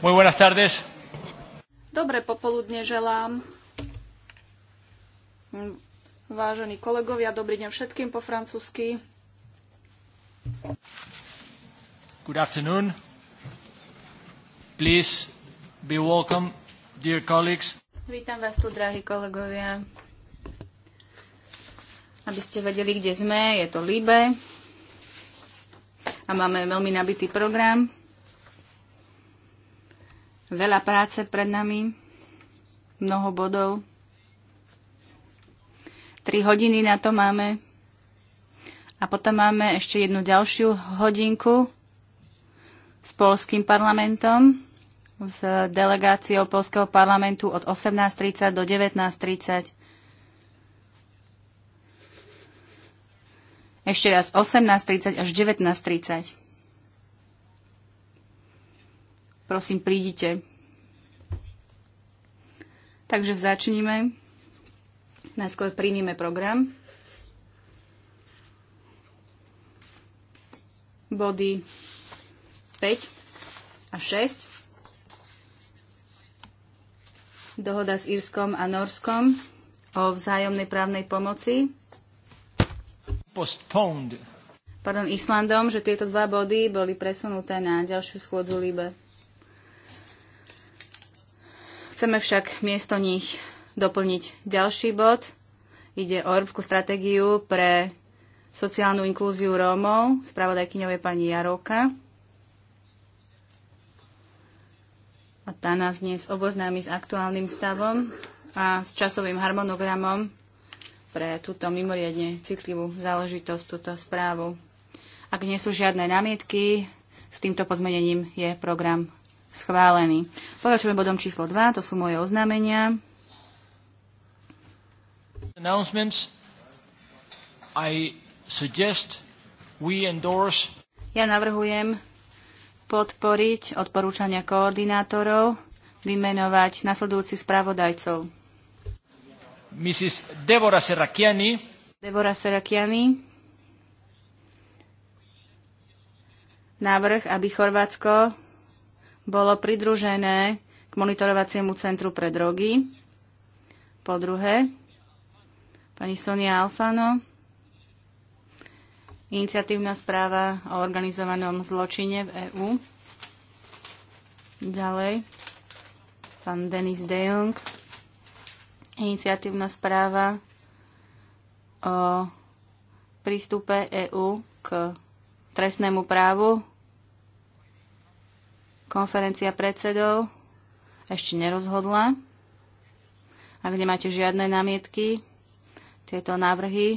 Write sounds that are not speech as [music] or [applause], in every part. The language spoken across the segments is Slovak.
Muy buenas tardes. Dobre popoludne želám. Vážení kolegovia, dobrý deň všetkým po francúzsky. Good afternoon. Please be welcome, dear colleagues. Vítam vás tu, drahí kolegovia. Aby ste vedeli, kde sme, je to Libe. A máme veľmi nabitý program. Veľa práce pred nami, mnoho bodov. Tri hodiny na to máme. A potom máme ešte jednu ďalšiu hodinku s polským parlamentom, s delegáciou polského parlamentu od 18.30 do 19.30. Ešte raz 18.30 až 19.30. Prosím, prídite. Takže začníme. Najskôr príjmime program. Body 5 a 6. Dohoda s Írskom a Norskom o vzájomnej právnej pomoci. Postponed. Pardon, Islandom, že tieto dva body boli presunuté na ďalšiu schôdzu Libe. Chceme však miesto nich doplniť ďalší bod. Ide o európsku stratégiu pre sociálnu inklúziu Rómov. Spravodajkyňou je pani Jarovka. A tá nás dnes oboznámi s aktuálnym stavom a s časovým harmonogramom pre túto mimoriadne citlivú záležitosť, túto správu. Ak nie sú žiadne námietky, s týmto pozmenením je program schválený. Pokračujeme bodom číslo 2, to sú moje oznámenia. I suggest we endorse ja navrhujem podporiť odporúčania koordinátorov, vymenovať nasledujúci spravodajcov. Mrs. Deborah Serrachiani. Deborah Serrachiani. Návrh, aby Chorvátsko bolo pridružené k monitorovaciemu centru pre drogy. Po druhé, pani Sonia Alfano, iniciatívna správa o organizovanom zločine v EÚ. Ďalej, pán Denis De Jong, iniciatívna správa o prístupe EÚ k trestnému právu Konferencia predsedov ešte nerozhodla. Ak nemáte žiadne námietky, tieto návrhy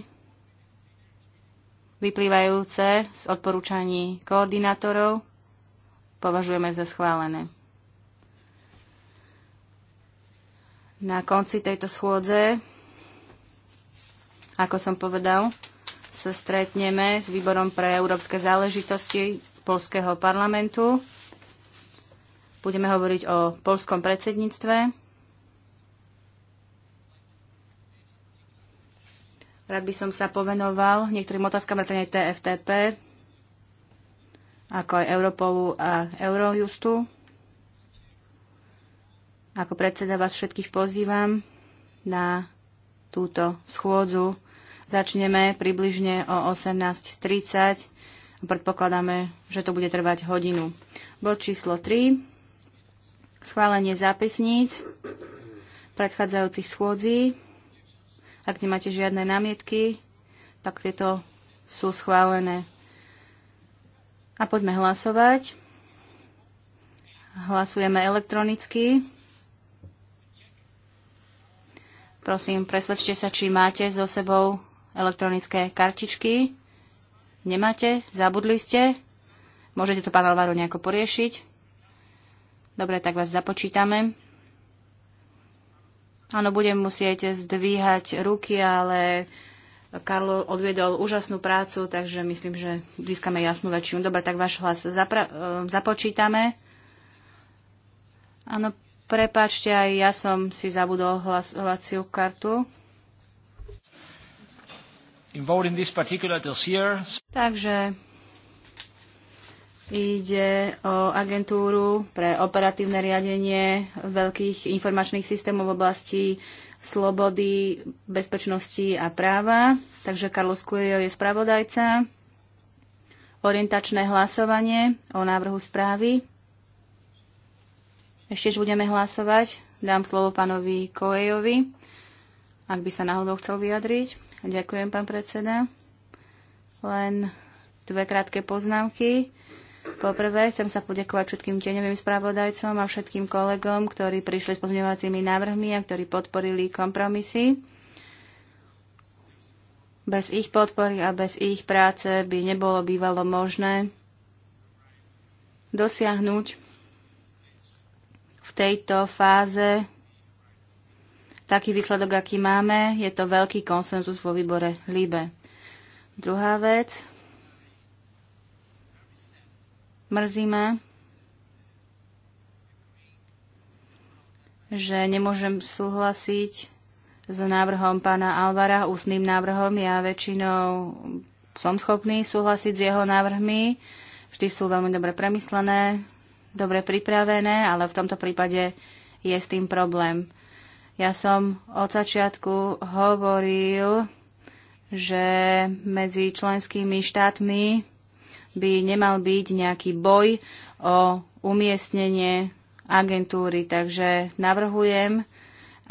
vyplývajúce z odporúčaní koordinátorov považujeme za schválené. Na konci tejto schôdze, ako som povedal, sa stretneme s výborom pre európske záležitosti Polského parlamentu. Budeme hovoriť o polskom predsedníctve. Rád by som sa povenoval niektorým otázkam na TFTP, ako aj Europolu a Eurojustu. Ako predseda vás všetkých pozývam na túto schôdzu. Začneme približne o 18.30. Predpokladáme, že to bude trvať hodinu. Bod číslo 3 schválenie zápisníc predchádzajúcich schôdzí. Ak nemáte žiadne námietky, tak tieto sú schválené. A poďme hlasovať. Hlasujeme elektronicky. Prosím, presvedčte sa, či máte so sebou elektronické kartičky. Nemáte? Zabudli ste? Môžete to pán Alvaro nejako poriešiť? Dobre, tak vás započítame. Áno, budem musieť zdvíhať ruky, ale Karlo odviedol úžasnú prácu, takže myslím, že získame jasnú väčšinu. Dobre, tak váš hlas e, započítame. Áno, prepáčte, aj ja som si zabudol hlasovaciu kartu. Takže Ide o agentúru pre operatívne riadenie veľkých informačných systémov v oblasti slobody, bezpečnosti a práva. Takže Carlos Cuello je spravodajca. Orientačné hlasovanie o návrhu správy. Ešte, budeme hlasovať, dám slovo pánovi Koejovi, ak by sa náhodou chcel vyjadriť. Ďakujem, pán predseda. Len dve krátke poznámky. Poprvé chcem sa podakovať všetkým tieňovým spravodajcom a všetkým kolegom, ktorí prišli s pozmeňovacími návrhmi a ktorí podporili kompromisy. Bez ich podpory a bez ich práce by nebolo bývalo možné dosiahnuť v tejto fáze taký výsledok, aký máme. Je to veľký konsenzus vo výbore LIBE. Druhá vec, Mrzí ma, že nemôžem súhlasiť s návrhom pána Alvara, ústnym návrhom. Ja väčšinou som schopný súhlasiť s jeho návrhmi. Vždy sú veľmi dobre premyslené, dobre pripravené, ale v tomto prípade je s tým problém. Ja som od začiatku hovoril, že medzi členskými štátmi by nemal byť nejaký boj o umiestnenie agentúry. Takže navrhujem,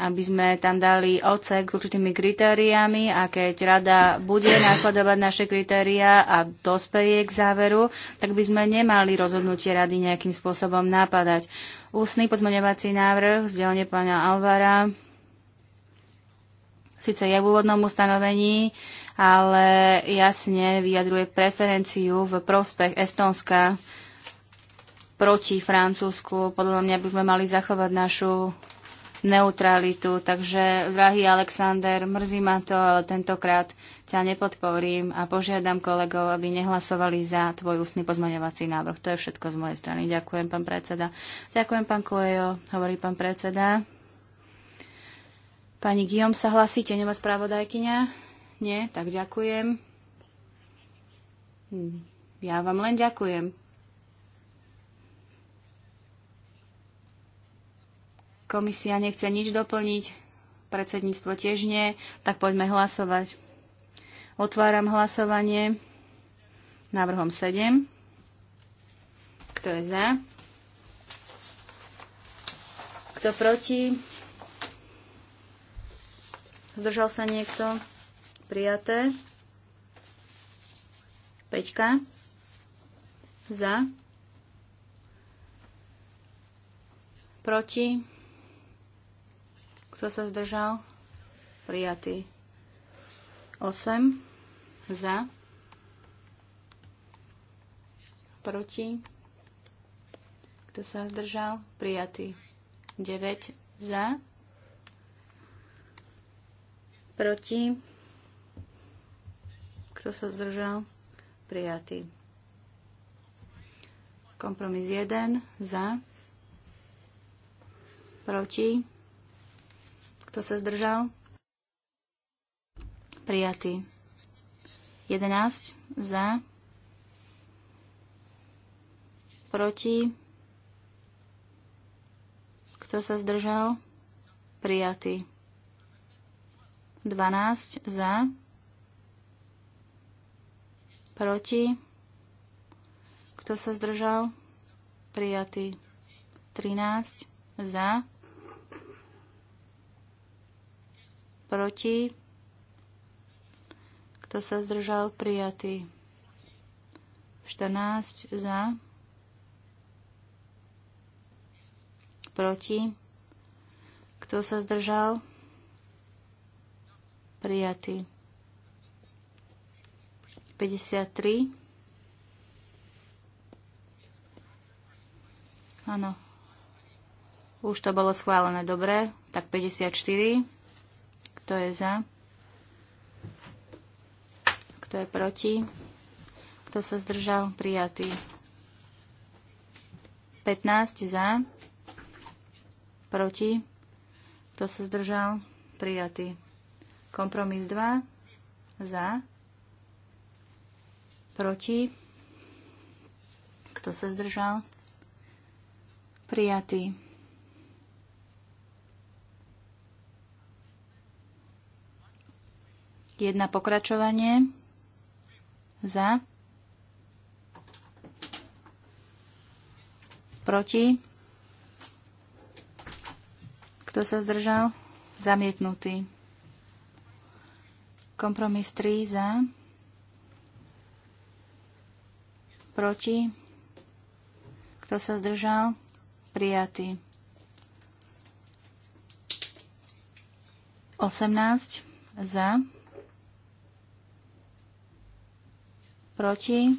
aby sme tam dali ocek s určitými kritériami a keď rada bude následovať naše kritéria a dospeje k záveru, tak by sme nemali rozhodnutie rady nejakým spôsobom napadať. Ústny pozmeňovací návrh, vzdelanie pána Alvara, síce je v úvodnom ustanovení, ale jasne vyjadruje preferenciu v prospech Estónska proti Francúzsku. Podľa mňa by sme mali zachovať našu neutralitu. Takže, drahý Alexander, mrzí ma to, ale tentokrát ťa nepodporím a požiadam kolegov, aby nehlasovali za tvoj ústny pozmaňovací návrh. To je všetko z mojej strany. Ďakujem, pán predseda. Ďakujem, pán Kojo, hovorí pán predseda. Pani Guillaume sa hlasíte, nemá správodajkyňa? Nie? Tak ďakujem. Ja vám len ďakujem. Komisia nechce nič doplniť, predsedníctvo tiež nie, tak poďme hlasovať. Otváram hlasovanie návrhom 7. Kto je za? Kto proti? Zdržal sa niekto? prijaté. Peťka za, proti, kto sa zdržal, prijatý. 8 za, proti, kto sa zdržal, prijatý. 9 za, proti, kto sa zdržal? Prijatý. Kompromis 1 za. Proti. Kto sa zdržal? Prijatý. 11 za. Proti. Kto sa zdržal? Prijatý. 12 za. Proti? Kto sa zdržal? Prijatý. 13. Za. Proti? Kto sa zdržal? Prijatý. 14. Za. Proti? Kto sa zdržal? Prijatý. 53. Áno. Už to bolo schválené, dobre. Tak 54. Kto je za? Kto je proti? Kto sa zdržal? Prijatý. 15 za. Proti. Kto sa zdržal? Prijatý. Kompromis 2. Za. Proti? Kto sa zdržal? Prijatý. Jedna pokračovanie. Za. Proti. Kto sa zdržal? Zamietnutý. Kompromis 3 za. proti, kto sa zdržal, prijatý. 18 za, proti,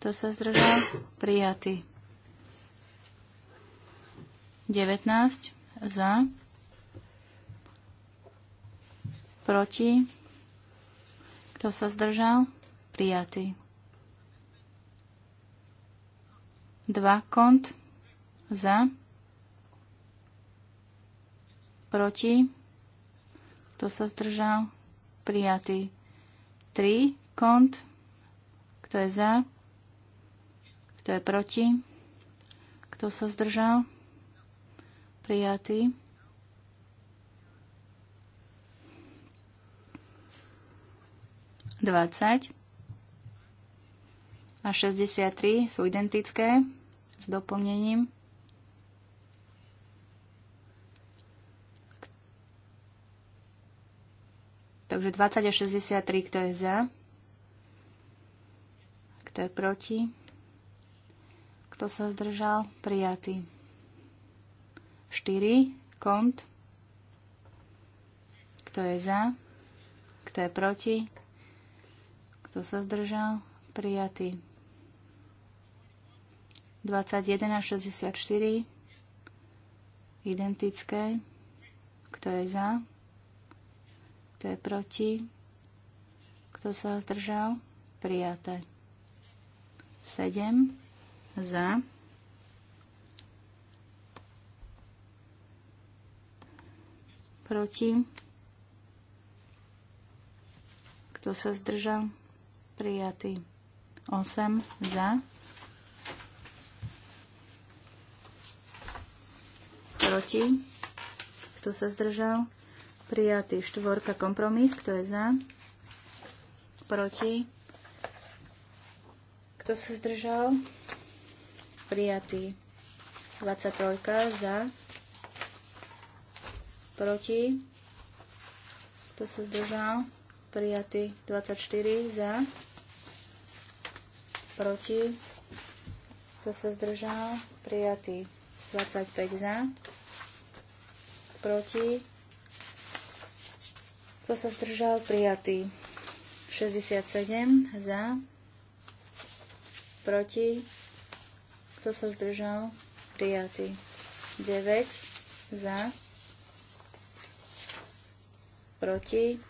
kto sa zdržal, prijatý. 19 za, proti, kto sa zdržal, prijatý. 2 kont za, proti, kto sa zdržal, prijatý. 3 kont, kto je za, kto je proti, kto sa zdržal, prijatý. Dvadsať a 63 sú identické s doplnením. Takže 20 a 63, kto je za, kto je proti, kto sa zdržal, prijatý. 4, kont, kto je za, kto je proti, kto sa zdržal, prijatý. 21 a 64 identické. Kto je za? Kto je proti? Kto sa zdržal? Prijaté. 7 za. Proti. Kto sa zdržal? Prijatý. 8 za proti, kto sa zdržal, prijatý štvorka kompromis, kto je za, proti, kto sa zdržal, prijatý 23 za, proti, kto sa zdržal, prijatý 24 za, proti, kto sa zdržal, prijatý 25 za, proti, kto sa zdržal, prijatý. 67 za, proti, kto sa zdržal, prijatý. 9 za, proti,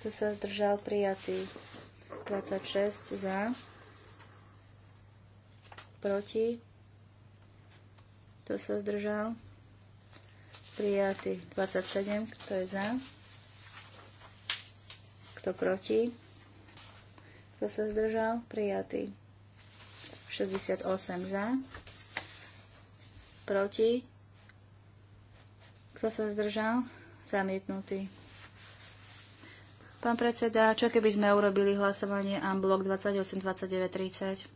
kto sa zdržal, prijatý. 26 za, proti, kto sa zdržal, prijatý. 27, kto je za? Kto proti? Kto sa zdržal? Prijatý. 68 za. Proti? Kto sa zdržal? Zamietnutý. Pán predseda, čo keby sme urobili hlasovanie blok 28, 29, 30?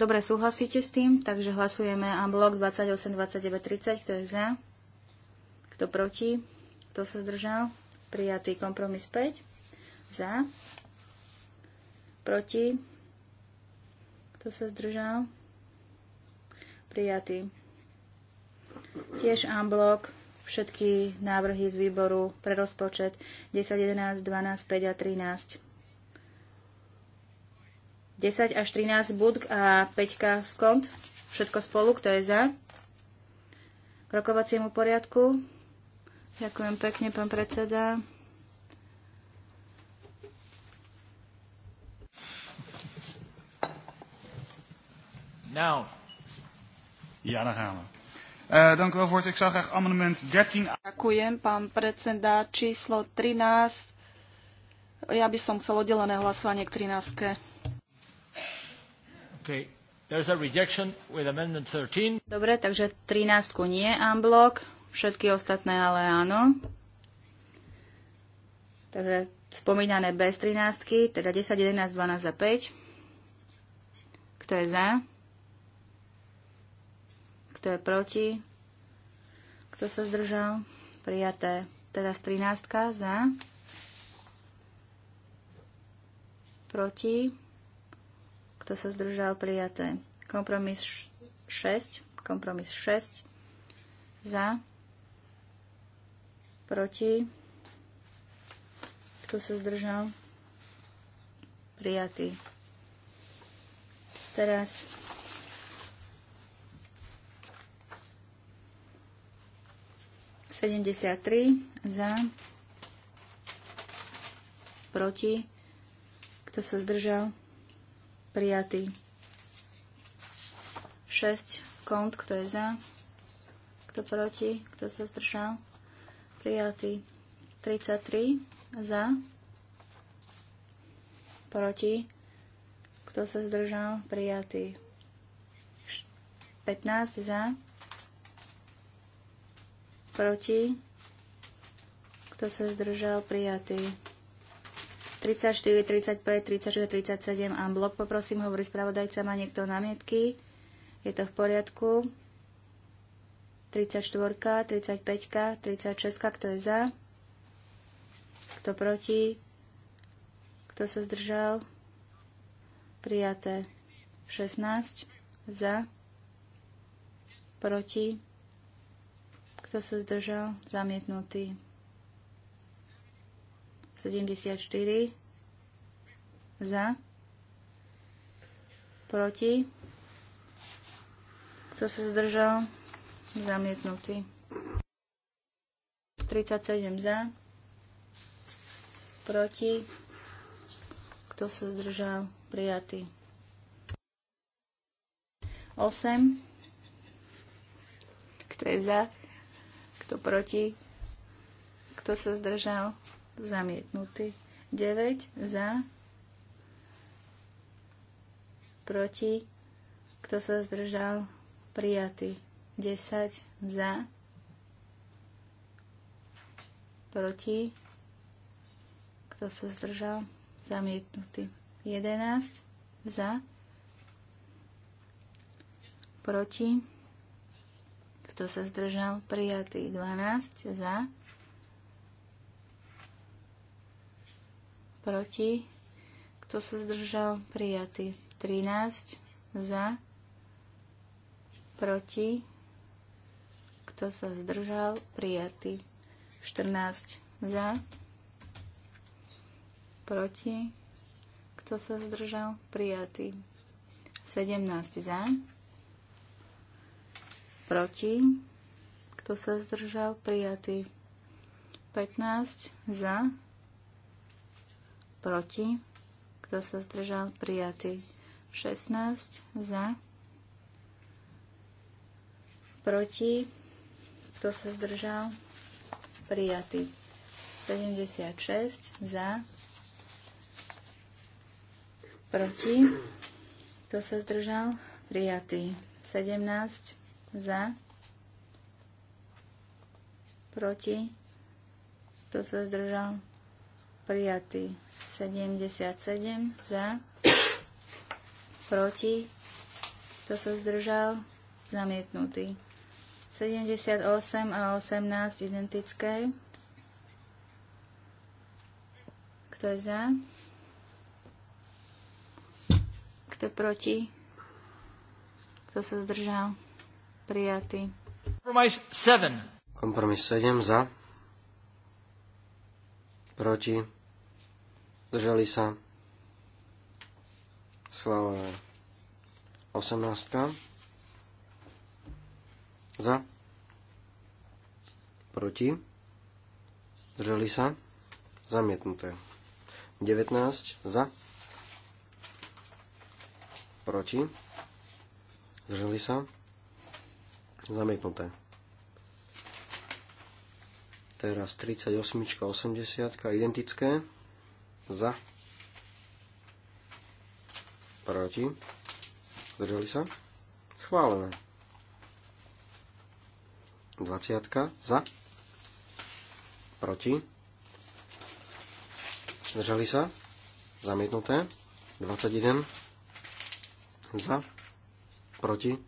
Dobre, súhlasíte s tým, takže hlasujeme unblock 28, 29, 30. Kto je za? Kto proti? Kto sa zdržal? Prijatý kompromis 5. Za. Proti. Kto sa zdržal? Prijatý. Tiež unblock všetky návrhy z výboru pre rozpočet 10, 11, 12, 5 a 13. 10 až 13 budk a 5 skont. Všetko spolu, kto je za. K rokovaciemu poriadku. Ďakujem pekne, pán predseda. Nou. Ja, dan gaan we. Uh, dank u wel, voorzitter. Ik zou graag amendement 13... Ďakujem, pán predseda. Číslo 13. Ja by som chcel oddelené hlasovanie k 13. Okay. There's a rejection with amendment 13. Dobre, takže 13 nie unblock, všetky ostatné ale áno. Takže spomínané bez 13, teda 10, 11, 12 a 5. Kto je za? Kto je proti? Kto sa zdržal? Prijaté. Teraz 13 za. Proti kto sa zdržal, prijaté. Kompromis 6, kompromis 6, za, proti, kto sa zdržal, prijatý. Teraz Sedemdesiat tri za, proti, kto sa zdržal, prijatý. 6. Kont, kto je za, kto proti, kto sa zdržal, prijatý. 33. Za, proti, kto sa zdržal, prijatý. 15. Za, proti, kto sa zdržal, prijatý. 34, 35, 36, 37 a blok poprosím, hovorí spravodajca, má niekto námietky? Je to v poriadku. 34, 35, 36, kto je za? Kto proti? Kto sa zdržal? Prijaté 16, za, proti, kto sa zdržal, zamietnutý. 74 za, proti, kto sa zdržal, zamietnutý. 37 za, proti, kto sa zdržal, prijatý. 8, kto je za, kto proti, kto sa zdržal, zamietnutý. 9 za, proti, kto sa zdržal, prijatý. 10 za, proti, kto sa zdržal, zamietnutý. 11 za, proti, kto sa zdržal, prijatý. 12 za, proti, proti, kto sa zdržal, prijatý. 13 za, proti, kto sa zdržal, prijatý. 14 za, proti, kto sa zdržal, prijatý. 17 za, proti, kto sa zdržal, prijatý. 15 za, proti, kto sa zdržal, prijatý. 16 za, proti, kto sa zdržal, prijatý. 76 za, proti, kto sa zdržal, prijatý. 17 za, proti, kto sa zdržal, prijatý 77 za, proti, kto sa zdržal, zamietnutý. 78 a 18 identické. Kto je za? Kto je proti? Kto sa zdržal? Prijatý. Kompromis 7. Kompromis 7 za. Proti Zdržali sa. Schválené. 18. Za. Proti. Zdržali sa. Zamietnuté. 19. Za. Proti. Zdržali sa. Zamietnuté. Teraz 38, 80, identické za, proti, zdržali sa, schválené. 20 za, proti, zdržali sa, zamietnuté, 21 za, proti,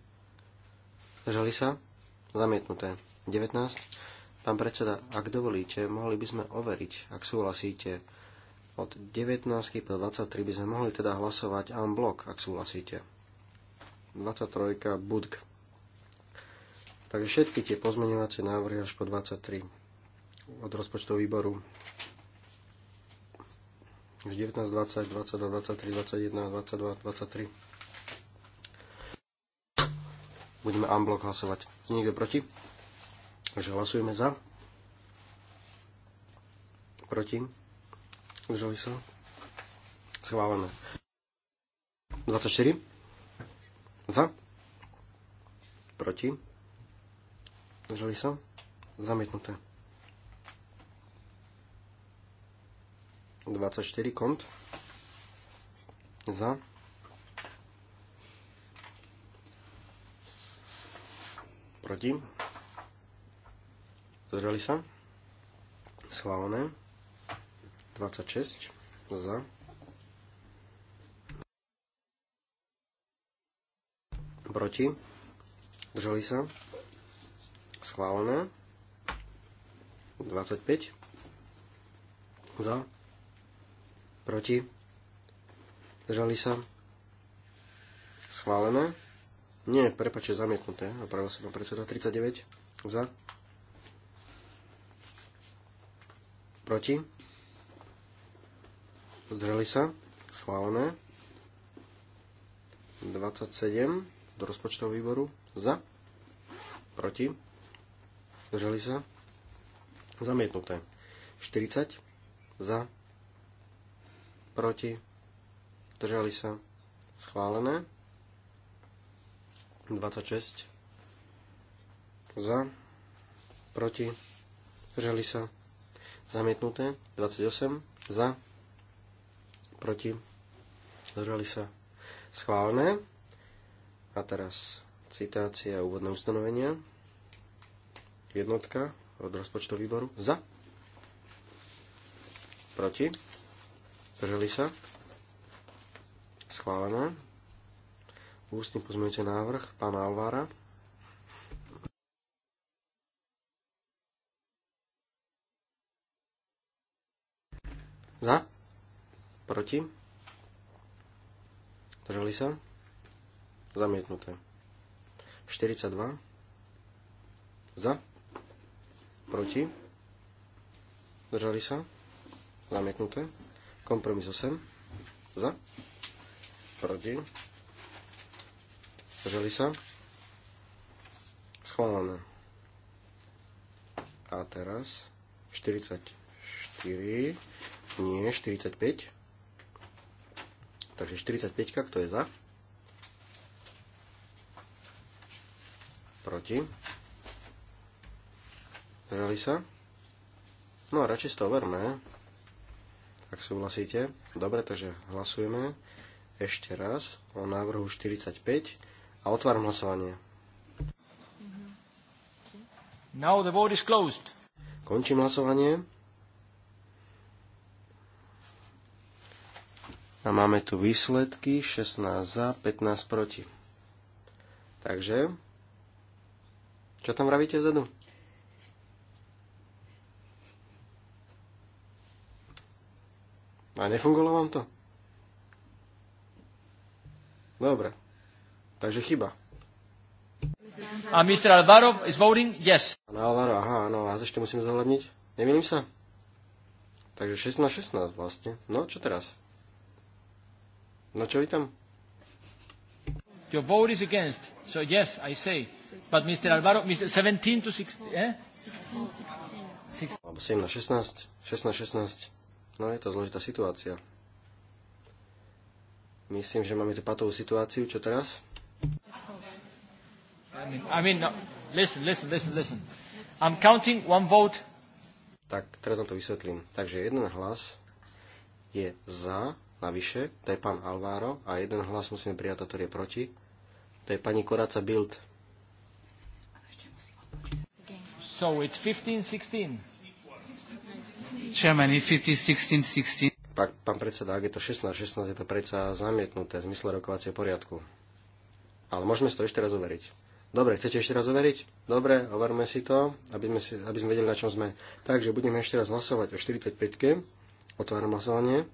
zdržali sa, zamietnuté, 19. Pán predseda, ak dovolíte, mohli by sme overiť, ak súhlasíte, od 19 po 23 by sme mohli teda hlasovať en blok, ak súhlasíte. 23 budk. Takže všetky tie pozmeňovacie návrhy až po 23 od rozpočtov výboru. 19, 20, 22, 23, 21, 22, 23. Budeme unblock hlasovať. Je niekto proti? Takže hlasujeme za. Proti. Zdržali sa? Schválené. 24. Za? Proti? Zdržali sa? Zamietnuté. 24. Kont? Za? Proti? Zdržali sa? Schválené. 26 za. Proti. Držali sa. Schválené. 25 za. Proti. Držali sa. Schválené. Nie, prepačte, zamietnuté. Opravil pán predseda 39 za. Proti. Zdržali sa? Schválené. 27 do rozpočtového výboru. Za? Proti? Zdržali sa? Zamietnuté. 40 za? Proti? Zdržali sa? Schválené. 26 za? Proti? Zdržali sa? Zamietnuté. 28 za? proti, zdržali sa schválené. A teraz citácia úvodné ustanovenia. Jednotka od rozpočtového výboru. Za. Proti. Zdržali sa. Schválené. Ústny pozmeňujúci návrh pána Alvára. Za. Proti? Držali sa? Zamietnuté. 42. Za? Proti? Drželi sa? Zamietnuté. Kompromis 8. Za? Proti? Drželi sa? Schválené. A teraz 44, nie 45. Takže 45, kto je za? Proti. Zdržali sa? No a radšej to overme, ak súhlasíte. Dobre, takže hlasujeme ešte raz o návrhu 45 a otváram hlasovanie. Mhm. Now the vote is closed. Končím hlasovanie. A máme tu výsledky 16 za, 15 proti. Takže, čo tam vravíte vzadu? A nefungovalo vám to? Dobre. Takže chyba. A Mr. Alvaro is voting yes. Pán Alvaro, aha, áno, vás ešte musím zohľadniť. Nemýlim sa? Takže 16-16 vlastne. No, čo teraz? No čo vy tam? Your vote is against. So yes, I say. But Mr. Alvaro, Mr. 17 to 16, eh? 16, 16. Alebo 7 na 16. 16 na 16. No je to zložitá situácia. Myslím, že máme tu patovú situáciu. Čo teraz? I mean, I mean no. listen, listen, listen, listen. I'm counting one vote. Tak, teraz vám to vysvetlím. Takže jeden hlas je za navyše, to je pán Alváro a jeden hlas musíme prijať, a ktorý je proti. To je pani Koraca Bild. So it's 15-16. Chairman, if it is 16-16. Pán predseda, ak je to 16-16, je to predsa zamietnuté v zmysle rokovacieho poriadku. Ale môžeme si to ešte raz overiť. Dobre, chcete ešte raz overiť? Dobre, overme si to, aby sme, si, aby sme vedeli, na čom sme. Takže budeme ešte raz hlasovať o 45. -ke. Otváram hlasovanie.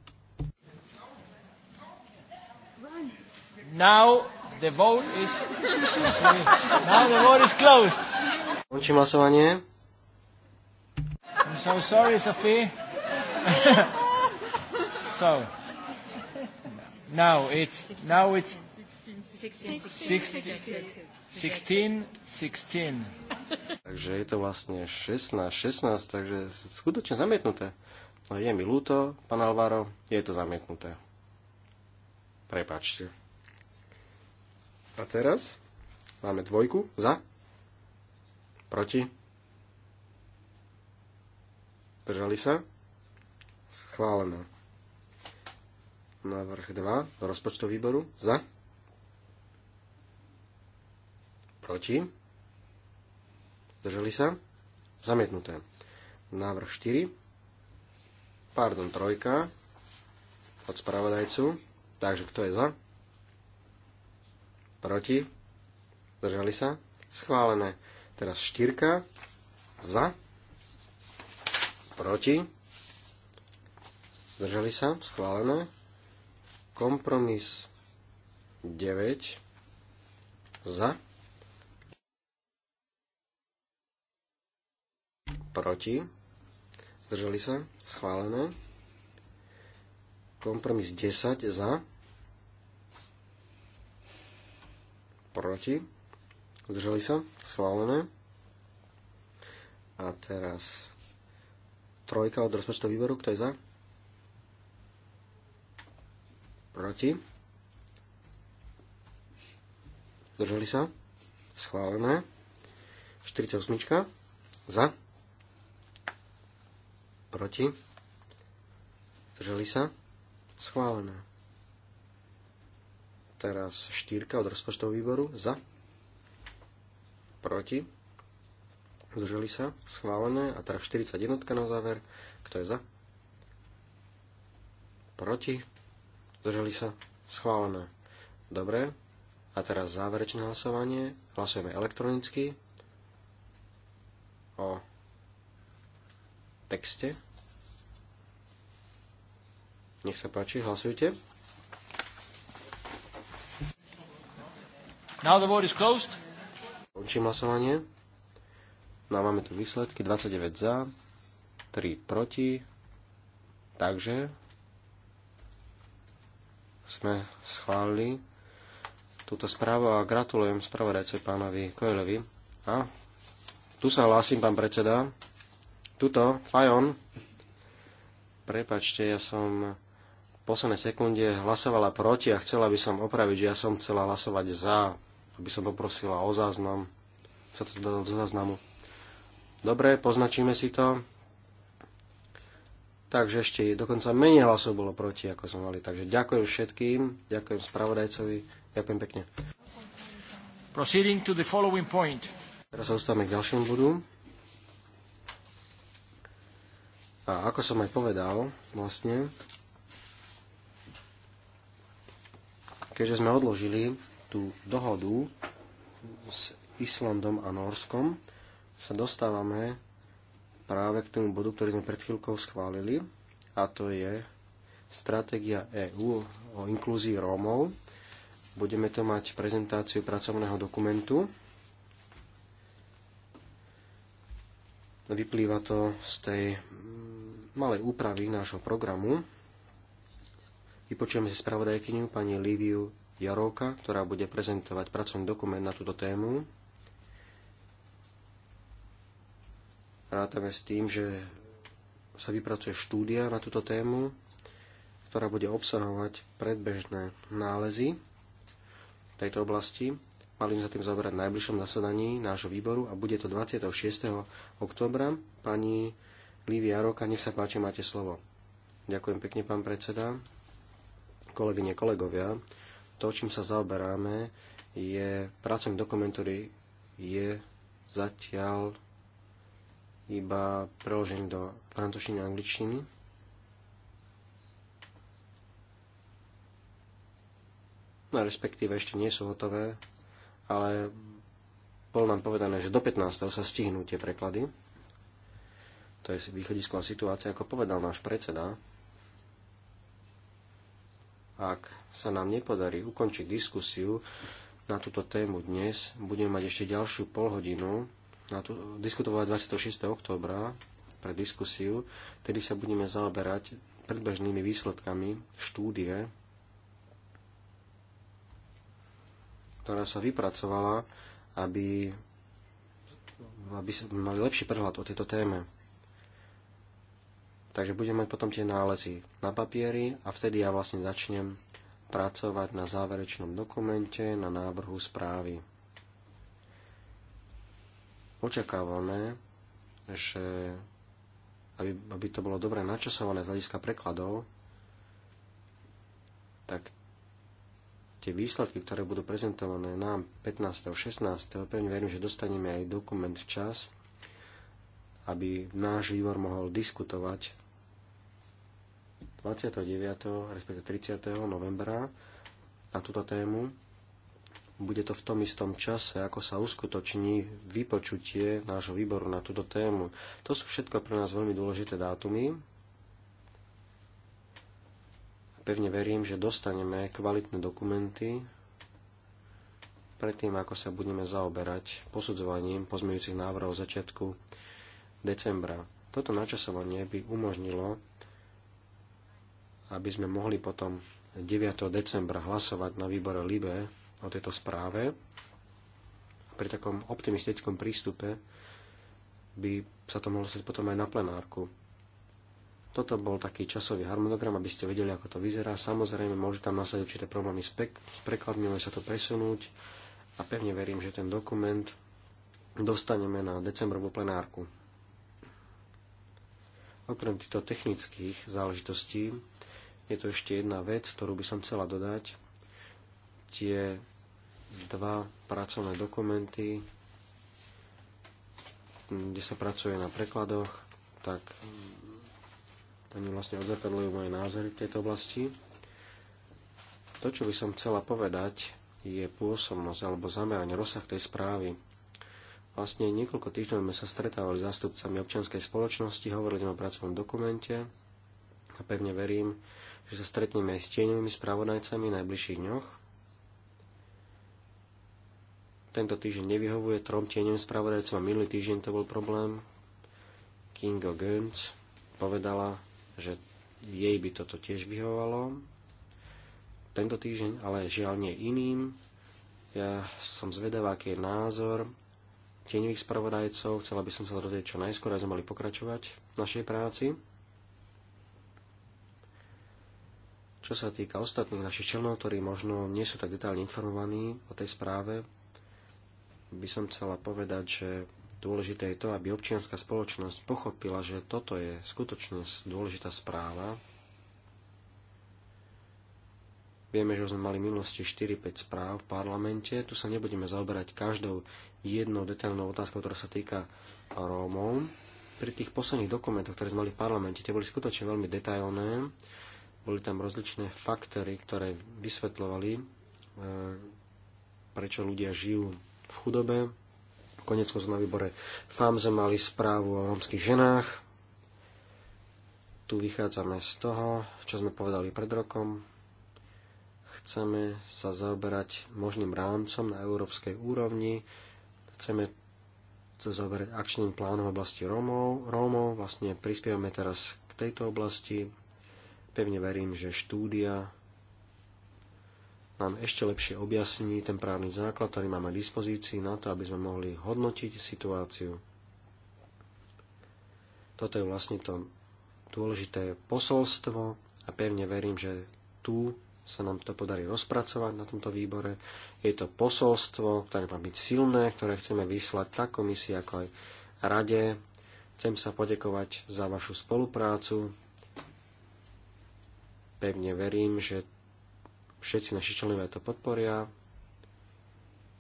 Now the vote is... Now the vote is closed. Končí hlasovanie. I'm so sorry, Sophie. [laughs] so, now it's, now it's 16, 16. 16. Takže je to vlastne 16, 16, takže skutočne zamietnuté. No je mi ľúto, pán Alvaro, je to zamietnuté. Prepačte. A teraz máme dvojku za, proti, držali sa, Schválené. Návrh 2 do rozpočtov výboru za, proti, držali sa, zamietnuté. Návrh 4, pardon, trojka od spravodajcu, takže kto je za? proti, zdržali sa, schválené. Teraz štyrka, za, proti, zdržali sa, schválené. Kompromis 9, za, proti, zdržali sa, schválené. Kompromis 10, za, proti, zdržali sa, schválené. A teraz trojka od rozpočtového výboru, kto je za? Proti. Zdržali sa. Schválené. 48. Za. Proti. Zdržali sa. Schválené. Teraz štyrka od rozpočtového výboru. Za. Proti. Zdržali sa. Schválené. A teraz 41 na záver. Kto je za? Proti. Zdržali sa. Schválené. Dobre. A teraz záverečné hlasovanie. Hlasujeme elektronicky o texte. Nech sa páči, hlasujte. Now the vote is closed. Končím hlasovanie. No máme tu výsledky 29 za, 3 proti. Takže sme schválili túto správu a gratulujem spravodajce pánovi Koelovi. A tu sa hlásim, pán predseda. Tuto, Fajon. Prepačte, ja som v poslednej sekunde hlasovala proti a chcela by som opraviť, že ja som chcela hlasovať za aby som poprosila o záznam, sa to dá do záznamu. Dobre, poznačíme si to. Takže ešte dokonca menej hlasov bolo proti, ako sme mali. Takže ďakujem všetkým, ďakujem spravodajcovi, ďakujem pekne. Proceeding to the following point. Teraz sa dostávame k ďalšiemu bodu. A ako som aj povedal, vlastne, keďže sme odložili tú dohodu s Islandom a Norskom sa dostávame práve k tomu bodu, ktorý sme pred chvíľkou schválili, a to je stratégia EÚ o inklúzii Rómov. Budeme to mať prezentáciu pracovného dokumentu. Vyplýva to z tej mm, malej úpravy nášho programu. Vypočujeme si spravodajkyniu pani Liviu Jarovka, ktorá bude prezentovať pracovný dokument na túto tému. Rátame s tým, že sa vypracuje štúdia na túto tému, ktorá bude obsahovať predbežné nálezy v tejto oblasti. Mali sme sa tým zaoberať v najbližšom zasadaní nášho výboru a bude to 26. oktobra. Pani Lívia Roka, nech sa páči, máte slovo. Ďakujem pekne, pán predseda. Kolegyne, kolegovia, to, čím sa zaoberáme, je pracovný dokument, ktorý je zatiaľ iba preložený do francúzštiny a angličtiny. No, respektíve ešte nie sú hotové, ale bolo nám povedané, že do 15. sa stihnú tie preklady. To je východisková situácia, ako povedal náš predseda. Ak sa nám nepodarí ukončiť diskusiu na túto tému dnes, budeme mať ešte ďalšiu polhodinu, na tú, diskutovať 26. októbra pre diskusiu, tedy sa budeme zaoberať predbežnými výsledkami štúdie, ktorá sa vypracovala, aby, aby sme mali lepší prehľad o tejto téme. Takže budem mať potom tie nálezy na papieri a vtedy ja vlastne začnem pracovať na záverečnom dokumente, na návrhu správy. Očakávame, že aby, aby to bolo dobre načasované z hľadiska prekladov, tak tie výsledky, ktoré budú prezentované nám 15. a 16. pevne verím, že dostaneme aj dokument včas, aby náš výbor mohol diskutovať 29. respektive 30. novembra na túto tému. Bude to v tom istom čase, ako sa uskutoční vypočutie nášho výboru na túto tému. To sú všetko pre nás veľmi dôležité dátumy. Pevne verím, že dostaneme kvalitné dokumenty predtým, ako sa budeme zaoberať posudzovaním pozmejúcich návrhov začiatku decembra. Toto načasovanie by umožnilo, aby sme mohli potom 9. decembra hlasovať na výbore LIBE o tejto správe. Pri takom optimistickom prístupe by sa to mohlo stať potom aj na plenárku. Toto bol taký časový harmonogram, aby ste vedeli, ako to vyzerá. Samozrejme, môžu tam nasledovať určité problémy s, pek- s prekladmi, môže sa to presunúť a pevne verím, že ten dokument dostaneme na decembrovú plenárku. Okrem týchto technických záležitostí je tu ešte jedna vec, ktorú by som chcela dodať. Tie dva pracovné dokumenty, kde sa pracuje na prekladoch, tak oni vlastne odzrkadľujú moje názory v tejto oblasti. To, čo by som chcela povedať, je pôsobnosť alebo zameranie, rozsah tej správy. Vlastne niekoľko týždňov sme sa stretávali s zástupcami občianskej spoločnosti, hovorili sme o pracovnom dokumente a pevne verím, že sa stretneme aj s tieňovými spravodajcami v najbližších dňoch. Tento týždeň nevyhovuje trom tieňovým spravodajcom a minulý týždeň to bol problém. Kingo Gönz povedala, že jej by toto tiež vyhovalo. Tento týždeň, ale žiaľ nie iným. Ja som zvedavá, aký je názor tieňových spravodajcov. Chcela by som sa dozvedieť čo najskôr, aby sme mali pokračovať v našej práci. Čo sa týka ostatných našich členov, ktorí možno nie sú tak detálne informovaní o tej správe, by som chcela povedať, že dôležité je to, aby občianská spoločnosť pochopila, že toto je skutočne dôležitá správa, Vieme, že sme mali v minulosti 4-5 správ v parlamente. Tu sa nebudeme zaoberať každou jednou detailnou otázkou, ktorá sa týka Rómov. Pri tých posledných dokumentoch, ktoré sme mali v parlamente, tie boli skutočne veľmi detailné. Boli tam rozličné faktory, ktoré vysvetľovali, e, prečo ľudia žijú v chudobe. Konec sme na výbore FAMZE mali správu o rómskych ženách. Tu vychádzame z toho, čo sme povedali pred rokom, Chceme sa zaoberať možným rámcom na európskej úrovni. Chceme sa zaoberať akčným plánom v oblasti Rómov. Rómov vlastne prispievame teraz k tejto oblasti. Pevne verím, že štúdia nám ešte lepšie objasní ten právny základ, ktorý máme v dispozícii na to, aby sme mohli hodnotiť situáciu. Toto je vlastne to dôležité posolstvo a pevne verím, že tu sa nám to podarí rozpracovať na tomto výbore. Je to posolstvo, ktoré má byť silné, ktoré chceme vyslať tak komisii, ako aj rade. Chcem sa podekovať za vašu spoluprácu. Pevne verím, že všetci naši členovia to podporia.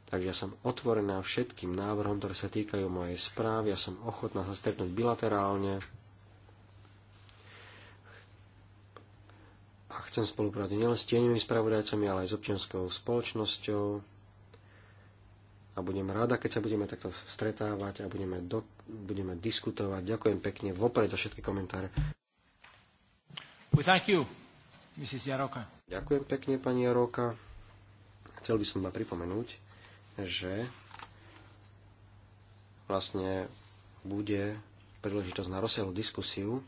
Takže ja som otvorená všetkým návrhom, ktoré sa týkajú mojej správy. Ja som ochotná sa stretnúť bilaterálne a chcem spolupracovať nielen s tieňovými spravodajcami, ale aj s občianskou spoločnosťou a budem rada, keď sa budeme takto stretávať a budeme, do, budeme diskutovať. Ďakujem pekne vopred za všetky komentáre. We thank you, Mrs. Jaroka. Ďakujem pekne, pani Jaroka. Chcel by som vám pripomenúť, že vlastne bude príležitosť na rozsiahlu diskusiu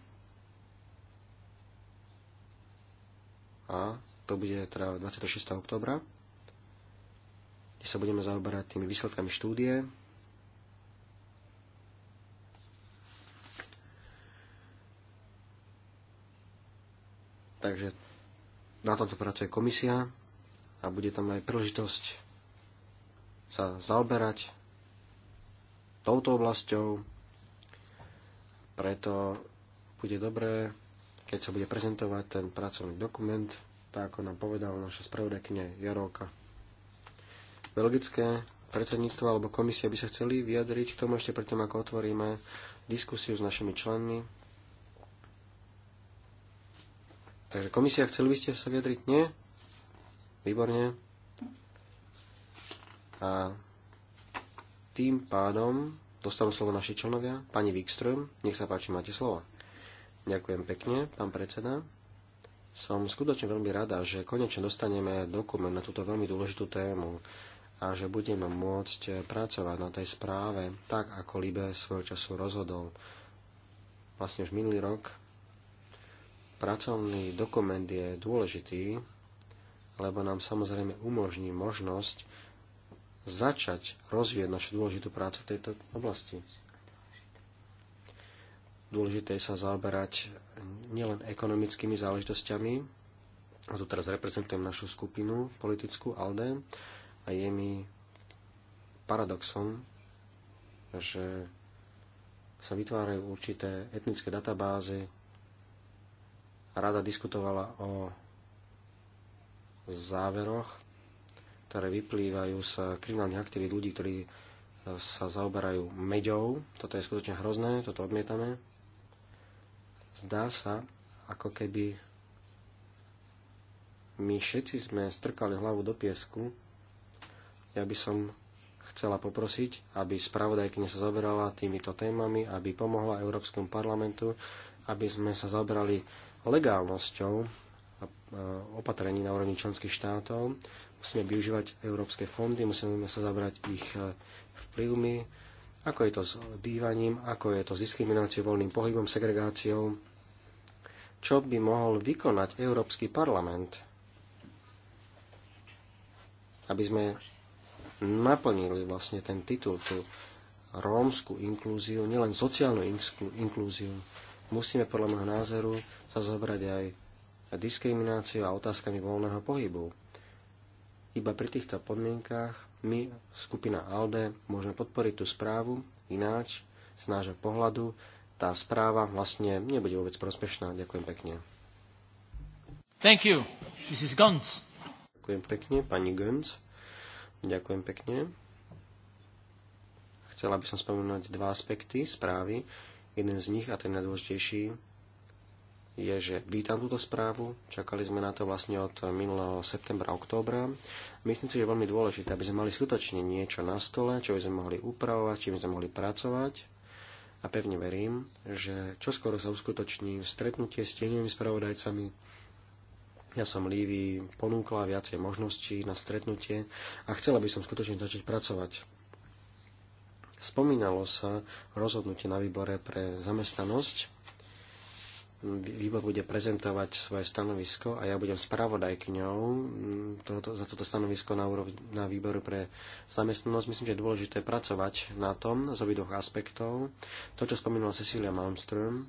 a to bude teda 26. oktobra, kde sa budeme zaoberať tými výsledkami štúdie. Takže na tomto pracuje komisia a bude tam aj príležitosť sa zaoberať touto oblasťou, preto bude dobré keď sa bude prezentovať ten pracovný dokument, tak ako nám povedala naša spravodajkynia Jarovka. Belgické predsedníctvo alebo komisia by sa chceli vyjadriť k tomu ešte predtým, ako otvoríme diskusiu s našimi členmi. Takže komisia, chceli by ste sa vyjadriť? Nie? Výborne. A tým pádom dostanú slovo naši členovia. Pani Wikström, nech sa páči, máte slovo. Ďakujem pekne, pán predseda. Som skutočne veľmi rada, že konečne dostaneme dokument na túto veľmi dôležitú tému a že budeme môcť pracovať na tej správe tak, ako Libe svojho času rozhodol. Vlastne už minulý rok pracovný dokument je dôležitý, lebo nám samozrejme umožní možnosť začať rozvíjať našu dôležitú prácu v tejto oblasti. Dôležité je sa zaoberať nielen ekonomickými záležitosťami, a tu teraz reprezentujem našu skupinu politickú ALDE, a je mi paradoxom, že sa vytvárajú určité etnické databázy. Rada diskutovala o záveroch, ktoré vyplývajú z kriminálnych aktivít ľudí, ktorí sa zaoberajú meďou. Toto je skutočne hrozné, toto odmietame. Zdá sa, ako keby my všetci sme strkali hlavu do piesku. Ja by som chcela poprosiť, aby spravodajkyňa sa zaoberala týmito témami, aby pomohla Európskom parlamentu, aby sme sa zaoberali legálnosťou opatrení na úrovni členských štátov. Musíme využívať európske fondy, musíme sa zabrať ich e, vplyvmi, ako je to s bývaním, ako je to s diskrimináciou, voľným pohybom, segregáciou? Čo by mohol vykonať Európsky parlament, aby sme naplnili vlastne ten titul, tú rómskú inklúziu, nielen sociálnu inklúziu. Musíme podľa môjho názoru sa zobrať aj diskrimináciu a otázkami voľného pohybu. Iba pri týchto podmienkách my, skupina ALDE, môžeme podporiť tú správu, ináč z nášho pohľadu tá správa vlastne nebude vôbec prospešná. Ďakujem pekne. Thank you. This is Gons. Ďakujem pekne, pani Gönc. Ďakujem pekne. Chcela by som spomenúť dva aspekty správy. Jeden z nich, a ten najdôležitejší, je, že vítam túto správu. Čakali sme na to vlastne od minulého septembra, októbra. Myslím si, že je veľmi dôležité, aby sme mali skutočne niečo na stole, čo by sme mohli upravovať, čím sme mohli pracovať. A pevne verím, že čoskoro sa uskutoční stretnutie s tieňovými spravodajcami. Ja som Lívy ponúkla viacej možností na stretnutie a chcela by som skutočne začať pracovať. Spomínalo sa rozhodnutie na výbore pre zamestnanosť výbor bude prezentovať svoje stanovisko a ja budem spravodajkňou mm, tohoto, za toto stanovisko na, úrov, na výboru pre zamestnanosť. Myslím, že je dôležité pracovať na tom z obidvoch aspektov. To, čo spomínala Cecilia Malmström,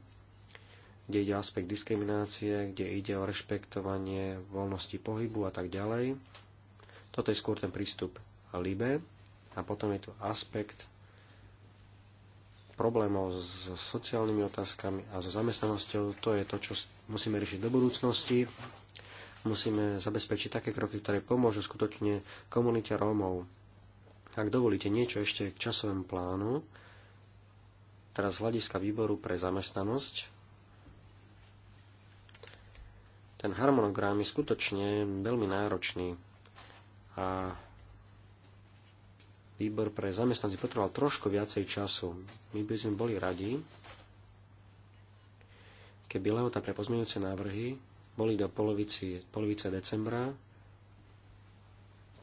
kde ide o aspekt diskriminácie, kde ide o rešpektovanie voľnosti pohybu a tak ďalej. Toto je skôr ten prístup LIBE a potom je tu aspekt problémov so sociálnymi otázkami a so zamestnanosťou, to je to, čo musíme riešiť do budúcnosti. Musíme zabezpečiť také kroky, ktoré pomôžu skutočne komunite Rómov. Ak dovolíte niečo ešte k časovému plánu, teraz z hľadiska výboru pre zamestnanosť, ten harmonogram je skutočne veľmi náročný a výbor pre zamestnanci potreboval trošku viacej času. My by sme boli radi, keby lehota pre pozmeňujúce návrhy boli do polovici, polovice decembra,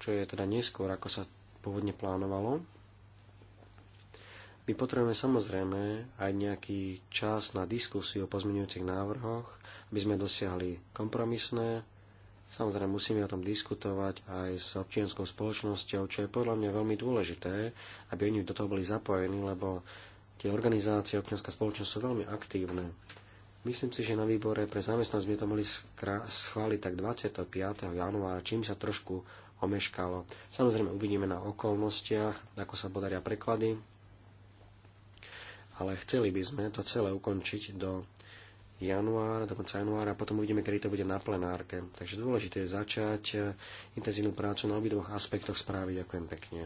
čo je teda neskôr, ako sa pôvodne plánovalo. My potrebujeme samozrejme aj nejaký čas na diskusiu o pozmeňujúcich návrhoch, aby sme dosiahli kompromisné Samozrejme, musíme o tom diskutovať aj s občianskou spoločnosťou, čo je podľa mňa veľmi dôležité, aby oni do toho boli zapojení, lebo tie organizácie občianská spoločnosť sú veľmi aktívne. Myslím si, že na výbore pre zamestnanosť by to mohli schváliť tak 25. januára, čím sa trošku omeškalo. Samozrejme, uvidíme na okolnostiach, ako sa podaria preklady, ale chceli by sme to celé ukončiť do januára, do konca januára a potom uvidíme, kedy to bude na plenárke. Takže dôležité je začať eh, intenzívnu prácu na obidvoch aspektoch správy. Ďakujem pekne.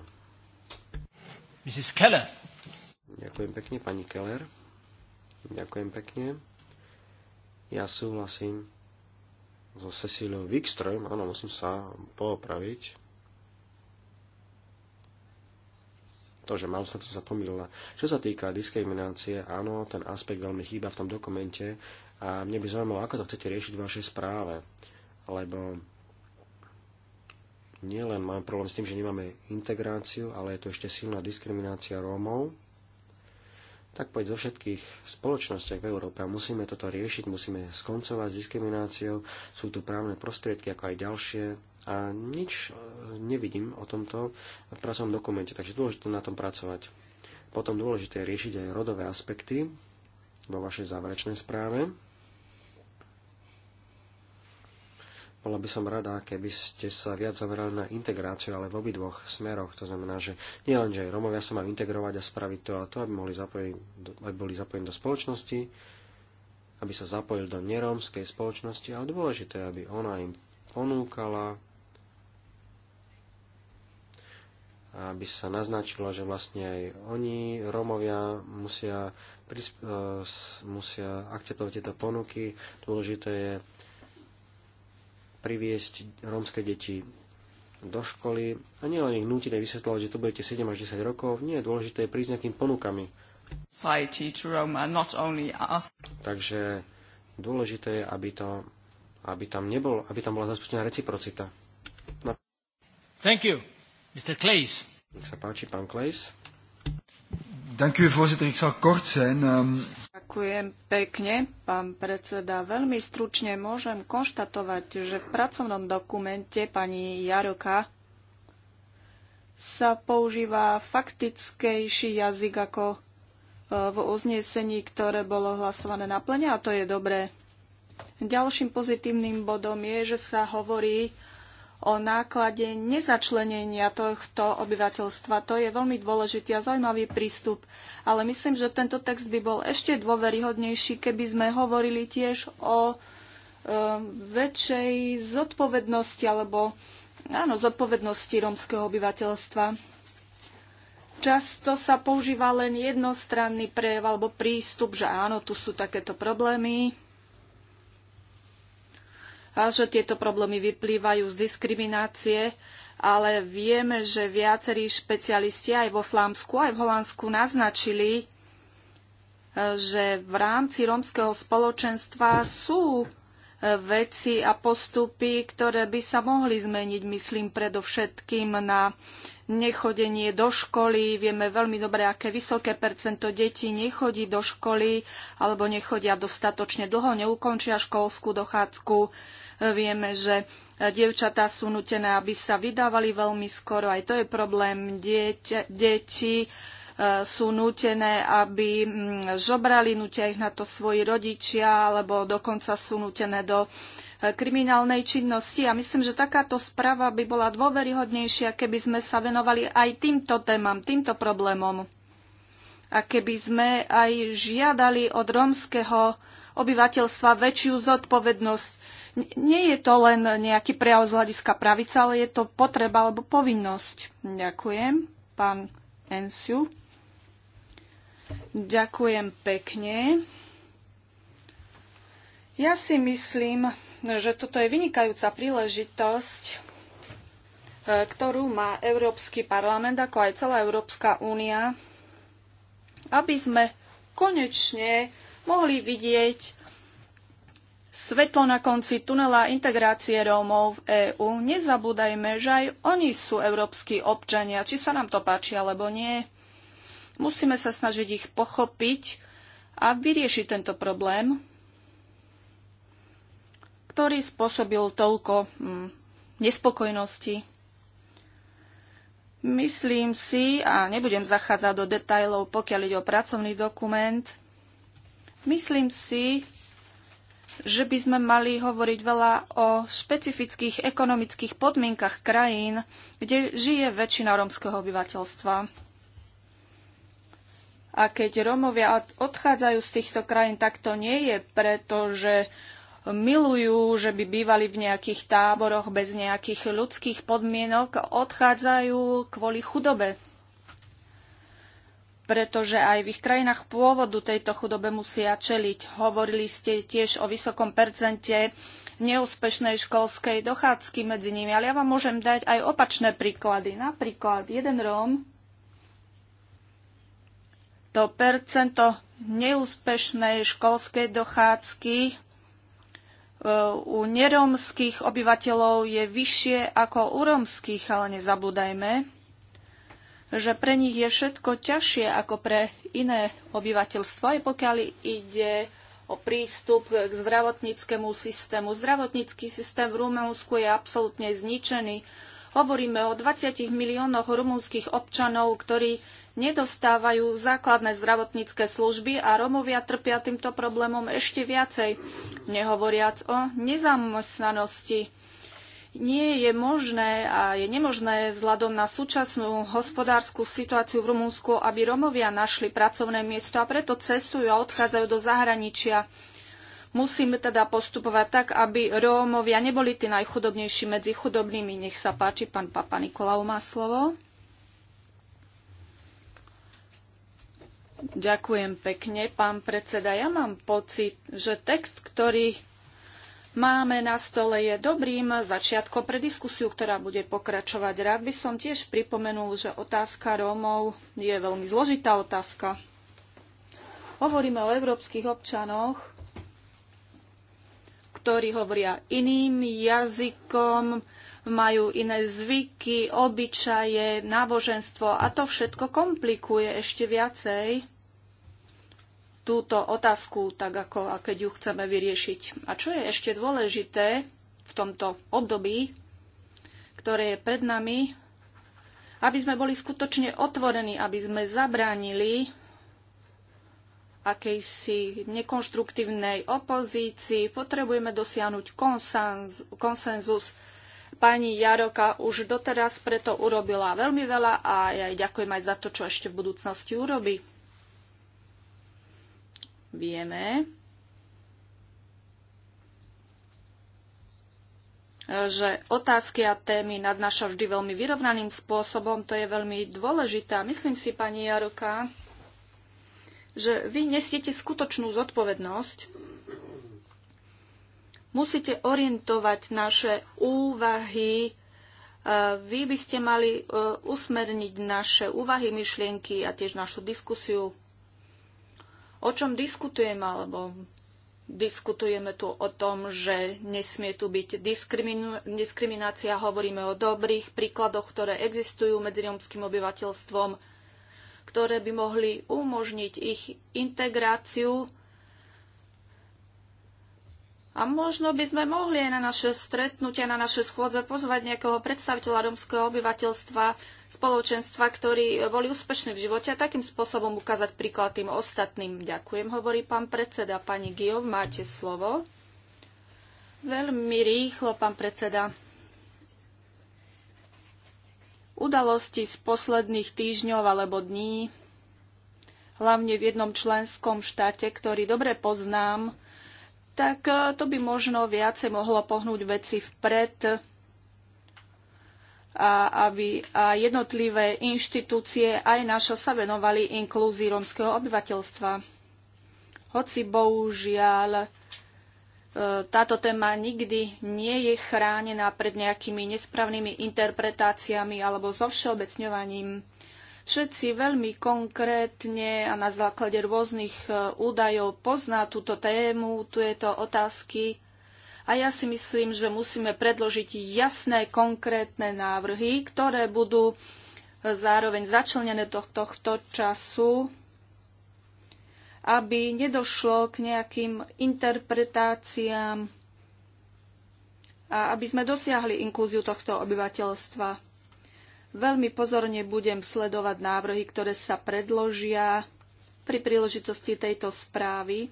Mrs. Keller. Ďakujem pekne, pani Keller. Ďakujem pekne. Ja súhlasím so Cecilou Wikström. Áno, musím sa poopraviť. to, že mal som to zapomínala. Čo sa týka diskriminácie, áno, ten aspekt veľmi chýba v tom dokumente. A mne by zaujímalo, ako to chcete riešiť v vašej správe, lebo nielen mám problém s tým, že nemáme integráciu, ale je tu ešte silná diskriminácia Rómov, tak poď zo všetkých spoločnostiach v Európe a musíme toto riešiť, musíme skoncovať s diskrimináciou, sú tu právne prostriedky ako aj ďalšie a nič e, nevidím o tomto v pracovnom dokumente, takže dôležité na tom pracovať. Potom dôležité je riešiť aj rodové aspekty vo vašej záverečnej správe. Bola by som rada, keby ste sa viac zamerali na integráciu, ale v obidvoch smeroch. To znamená, že nie len, že Romovia sa majú integrovať a spraviť to a to, aby, mohli zapojiť, aby boli zapojení do spoločnosti, aby sa zapojili do nerómskej spoločnosti, ale dôležité, aby ona im ponúkala, aby sa naznačilo, že vlastne aj oni, Romovia musia, e, musia akceptovať tieto ponuky. Dôležité je priviesť rómske deti do školy a nielen ich nútiť a vysvetľovať, že to budete 7 až 10 rokov, nie je dôležité prísť nejakým ponukami. Roma, Takže dôležité je, aby, to, aby, tam nebol, aby tam bola zaspustená reciprocita. Na... Thank you, Mr. Clays. Nech sa páči, pán Clays. Dank u, voorzitter. Ik zal kort zijn. Um... Ďakujem pekne, pán predseda. Veľmi stručne môžem konštatovať, že v pracovnom dokumente pani Jaroka sa používa faktickejší jazyk ako e, v uznesení, ktoré bolo hlasované na plene a to je dobré. Ďalším pozitívnym bodom je, že sa hovorí o náklade nezačlenenia tohto obyvateľstva. To je veľmi dôležitý a zaujímavý prístup, ale myslím, že tento text by bol ešte dôveryhodnejší, keby sme hovorili tiež o e, väčšej zodpovednosti alebo áno, zodpovednosti rómskeho obyvateľstva. Často sa používa len jednostranný prejav alebo prístup, že áno, tu sú takéto problémy, a že tieto problémy vyplývajú z diskriminácie, ale vieme, že viacerí špecialisti aj vo Flámsku, aj v Holandsku naznačili, e, že v rámci rómskeho spoločenstva sú e, veci a postupy, ktoré by sa mohli zmeniť, myslím predovšetkým na nechodenie do školy. Vieme veľmi dobre, aké vysoké percento detí nechodí do školy alebo nechodia dostatočne dlho, neukončia školskú dochádzku. Vieme, že dievčatá sú nutené, aby sa vydávali veľmi skoro. Aj to je problém. Dieťa, deti e, sú nutené, aby mm, žobrali, nutia ich na to svoji rodičia, alebo dokonca sú nutené do e, kriminálnej činnosti. A myslím, že takáto správa by bola dôveryhodnejšia, keby sme sa venovali aj týmto témam, týmto problémom. A keby sme aj žiadali od rómskeho obyvateľstva väčšiu zodpovednosť nie je to len nejaký prejav z hľadiska pravice, ale je to potreba alebo povinnosť. Ďakujem, pán Ensiu. Ďakujem pekne. Ja si myslím, že toto je vynikajúca príležitosť, e, ktorú má Európsky parlament, ako aj celá Európska únia, aby sme konečne mohli vidieť svetlo na konci tunela integrácie Rómov v EÚ. Nezabúdajme, že aj oni sú európsky občania, či sa nám to páči alebo nie. Musíme sa snažiť ich pochopiť a vyriešiť tento problém, ktorý spôsobil toľko hm, nespokojnosti. Myslím si, a nebudem zachádzať do detajlov, pokiaľ ide o pracovný dokument, myslím si, že by sme mali hovoriť veľa o špecifických ekonomických podmienkach krajín, kde žije väčšina rómskeho obyvateľstva. A keď Rómovia odchádzajú z týchto krajín, tak to nie je preto, že milujú, že by bývali v nejakých táboroch bez nejakých ľudských podmienok, odchádzajú kvôli chudobe pretože aj v ich krajinách pôvodu tejto chudobe musia čeliť. Hovorili ste tiež o vysokom percente neúspešnej školskej dochádzky medzi nimi, ale ja vám môžem dať aj opačné príklady. Napríklad jeden Róm, to percento neúspešnej školskej dochádzky e, u nerómskych obyvateľov je vyššie ako u rómskych, ale nezabúdajme, že pre nich je všetko ťažšie ako pre iné obyvateľstvo, aj pokiaľ ide o prístup k zdravotníckému systému. Zdravotnícky systém v Rumunsku je absolútne zničený. Hovoríme o 20 miliónoch rumunských občanov, ktorí nedostávajú základné zdravotnícke služby a Romovia trpia týmto problémom ešte viacej, nehovoriac o nezamestnanosti nie je možné a je nemožné vzhľadom na súčasnú hospodárskú situáciu v Rumunsku, aby Romovia našli pracovné miesto a preto cestujú a odchádzajú do zahraničia. Musíme teda postupovať tak, aby Rómovia neboli tí najchudobnejší medzi chudobnými. Nech sa páči, pán Papa Nikolau má slovo. Ďakujem pekne, pán predseda. Ja mám pocit, že text, ktorý máme na stole, je dobrým začiatkom pre diskusiu, ktorá bude pokračovať. Rád by som tiež pripomenul, že otázka Rómov je veľmi zložitá otázka. Hovoríme o európskych občanoch, ktorí hovoria iným jazykom, majú iné zvyky, obyčaje, náboženstvo a to všetko komplikuje ešte viacej túto otázku, tak ako a keď ju chceme vyriešiť. A čo je ešte dôležité v tomto období, ktoré je pred nami, aby sme boli skutočne otvorení, aby sme zabránili akejsi nekonštruktívnej opozícii. Potrebujeme dosiahnuť konsenz, konsenzus. Pani Jaroka už doteraz preto urobila veľmi veľa a ja jej ďakujem aj za to, čo ešte v budúcnosti urobí vieme, že otázky a témy nadnáša vždy veľmi vyrovnaným spôsobom. To je veľmi dôležité. Myslím si, pani Jaroka, že vy nesiete skutočnú zodpovednosť. Musíte orientovať naše úvahy. Vy by ste mali e, usmerniť naše úvahy, myšlienky a tiež našu diskusiu o čom diskutujeme, alebo diskutujeme tu o tom, že nesmie tu byť diskriminácia, hovoríme o dobrých príkladoch, ktoré existujú medzi romským obyvateľstvom, ktoré by mohli umožniť ich integráciu. A možno by sme mohli aj na naše stretnutia, na naše schôdze pozvať nejakého predstaviteľa romského obyvateľstva, spoločenstva, ktorí boli úspešní v živote a takým spôsobom ukázať príklad tým ostatným. Ďakujem, hovorí pán predseda. Pani Giov, máte slovo. Veľmi rýchlo, pán predseda. Udalosti z posledných týždňov alebo dní, hlavne v jednom členskom štáte, ktorý dobre poznám, tak eh, to by možno viacej mohlo pohnúť veci vpred a aby a jednotlivé inštitúcie aj naša sa venovali inklúzii rómskeho obyvateľstva. Hoci bohužiaľ e, táto téma nikdy nie je chránená pred nejakými nesprávnymi interpretáciami alebo všeobecňovaním Všetci veľmi konkrétne a na základe rôznych e, údajov pozná túto tému, tu je to otázky a ja si myslím, že musíme predložiť jasné, konkrétne návrhy, ktoré budú e, zároveň začlenené do tohto času, aby nedošlo k nejakým interpretáciám a aby sme dosiahli inklúziu tohto obyvateľstva. Veľmi pozorne budem sledovať návrhy, ktoré sa predložia pri príležitosti tejto správy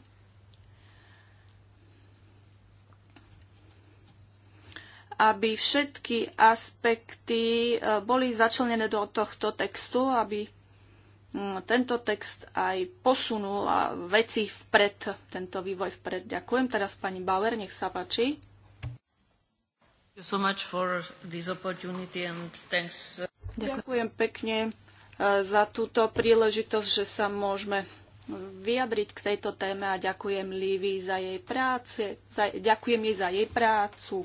aby všetky aspekty e, boli začlenené do tohto textu, aby mm, tento text aj posunul a veci vpred, tento vývoj vpred. Ďakujem. Teraz pani Bauer, nech sa páči. So uh, Ďakujem pekne e, za túto príležitosť, že sa môžeme vyjadriť k tejto téme a ďakujem Lívii za jej práce, za, ďakujem jej za jej prácu.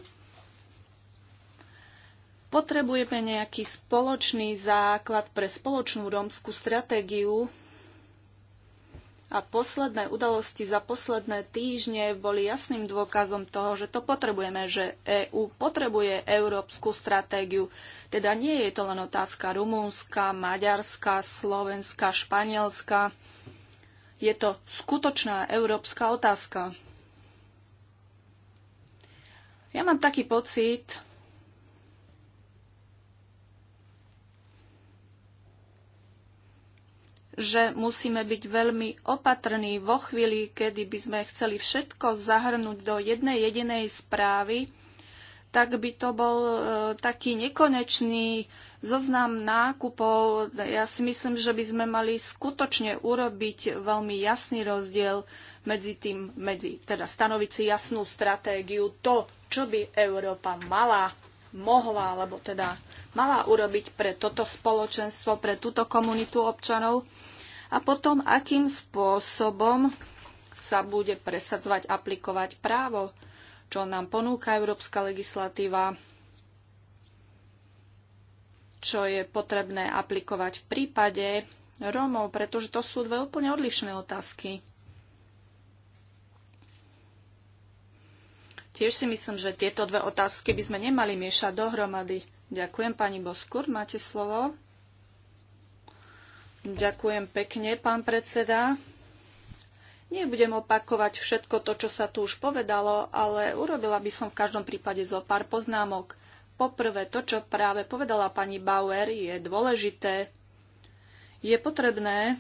Potrebujeme nejaký spoločný základ pre spoločnú rómskú stratégiu a posledné udalosti za posledné týždne boli jasným dôkazom toho, že to potrebujeme, že EÚ potrebuje európsku stratégiu. Teda nie je to len otázka rumúnska, maďarska, slovenska, španielska. Je to skutočná európska otázka. Ja mám taký pocit, že musíme byť veľmi opatrní vo chvíli, kedy by sme chceli všetko zahrnúť do jednej jedinej správy, tak by to bol e, taký nekonečný zoznam nákupov. Ja si myslím, že by sme mali skutočne urobiť veľmi jasný rozdiel medzi tým, medzi, teda stanoviť si jasnú stratégiu, to, čo by Európa mala mohla, alebo teda mala urobiť pre toto spoločenstvo, pre túto komunitu občanov a potom, akým spôsobom sa bude presadzovať, aplikovať právo, čo nám ponúka európska legislatíva, čo je potrebné aplikovať v prípade Rómov, pretože to sú dve úplne odlišné otázky. Tiež si myslím, že tieto dve otázky by sme nemali miešať dohromady. Ďakujem pani Boskur, máte slovo. Ďakujem pekne, pán predseda. Nebudem opakovať všetko to, čo sa tu už povedalo, ale urobila by som v každom prípade zo pár poznámok. Poprvé, to, čo práve povedala pani Bauer, je dôležité. Je potrebné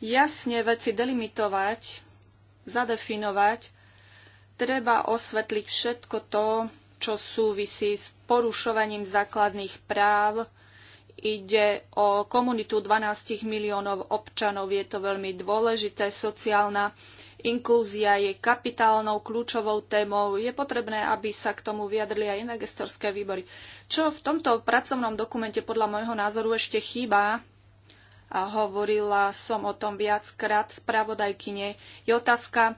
jasne veci delimitovať, zadefinovať Treba osvetliť všetko to, čo súvisí s porušovaním základných práv. Ide o komunitu 12 miliónov občanov. Je to veľmi dôležité. Sociálna inklúzia je kapitálnou kľúčovou témou. Je potrebné, aby sa k tomu vyjadrili aj iné gestorské výbory. Čo v tomto pracovnom dokumente podľa môjho názoru ešte chýba, a hovorila som o tom viackrát spravodajkyne, je otázka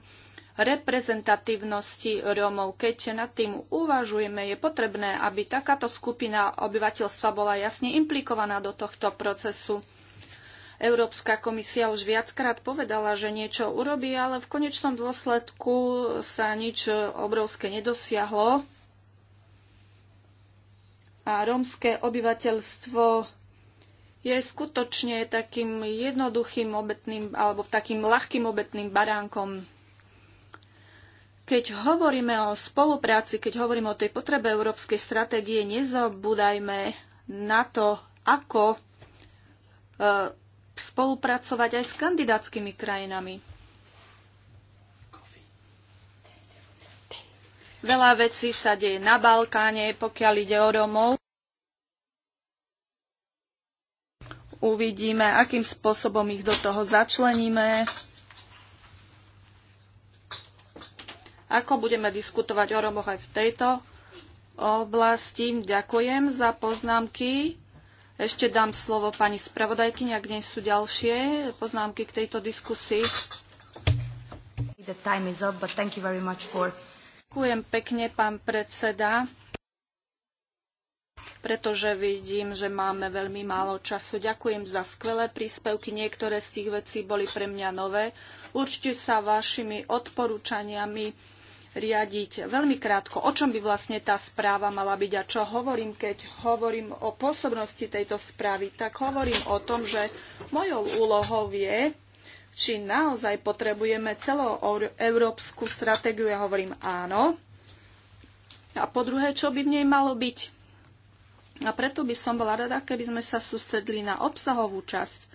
reprezentatívnosti Rómov. Keď nad tým uvažujeme, je potrebné, aby takáto skupina obyvateľstva bola jasne implikovaná do tohto procesu. Európska komisia už viackrát povedala, že niečo urobí, ale v konečnom dôsledku sa nič obrovské nedosiahlo. A rómske obyvateľstvo je skutočne takým jednoduchým obetným alebo takým ľahkým obetným baránkom keď hovoríme o spolupráci, keď hovoríme o tej potrebe európskej stratégie, nezabúdajme na to, ako e, spolupracovať aj s kandidátskymi krajinami. Veľa vecí sa deje na Balkáne, pokiaľ ide o Romov. Uvidíme, akým spôsobom ich do toho začleníme. ako budeme diskutovať o Romoch aj v tejto oblasti. Ďakujem za poznámky. Ešte dám slovo pani spravodajkyni, ak dnes sú ďalšie poznámky k tejto diskusii. Up, for... Ďakujem pekne, pán predseda, pretože vidím, že máme veľmi málo času. Ďakujem za skvelé príspevky. Niektoré z tých vecí boli pre mňa nové. Určite sa vašimi odporúčaniami riadiť. Veľmi krátko, o čom by vlastne tá správa mala byť a čo hovorím, keď hovorím o pôsobnosti tejto správy, tak hovorím o tom, že mojou úlohou je, či naozaj potrebujeme celú európsku stratégiu. Ja hovorím áno. A po druhé, čo by v nej malo byť. A preto by som bola rada, keby sme sa sústredili na obsahovú časť.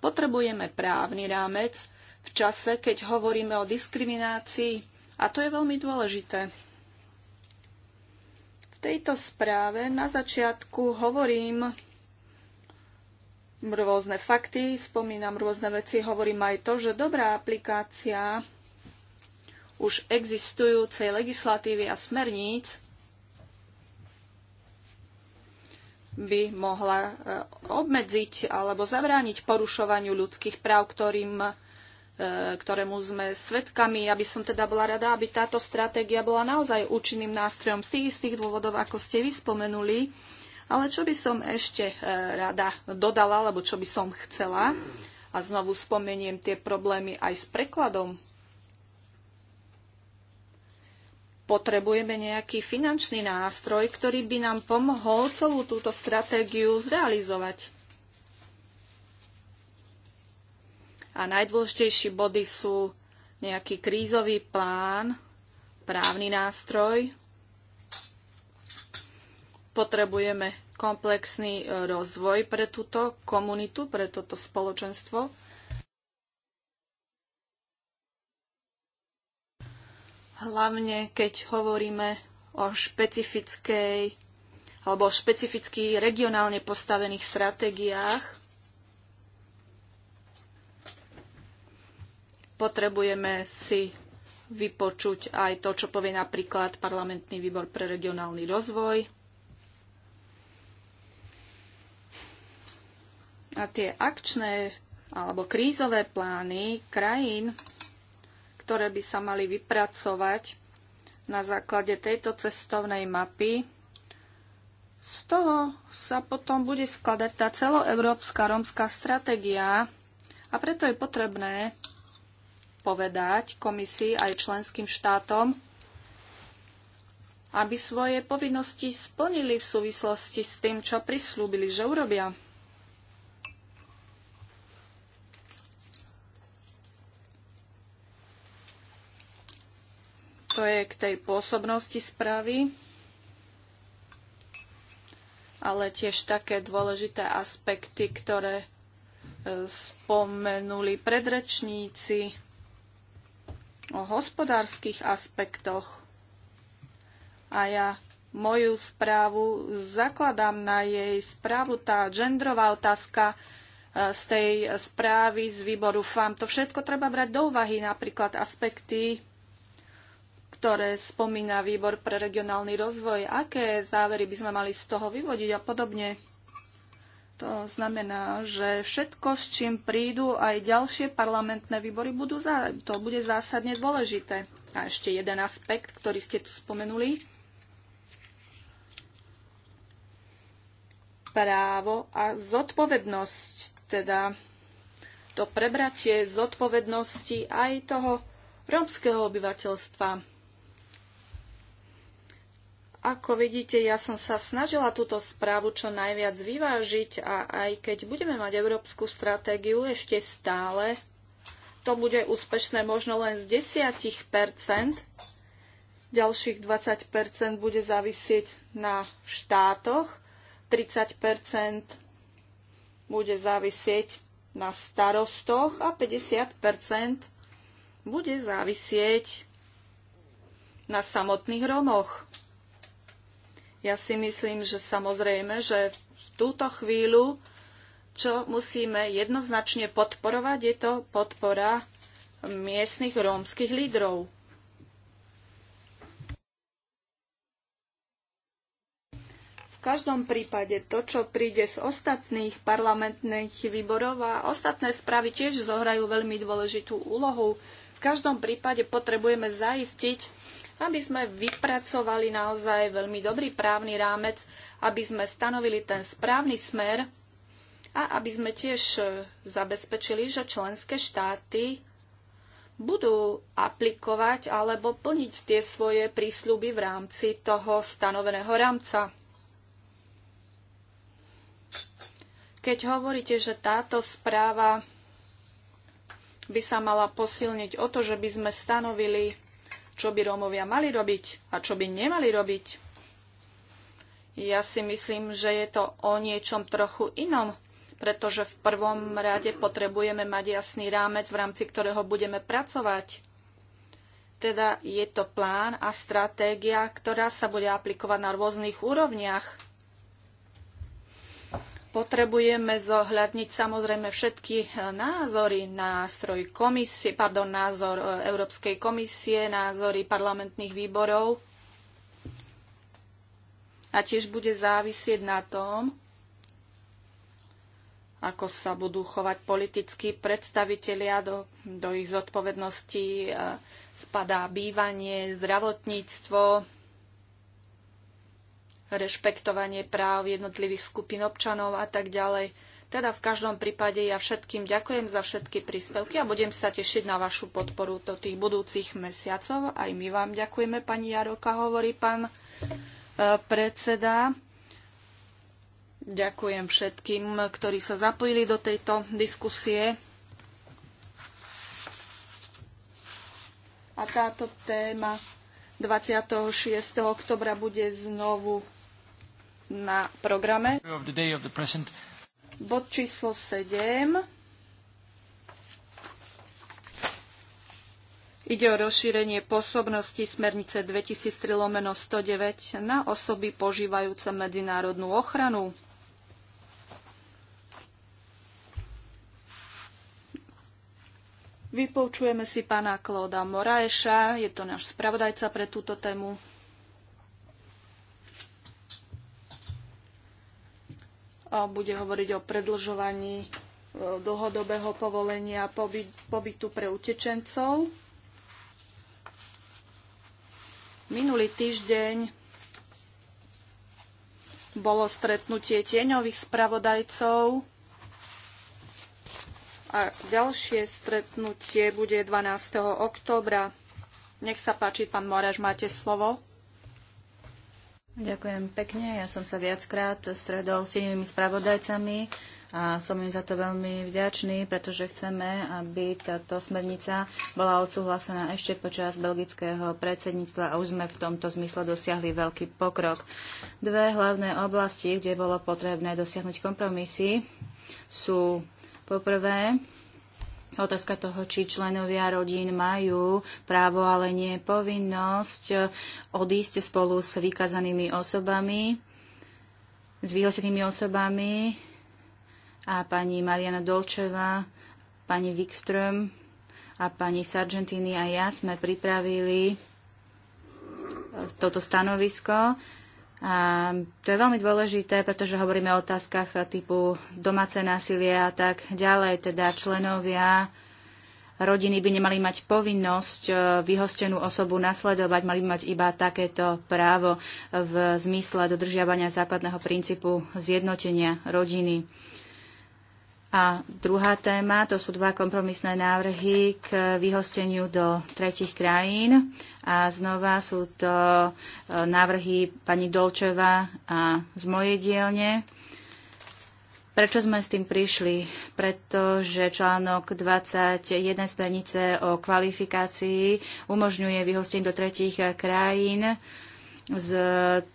Potrebujeme právny rámec v čase, keď hovoríme o diskriminácii a to je veľmi dôležité. V tejto správe na začiatku hovorím rôzne fakty, spomínam rôzne veci, hovorím aj to, že dobrá aplikácia už existujúcej legislatívy a smerníc by mohla e, obmedziť alebo zabrániť porušovaniu ľudských práv, ktorým E, ktorému sme svedkami. Ja by som teda bola rada, aby táto stratégia bola naozaj účinným nástrojom z tých istých dôvodov, ako ste vyspomenuli. Ale čo by som ešte e, rada dodala, alebo čo by som chcela, a znovu spomeniem tie problémy aj s prekladom. Potrebujeme nejaký finančný nástroj, ktorý by nám pomohol celú túto stratégiu zrealizovať. A najdôležitejší body sú nejaký krízový plán, právny nástroj. Potrebujeme komplexný e, rozvoj pre túto komunitu, pre toto spoločenstvo. Hlavne keď hovoríme o špecifickej alebo o špecificky regionálne postavených stratégiách potrebujeme si vypočuť aj to, čo povie napríklad parlamentný výbor pre regionálny rozvoj. A tie akčné alebo krízové plány krajín, ktoré by sa mali vypracovať na základe tejto cestovnej mapy, z toho sa potom bude skladať tá celoeurópska rómska stratégia a preto je potrebné povedať komisii aj členským štátom, aby svoje povinnosti splnili v súvislosti s tým, čo prislúbili, že urobia. To je k tej pôsobnosti správy ale tiež také dôležité aspekty, ktoré e, spomenuli predrečníci o hospodárskych aspektoch. A ja moju správu zakladám na jej správu. Tá gendrová otázka e, z tej správy z výboru FAM, to všetko treba brať do úvahy, napríklad aspekty, ktoré spomína výbor pre regionálny rozvoj, aké závery by sme mali z toho vyvodiť a podobne. To znamená, že všetko, s čím prídu aj ďalšie parlamentné výbory, budú za, to bude zásadne dôležité. A ešte jeden aspekt, ktorý ste tu spomenuli. Právo a zodpovednosť, teda to prebratie zodpovednosti aj toho rómskeho obyvateľstva ako vidíte, ja som sa snažila túto správu čo najviac vyvážiť a aj keď budeme mať európsku stratégiu ešte stále, to bude úspešné možno len z 10%. Ďalších 20% bude závisieť na štátoch, 30% bude závisieť na starostoch a 50% bude závisieť na samotných Romoch. Ja si myslím, že samozrejme, že v túto chvíľu, čo musíme jednoznačne podporovať, je to podpora miestnych rómskych lídrov. V každom prípade to, čo príde z ostatných parlamentných výborov a ostatné správy tiež zohrajú veľmi dôležitú úlohu. V každom prípade potrebujeme zaistiť, aby sme vypracovali naozaj veľmi dobrý právny rámec, aby sme stanovili ten správny smer a aby sme tiež zabezpečili, že členské štáty budú aplikovať alebo plniť tie svoje prísľuby v rámci toho stanoveného rámca. Keď hovoríte, že táto správa by sa mala posilniť o to, že by sme stanovili čo by Rómovia mali robiť a čo by nemali robiť. Ja si myslím, že je to o niečom trochu inom, pretože v prvom rade potrebujeme mať jasný rámec, v rámci ktorého budeme pracovať. Teda je to plán a stratégia, ktorá sa bude aplikovať na rôznych úrovniach Potrebujeme zohľadniť samozrejme všetky e, názory, nástroj komisie, pardon, názor e, Európskej komisie, názory parlamentných výborov. A tiež bude závisieť na tom, ako sa budú chovať politickí predstavitelia, do, do ich zodpovednosti e, spadá bývanie, zdravotníctvo, rešpektovanie práv jednotlivých skupín občanov a tak ďalej. Teda v každom prípade ja všetkým ďakujem za všetky príspevky a budem sa tešiť na vašu podporu do tých budúcich mesiacov. Aj my vám ďakujeme, pani Jaroka, hovorí pán e, predseda. Ďakujem všetkým, ktorí sa zapojili do tejto diskusie. A táto téma 26. oktobra bude znovu na programe. Bod číslo 7. Ide o rozšírenie pôsobnosti smernice 2003-109 na osoby požívajúce medzinárodnú ochranu. Vypoučujeme si pána Klóda Moraeša, je to náš spravodajca pre túto tému. bude hovoriť o predlžovaní e, dlhodobého povolenia pobytu pre utečencov. Minulý týždeň bolo stretnutie tieňových spravodajcov a ďalšie stretnutie bude 12. oktobra. Nech sa páči, pán Moraž, máte slovo. Ďakujem pekne. Ja som sa viackrát stredol s inými spravodajcami a som im za to veľmi vďačný, pretože chceme, aby táto smernica bola odsúhlasená ešte počas belgického predsedníctva a už sme v tomto zmysle dosiahli veľký pokrok. Dve hlavné oblasti, kde bolo potrebné dosiahnuť kompromisy, sú poprvé otázka toho, či členovia rodín majú právo, ale nie povinnosť e, odísť spolu s vykazanými osobami, s vyhostenými osobami a pani Mariana Dolčeva, pani Wikström a pani Sargentini a ja sme pripravili e, toto stanovisko a to je veľmi dôležité, pretože hovoríme o otázkach typu domáce násilie a tak ďalej, teda členovia rodiny by nemali mať povinnosť e, vyhostenú osobu nasledovať, mali by mať iba takéto právo v zmysle dodržiavania základného princípu zjednotenia rodiny. A druhá téma, to sú dva kompromisné návrhy k vyhosteniu do tretich krajín. A znova sú to e, návrhy pani Dolčeva a z mojej dielne. Prečo sme s tým prišli? Pretože článok 21 smernice o kvalifikácii umožňuje vyhostenie do tretich krajín z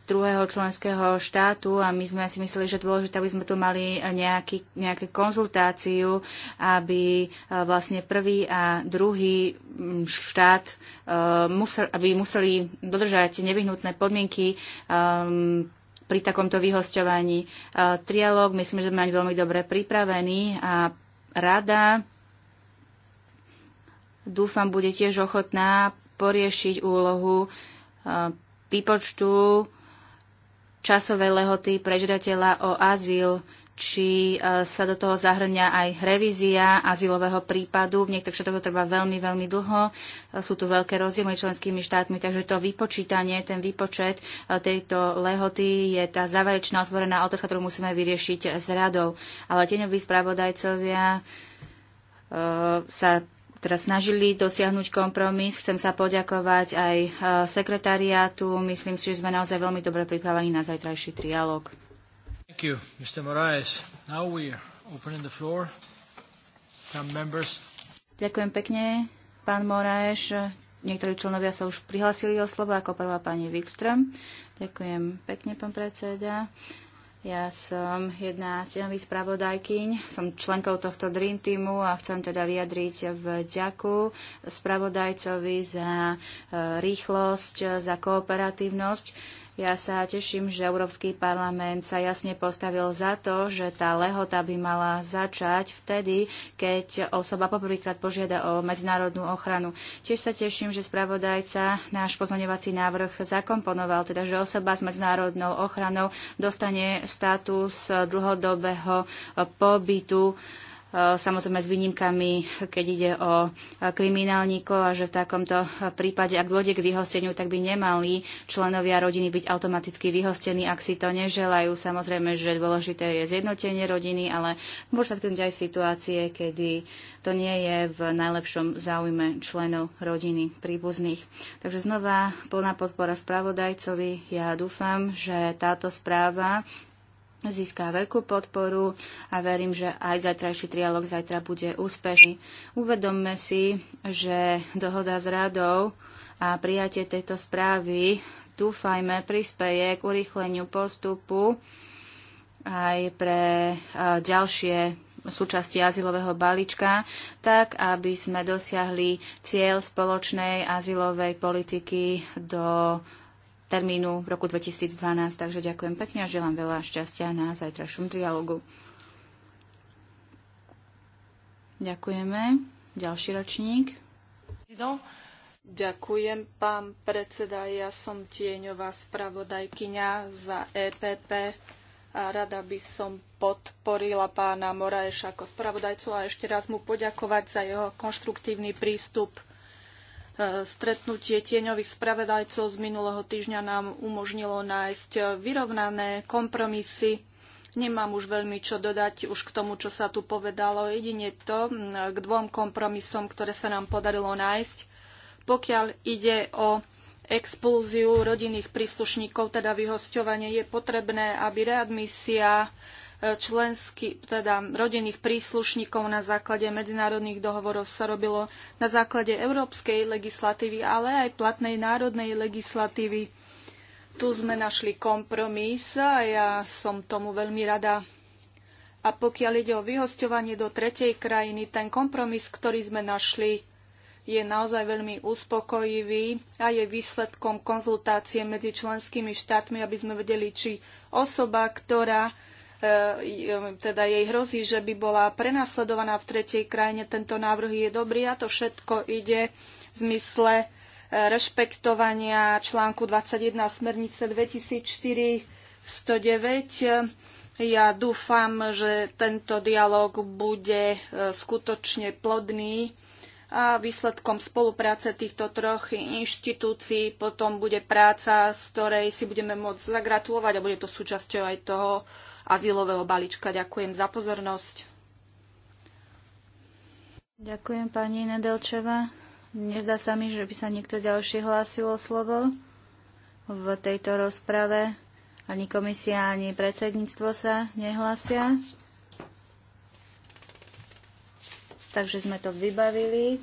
druhého členského štátu a my sme si mysleli, že dôležité, aby sme tu mali nejaký, nejakú konzultáciu, aby e, vlastne prvý a druhý štát e, musel, aby museli dodržať nevyhnutné podmienky um, pri takomto vyhosťovaní. Uh, trialóg myslím, že sme veľmi dobre pripravený a rada dúfam bude tiež ochotná poriešiť úlohu uh, výpočtu časovej lehoty pre žiadateľa o azyl, či e, sa do toho zahrňa aj revízia azylového prípadu. V niektorých štátoch to trvá veľmi, veľmi dlho. E, sú tu veľké rozdiely členskými štátmi, takže to vypočítanie, ten výpočet e, tejto lehoty je tá záverečná otvorená otázka, ktorú musíme vyriešiť s radou. Ale tieňoví spravodajcovia sa teda snažili dosiahnuť kompromis. Chcem sa poďakovať aj e, sekretariátu. Myslím si, že sme naozaj veľmi dobre pripravení na zajtrajší trialog. Thank you, Mr. Moraes. Now we the floor. Some members. Ďakujem pekne, pán Moraes. Niektorí členovia sa už prihlasili o slovo, ako prvá pani Wikström. Ďakujem pekne, pán predseda. Uh, ja som jedna z nových spravodajkyň, som členkou tohto Dream Teamu a chcem teda vyjadriť vďaku spravodajcovi za e, rýchlosť, za kooperatívnosť ja sa teším, že Európsky parlament sa jasne postavil za to, že tá lehota by mala začať vtedy, keď osoba poprvýkrát požiada o medzinárodnú ochranu. Tiež sa teším, že spravodajca náš pozmeňovací návrh zakomponoval, teda že osoba s medzinárodnou ochranou dostane status dlhodobého pobytu Eh, samozrejme s výnimkami, keď ide o eh, kriminálníkov a že v takomto eh, prípade, ak dôjde k vyhosteniu, tak by nemali členovia rodiny byť automaticky vyhostení, ak si to neželajú. Samozrejme, že dôležité je zjednotenie rodiny, ale môže sa aj situácie, kedy to nie je v najlepšom záujme členov rodiny príbuzných. Takže znova plná podpora spravodajcovi. Ja dúfam, že táto správa získa veľkú podporu a verím, že aj zajtrajší trialog zajtra bude úspešný. Uvedomme si, že dohoda s radou a prijatie tejto správy dúfajme prispeje k urýchleniu postupu aj pre ďalšie súčasti azylového balíčka, tak aby sme dosiahli cieľ spoločnej azylovej politiky do termínu v roku 2012. Takže ďakujem pekne a želám veľa šťastia na zajtrašom dialogu. Ďakujeme. Ďalší ročník. No, ďakujem, pán predseda. Ja som tieňová spravodajkyňa za EPP a rada by som podporila pána Moraeša ako spravodajcu a ešte raz mu poďakovať za jeho konštruktívny prístup E, stretnutie tieňových spravedajcov z minulého týždňa nám umožnilo nájsť vyrovnané kompromisy. Nemám už veľmi čo dodať už k tomu, čo sa tu povedalo. Jedine to k dvom kompromisom, ktoré sa nám podarilo nájsť. Pokiaľ ide o expulziu rodinných príslušníkov, teda vyhosťovanie, je potrebné, aby readmisia členský, teda rodinných príslušníkov na základe medzinárodných dohovorov sa robilo na základe európskej legislatívy, ale aj platnej národnej legislatívy. Tu sme našli kompromis a ja som tomu veľmi rada. A pokiaľ ide o vyhosťovanie do tretej krajiny, ten kompromis, ktorý sme našli, je naozaj veľmi uspokojivý a je výsledkom konzultácie medzi členskými štátmi, aby sme vedeli, či osoba, ktorá E, teda jej hrozí, že by bola prenasledovaná v tretej krajine. Tento návrh je dobrý a to všetko ide v zmysle e, rešpektovania článku 21 smernice 2004 109 ja dúfam, že tento dialog bude e, skutočne plodný a výsledkom spolupráce týchto troch inštitúcií potom bude práca, z ktorej si budeme môcť zagratulovať a bude to súčasťou aj toho azylového balíčka. Ďakujem za pozornosť. Ďakujem pani Nedelčeva. Nezdá sa mi, že by sa niekto ďalší hlásil o slovo v tejto rozprave. Ani komisia, ani predsedníctvo sa nehlásia. Takže sme to vybavili.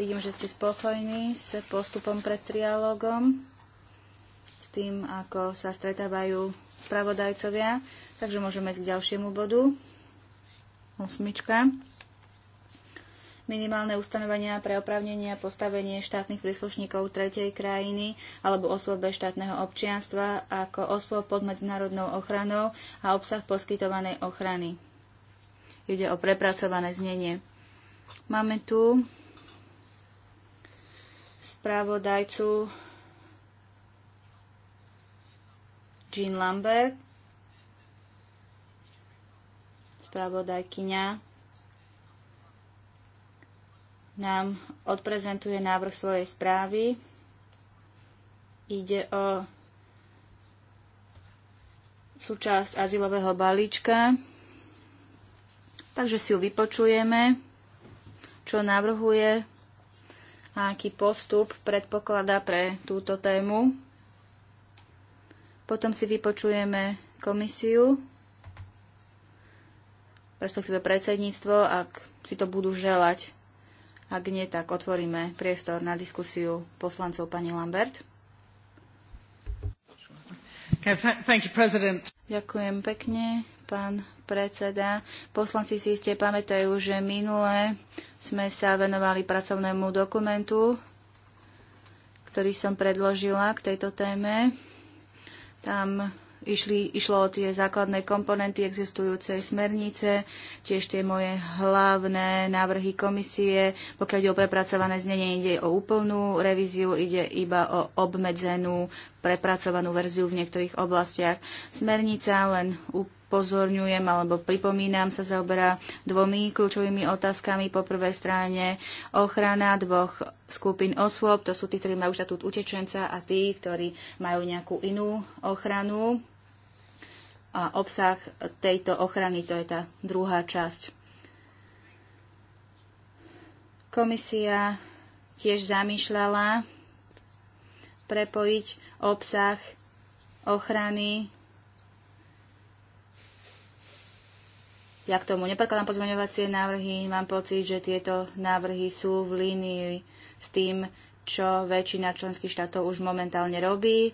Vidím, že ste spokojní s postupom pred trialogom, s tým, ako sa stretávajú spravodajcovia, takže môžeme ísť k ďalšiemu bodu. Osmička. Minimálne ustanovenia pre opravnenie a postavenie štátnych príslušníkov tretej krajiny alebo osôb bez štátneho občianstva ako osôb pod medzinárodnou ochranou a obsah poskytovanej ochrany. Ide o prepracované znenie. Máme tu spravodajcu. Jean Lambert, spravodajkyňa, nám odprezentuje návrh svojej správy. Ide o súčasť azylového balíčka, takže si ju vypočujeme, čo navrhuje a aký postup predpokladá pre túto tému. Potom si vypočujeme komisiu, respektíve predsedníctvo, ak si to budú želať. Ak nie, tak otvoríme priestor na diskusiu poslancov pani Lambert. Okay, thank you, President. Ďakujem pekne, pán predseda. Poslanci si ste pamätajú, že minule sme sa venovali pracovnému dokumentu, ktorý som predložila k tejto téme. Tam išli, išlo o tie základné komponenty existujúcej smernice, tiež tie moje hlavné návrhy komisie. Pokiaľ ide o prepracované znenie, ide o úplnú revíziu, ide iba o obmedzenú prepracovanú verziu v niektorých oblastiach. Smernica len upozorňujem alebo pripomínam sa zaoberá dvomi kľúčovými otázkami. Po prvej strane ochrana dvoch skupín osôb, to sú tí, ktorí majú štatút utečenca a tí, ktorí majú nejakú inú ochranu. A obsah tejto ochrany, to je tá druhá časť. Komisia tiež zamýšľala prepojiť obsah ochrany. Ja k tomu neprekladám pozmeňovacie návrhy, mám pocit, že tieto návrhy sú v línii s tým, čo väčšina členských štátov už momentálne robí.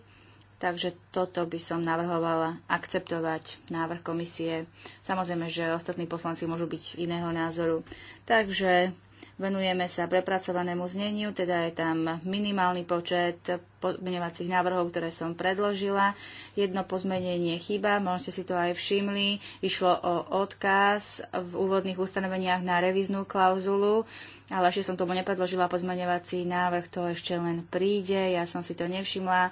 Takže toto by som navrhovala akceptovať návrh komisie. Samozrejme, že ostatní poslanci môžu byť iného názoru. Takže Venujeme sa prepracovanému zneniu, teda je tam minimálny počet pozmeňovacích návrhov, ktoré som predložila. Jedno pozmenenie chyba, možno ste si to aj všimli. Išlo o odkaz v úvodných ustanoveniach na reviznú klauzulu, ale ešte som tomu nepredložila pozmeňovací návrh, to ešte len príde. Ja som si to nevšimla.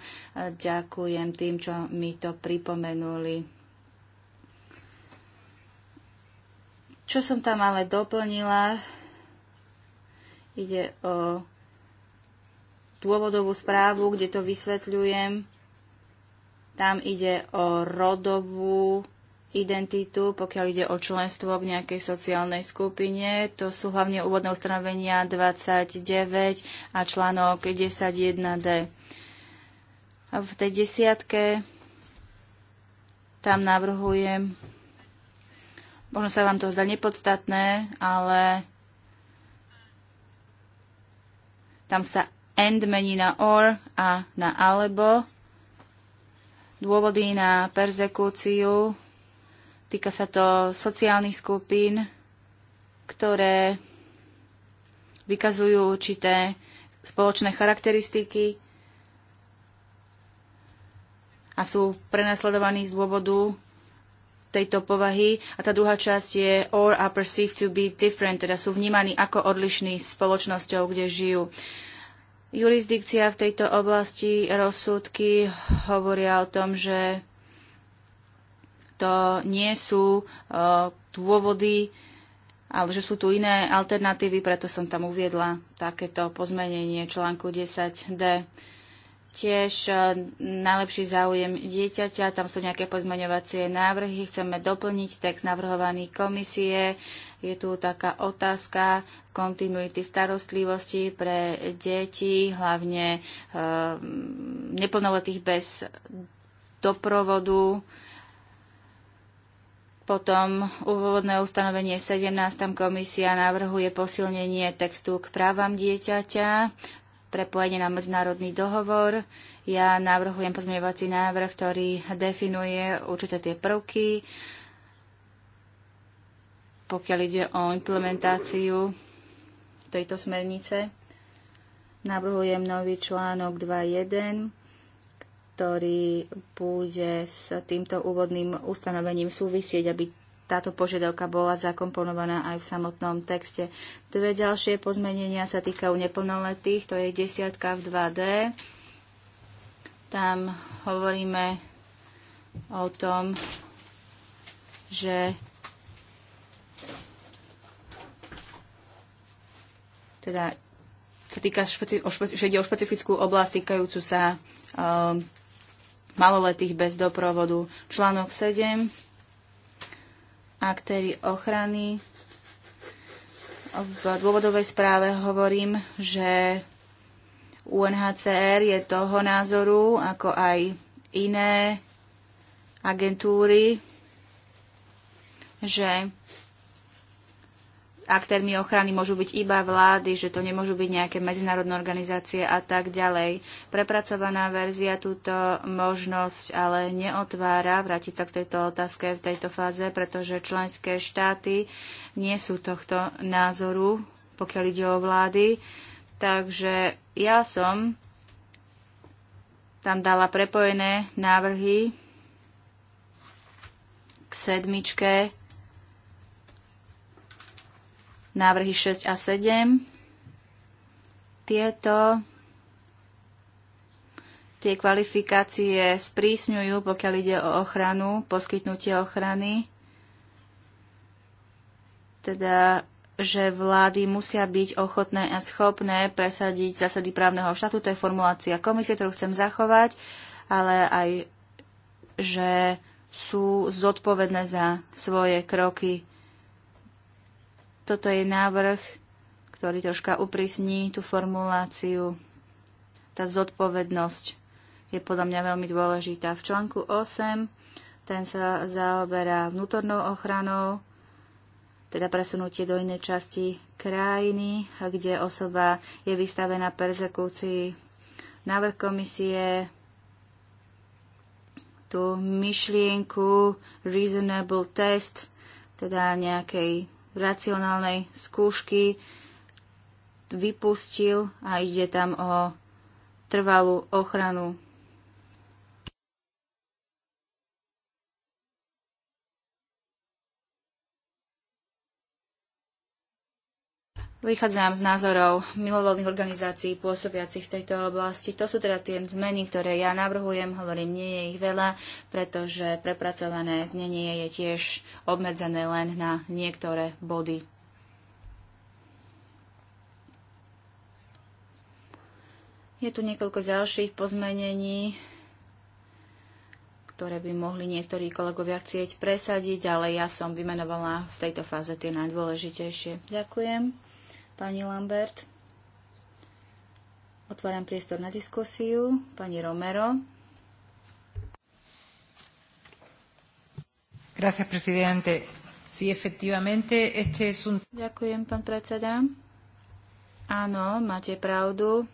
Ďakujem tým, čo mi to pripomenuli. Čo som tam ale doplnila, Ide o dôvodovú správu, kde to vysvetľujem. Tam ide o rodovú identitu, pokiaľ ide o členstvo v nejakej sociálnej skupine. To sú hlavne úvodné ustanovenia 29 a článok 10.1d. A V tej desiatke tam navrhujem, možno sa vám to zdá nepodstatné, ale Tam sa and mení na or a na alebo. Dôvody na perzekúciu. Týka sa to sociálnych skupín, ktoré vykazujú určité spoločné charakteristiky a sú prenasledovaní z dôvodu tejto povahy. A tá druhá časť je or are perceived to be different, teda sú vnímaní ako odlišní spoločnosťou, kde žijú. Uh, Jurisdikcia v tejto oblasti, rozsudky hovoria o tom, že to nie sú dôvody, ale že sú tu iné alternatívy, preto som tam uviedla takéto pozmenenie článku 10d. Tiež najlepší záujem dieťaťa, tam sú nejaké pozmeňovacie návrhy, chceme doplniť text navrhovaný komisie je tu taká otázka kontinuity starostlivosti pre deti, hlavne e, neplnoletých bez doprovodu. Potom úvodné ustanovenie 17, tam komisia navrhuje posilnenie textu k právam dieťaťa, prepojenie na medzinárodný dohovor. Ja navrhujem pozmeňovací návrh, ktorý definuje určité tie prvky, pokiaľ ide o implementáciu tejto smernice. Navrhujem nový článok 2.1, ktorý bude s týmto úvodným ustanovením súvisieť, aby táto požiadavka bola zakomponovaná aj v samotnom texte. Dve ďalšie pozmenenia sa týkajú neplnoletých, to je desiatka v 2D. Tam hovoríme o tom, že teda sa týka špeci- o špeci- o špecifickú oblasť týkajúcu sa um, maloletých bez doprovodu. Článok 7. Aktéry ochrany. V dôvodovej správe hovorím, že UNHCR je toho názoru, ako aj iné agentúry, že aktérmi ochrany môžu byť iba vlády, že to nemôžu byť nejaké medzinárodné organizácie a tak ďalej. Prepracovaná verzia túto možnosť ale neotvára vrátiť sa k tejto otázke v tejto fáze, pretože členské štáty nie sú tohto názoru, pokiaľ ide o vlády. Takže ja som tam dala prepojené návrhy k sedmičke návrhy 6 a 7. Tieto tie kvalifikácie sprísňujú, pokiaľ ide o ochranu, poskytnutie ochrany. Teda že vlády musia byť ochotné a schopné presadiť zásady právneho štátu. To je formulácia komisie, ktorú chcem zachovať, ale aj, že sú zodpovedné za svoje kroky. Toto je návrh, ktorý troška uprísní tú formuláciu. Tá zodpovednosť je podľa mňa veľmi dôležitá. V článku 8 ten sa zaoberá vnútornou ochranou, teda presunutie do inej časti krajiny, kde osoba je vystavená persekúcii. Návrh komisie tú myšlienku reasonable test, teda nejakej racionálnej skúšky vypustil a ide tam o trvalú ochranu Vychádzam z názorov milovolných organizácií pôsobiacich v tejto oblasti. To sú teda tie zmeny, ktoré ja navrhujem. Hovorím, nie je ich veľa, pretože prepracované znenie je tiež obmedzené len na niektoré body. Je tu niekoľko ďalších pozmenení, ktoré by mohli niektorí kolegovia chcieť presadiť, ale ja som vymenovala v tejto fáze tie najdôležitejšie. Ďakujem pani Lambert. Otváram priestor na diskusiu. Pani Romero. Gracias, presidente. Sí, efectivamente, este es un... Ďakujem, pán predseda. Áno, máte pravdu.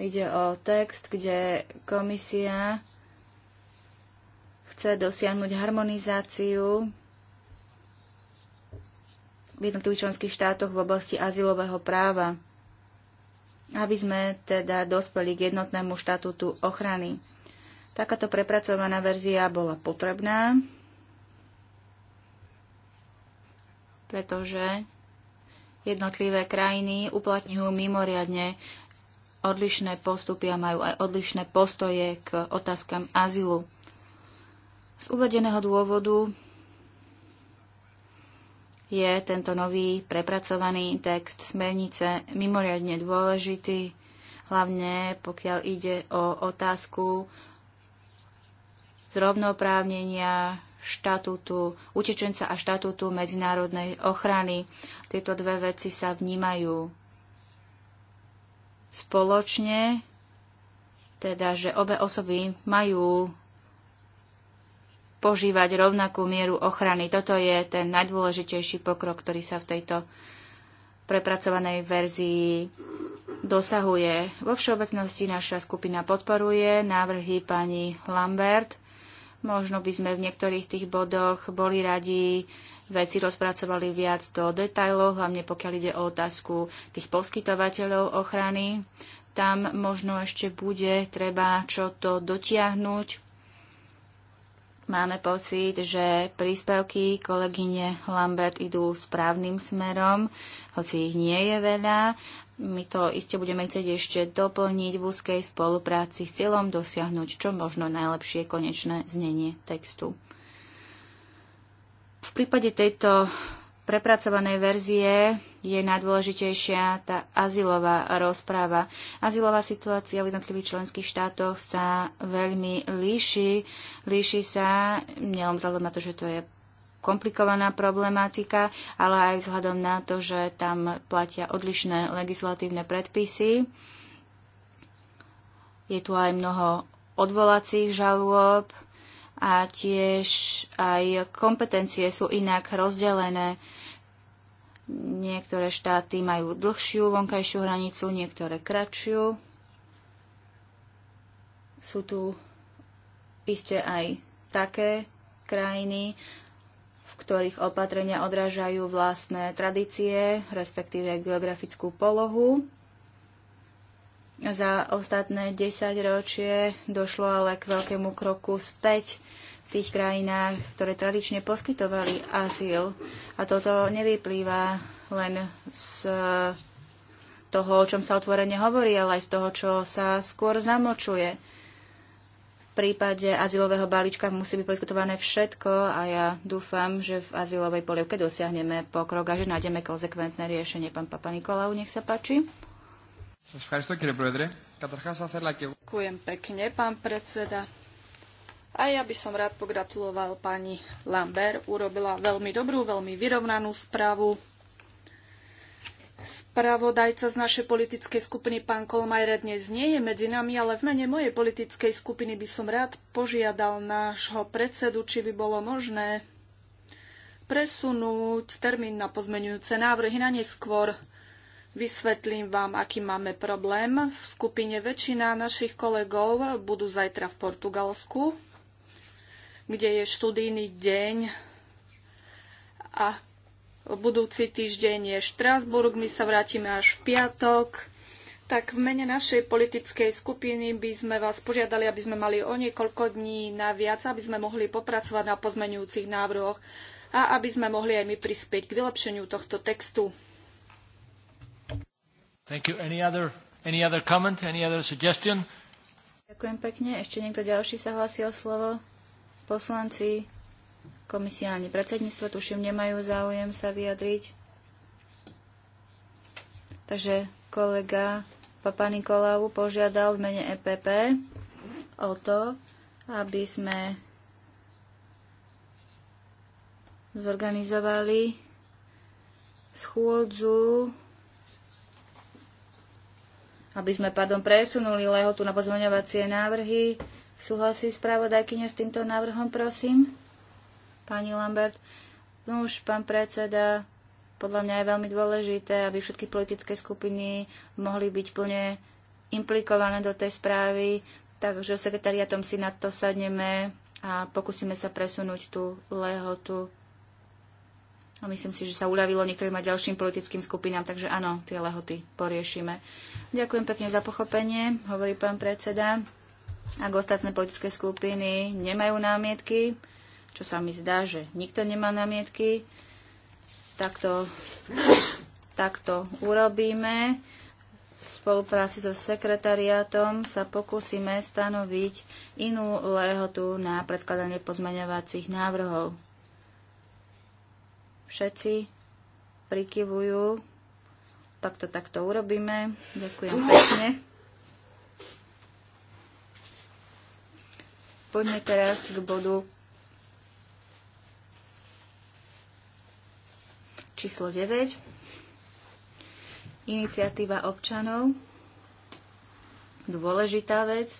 Ide o text, kde komisia chce dosiahnuť harmonizáciu v jednotlivých členských štátoch v oblasti azylového práva, aby sme teda dospeli k jednotnému štatútu ochrany. Takáto prepracovaná verzia bola potrebná, pretože jednotlivé krajiny uplatňujú mimoriadne odlišné postupy a majú aj odlišné postoje k otázkam azylu. Z uvedeného dôvodu je tento nový prepracovaný text smernice mimoriadne dôležitý, hlavne pokiaľ ide o otázku zrovnoprávnenia štatútu, utečenca a štatútu medzinárodnej ochrany. Tieto dve veci sa vnímajú spoločne, teda že obe osoby majú požívať rovnakú mieru ochrany. Toto je ten najdôležitejší pokrok, ktorý sa v tejto prepracovanej verzii dosahuje. Vo všeobecnosti naša skupina podporuje návrhy pani Lambert. Možno by sme v niektorých tých bodoch boli radi veci rozpracovali viac do detajlov, hlavne pokiaľ ide o otázku tých poskytovateľov ochrany. Tam možno ešte bude treba čo to dotiahnuť, Máme pocit, že príspevky kolegyne Lambert idú správnym smerom, hoci ich nie je veľa. My to iste budeme chcieť ešte doplniť v úzkej spolupráci s cieľom dosiahnuť čo možno najlepšie konečné znenie textu. V prípade tejto prepracovanej verzie je najdôležitejšia tá azylová rozpráva. Azylová situácia v jednotlivých členských štátoch sa veľmi líši. Líši sa nielen vzhľadom na to, že to je komplikovaná problematika, ale aj vzhľadom na to, že tam platia odlišné legislatívne predpisy. Je tu aj mnoho odvolacích žalôb, a tiež aj kompetencie sú inak rozdelené. Niektoré štáty majú dlhšiu vonkajšiu hranicu, niektoré kratšiu. Sú tu iste aj také krajiny, v ktorých opatrenia odrážajú vlastné tradície, respektíve geografickú polohu. Za ostatné desaťročie došlo ale k veľkému kroku späť v tých krajinách, ktoré tradične poskytovali azyl. A toto nevyplýva len z toho, o čom sa otvorene hovorí, ale aj z toho, čo sa skôr zamlčuje. V prípade azylového balíčka musí byť poskytované všetko a ja dúfam, že v azylovej polievke dosiahneme pokrok a že nájdeme konzekventné riešenie. Pán Papa Nikolau, nech sa páči. Ďakujem pekne, pán predseda. A ja by som rád pogratuloval pani Lambert. Urobila veľmi dobrú, veľmi vyrovnanú správu. Spravodajca z našej politickej skupiny, pán Kolmajre, dnes nie je medzi nami, ale v mene mojej politickej skupiny by som rád požiadal nášho predsedu, či by bolo možné presunúť termín na pozmenujúce návrhy na neskôr. Vysvetlím vám, aký máme problém. V skupine väčšina našich kolegov budú zajtra v Portugalsku kde je študijný deň a budúci týždeň je Štrásburg, my sa vrátime až v piatok. Tak v mene našej politickej skupiny by sme vás požiadali, aby sme mali o niekoľko dní naviac, aby sme mohli popracovať na pozmenujúcich návrhoch a aby sme mohli aj my prispieť k vylepšeniu tohto textu. Thank you. Any other, any other comment, any other suggestion? Ďakujem pekne. Ešte niekto ďalší sa hlási o slovo? Poslanci, komisia ani predsedníctvo, tuším, nemajú záujem sa vyjadriť. Takže kolega Papa Nikolávu požiadal v mene EPP o to, aby sme zorganizovali schôdzu, aby sme, pardon, presunuli lehotu na pozvoňovacie návrhy Súhlasí spravodajkyňa s týmto návrhom, prosím? Pani Lambert, no už pán predseda, podľa mňa je veľmi dôležité, aby všetky politické skupiny mohli byť plne implikované do tej správy, takže sekretariatom si na to sadneme a pokúsime sa presunúť tú lehotu. A myslím si, že sa uľavilo niektorým a ďalším politickým skupinám, takže áno, tie lehoty poriešime. Ďakujem pekne za pochopenie, hovorí pán predseda. Ak ostatné politické skupiny nemajú námietky, čo sa mi zdá, že nikto nemá námietky, tak to, tak to urobíme. V spolupráci so sekretariátom sa pokúsime stanoviť inú lehotu na predkladanie pozmeňovacích návrhov. Všetci prikyvujú, tak to takto urobíme. Ďakujem pekne. Poďme teraz k bodu číslo 9. Iniciatíva občanov. Dôležitá vec.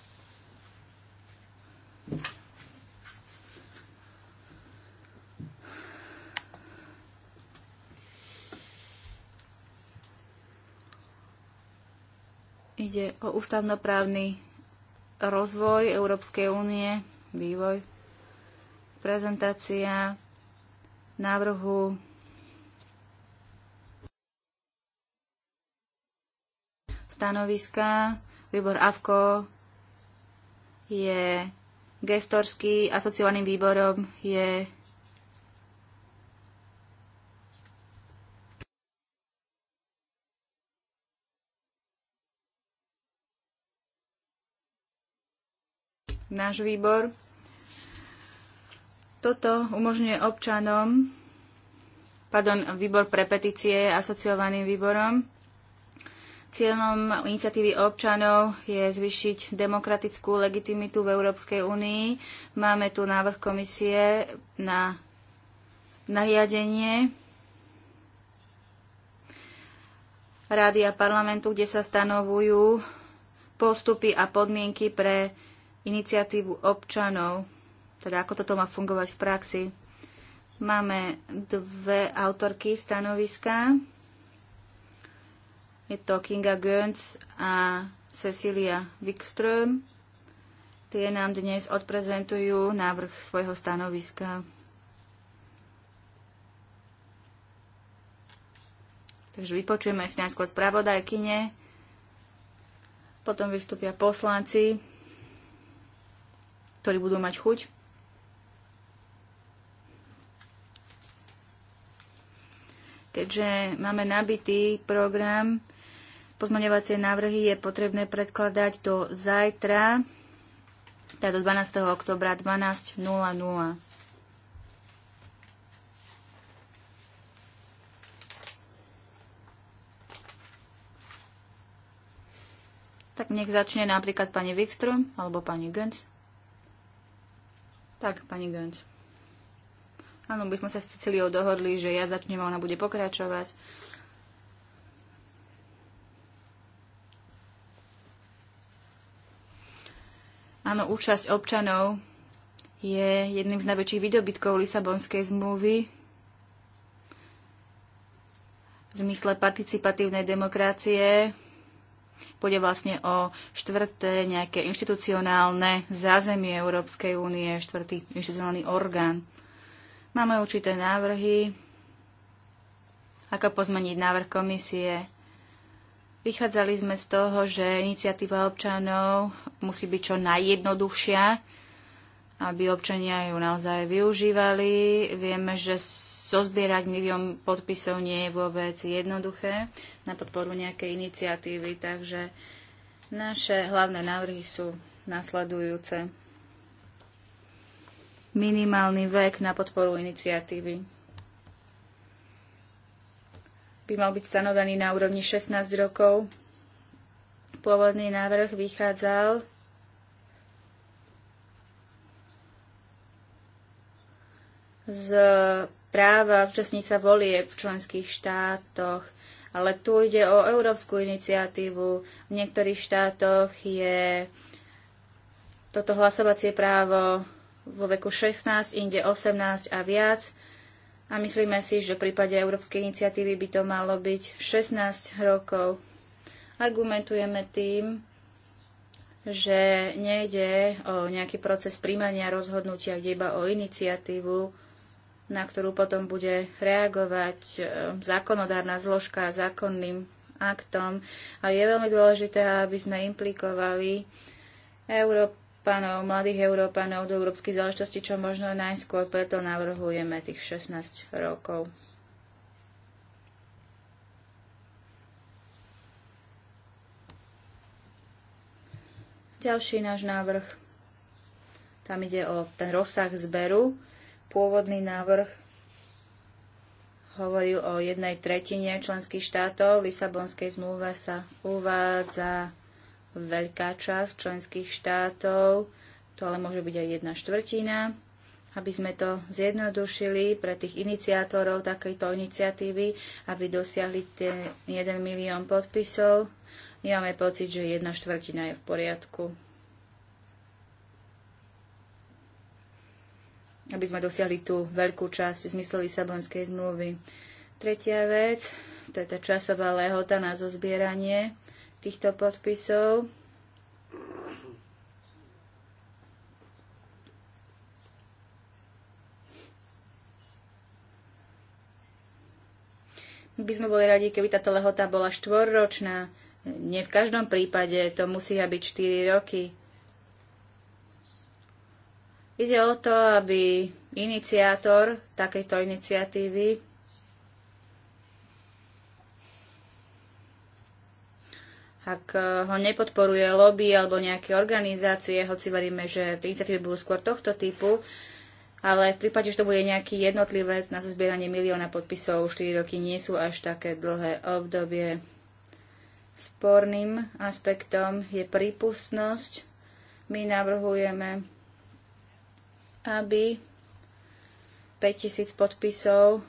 Ide o ústavnoprávny rozvoj Európskej únie, vývoj, prezentácia návrhu stanoviska. Výbor AVKO je gestorský, asociovaným výborom je náš výbor. Toto umožňuje občanom, pardon, výbor pre petície asociovaným výborom. Cieľom iniciatívy občanov je zvyšiť demokratickú legitimitu v Európskej únii. Máme tu návrh komisie na nariadenie rády a parlamentu, kde sa stanovujú postupy a podmienky pre iniciatívu občanov, teda ako toto má fungovať v praxi. Máme dve autorky stanoviska. Je to Kinga Gönz a Cecilia Wikström. Tie nám dnes odprezentujú návrh svojho stanoviska. Takže vypočujeme si najskôr spravodajkyne, potom vystúpia poslanci ktorí budú mať chuť. Keďže máme nabitý program, pozmaňovacie návrhy je potrebné predkladať do zajtra, teda do 12. oktobra 12.00. Tak nech začne napríklad pani Wikström alebo pani Göns. Tak, pani Gönc. Áno, by sme sa s Ceciliou dohodli, že ja začnem a ona bude pokračovať. Áno, účasť občanov je jedným z najväčších výdobytkov Lisabonskej zmluvy v zmysle participatívnej demokracie Pôjde vlastne o štvrté nejaké inštitucionálne zázemie Európskej únie, štvrtý inštitucionálny orgán. Máme určité návrhy, ako pozmeniť návrh komisie. Vychádzali sme z toho, že iniciatíva občanov musí byť čo najjednoduchšia, aby občania ju naozaj využívali. Vieme, že zozbierať milión podpisov nie je vôbec jednoduché na podporu nejakej iniciatívy, takže naše hlavné návrhy sú nasledujúce. Minimálny vek na podporu iniciatívy by mal byť stanovený na úrovni 16 rokov. Pôvodný návrh vychádzal z práva včasnica volie v členských štátoch, ale tu ide o európsku iniciatívu. V niektorých štátoch je toto hlasovacie právo vo veku 16, inde 18 a viac. A myslíme si, že v prípade európskej iniciatívy by to malo byť 16 rokov. Argumentujeme tým, že nejde o nejaký proces príjmania rozhodnutia, kde iba o iniciatívu, na ktorú potom bude reagovať e, zákonodárna zložka zákonným aktom. A je veľmi dôležité, aby sme implikovali Európanov, mladých Európanov do európskych záležitosti, čo možno najskôr, preto navrhujeme tých 16 rokov. Ďalší náš návrh. Tam ide o ten rozsah zberu Pôvodný návrh hovoril o jednej tretine členských štátov. V Lisabonskej zmluve sa uvádza veľká časť členských štátov, to ale môže byť aj jedna štvrtina. Aby sme to zjednodušili pre tých iniciátorov takejto iniciatívy, aby dosiahli ten 1 milión podpisov, ja máme pocit, že jedna štvrtina je v poriadku. aby sme dosiahli tú veľkú časť v zmysle Lisabonskej zmluvy. Tretia vec, to je tá časová lehota na zozbieranie týchto podpisov. My by sme boli radi, keby táto lehota bola štvorročná. Nie v každom prípade, to musia byť 4 roky. Ide o to, aby iniciátor takejto iniciatívy ak eh, ho nepodporuje lobby alebo nejaké organizácie, hoci veríme, že iniciatívy budú skôr tohto typu, ale v prípade, že to bude nejaký jednotlivec na zozbieranie milióna podpisov, 4 roky nie sú až také dlhé obdobie. Sporným aspektom je prípustnosť. My navrhujeme aby 5000 podpisov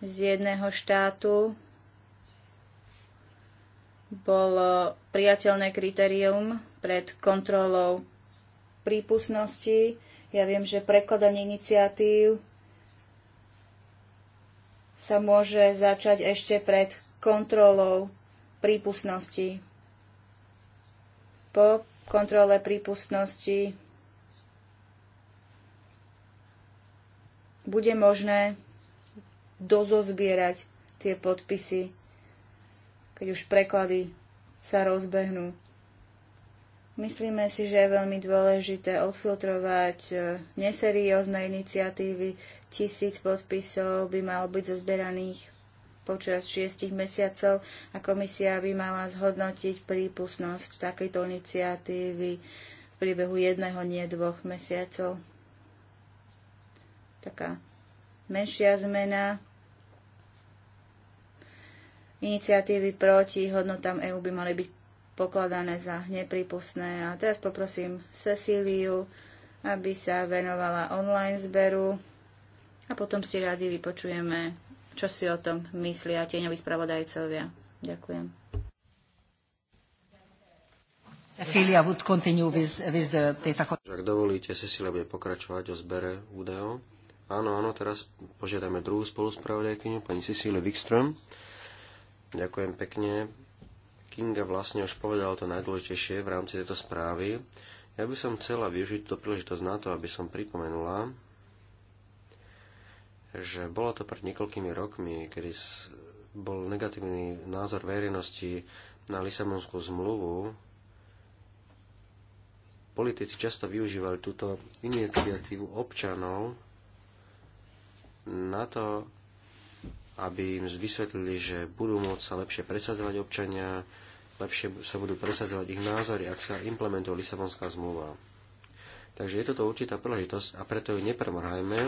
z jedného štátu bolo priateľné kritérium pred kontrolou prípustnosti. Ja viem, že prekladanie iniciatív sa môže začať ešte pred kontrolou prípustnosti. Po kontrole prípustnosti bude možné dozozbierať tie podpisy, keď už preklady sa rozbehnú. Myslíme si, že je veľmi dôležité odfiltrovať e, neseriózne iniciatívy. Tisíc podpisov by malo byť zozberaných počas šiestich mesiacov a komisia by mala zhodnotiť prípustnosť takejto iniciatívy v priebehu jedného, nie dvoch mesiacov. Taká menšia zmena iniciatívy proti hodnotám EÚ by mali byť pokladané za nepripustné. A teraz poprosím Cecíliu, aby sa venovala online zberu a potom si rádi vypočujeme čo si o tom myslia tieňoví spravodajcovia. Ďakujem. Cecilia would continue with, with the data. Ak dovolíte, Cecilia bude pokračovať o zbere údajov. Áno, áno, teraz požiadame druhú spoluspravodajkyňu, pani Cecília Wikström. Ďakujem pekne. Kinga vlastne už povedala to najdôležitejšie v rámci tejto správy. Ja by som chcela využiť túto príležitosť na to, aby som pripomenula, že bolo to pred niekoľkými rokmi, kedy bol negatívny názor verejnosti na Lisabonskú zmluvu, politici často využívali túto iniciatívu občanov na to, aby im vysvetlili, že budú môcť sa lepšie presadzovať občania, lepšie sa budú presadzovať ich názory, ak sa implementuje Lisabonská zmluva. Takže je toto určitá príležitosť a preto ju nepremrhajme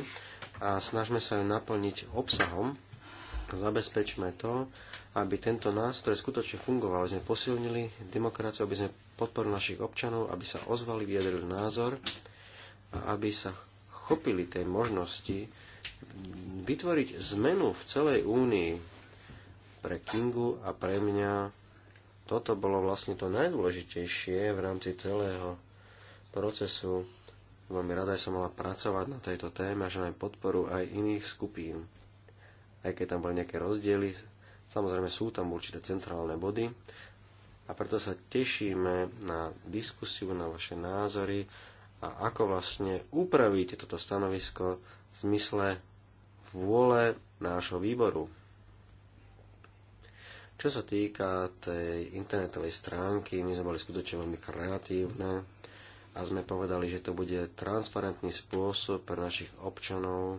a snažme sa ju naplniť obsahom. Zabezpečme to, aby tento nástroj skutočne fungoval, aby sme posilnili demokraciu, aby sme podporili našich občanov, aby sa ozvali, vyjadrili názor a aby sa chopili tej možnosti vytvoriť zmenu v celej únii. Pre Kingu a pre mňa toto bolo vlastne to najdôležitejšie v rámci celého procesu Veľmi rada som mala pracovať na tejto téme a že mám podporu aj iných skupín. Aj keď tam boli nejaké rozdiely, samozrejme sú tam určité centrálne body a preto sa tešíme na diskusiu, na vaše názory a ako vlastne upravíte toto stanovisko v zmysle vôle nášho výboru. Čo sa týka tej internetovej stránky, my sme boli skutočne veľmi kreatívne a sme povedali, že to bude transparentný spôsob pre našich občanov.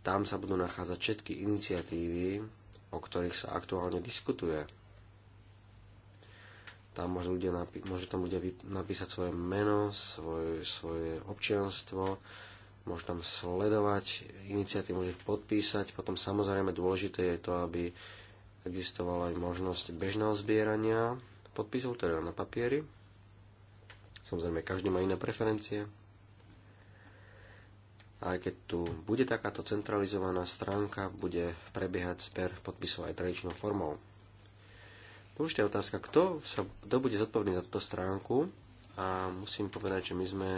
Tam sa budú nachádzať všetky iniciatívy, o ktorých sa aktuálne diskutuje. Tam môžu, ľudia napi- môže tam ľudia napísať svoje meno, svoje, svoje občianstvo, môže tam sledovať iniciatívy, môže ich podpísať. Potom samozrejme dôležité je to, aby existovala aj možnosť bežného zbierania podpisov, teda na papieri, Samozrejme, každý má iné preferencie. A aj keď tu bude takáto centralizovaná stránka, bude prebiehať sper podpisov aj tradičnou formou. Dôležitá otázka, kto, sa, kto bude zodpovedný za túto stránku a musím povedať, že my sme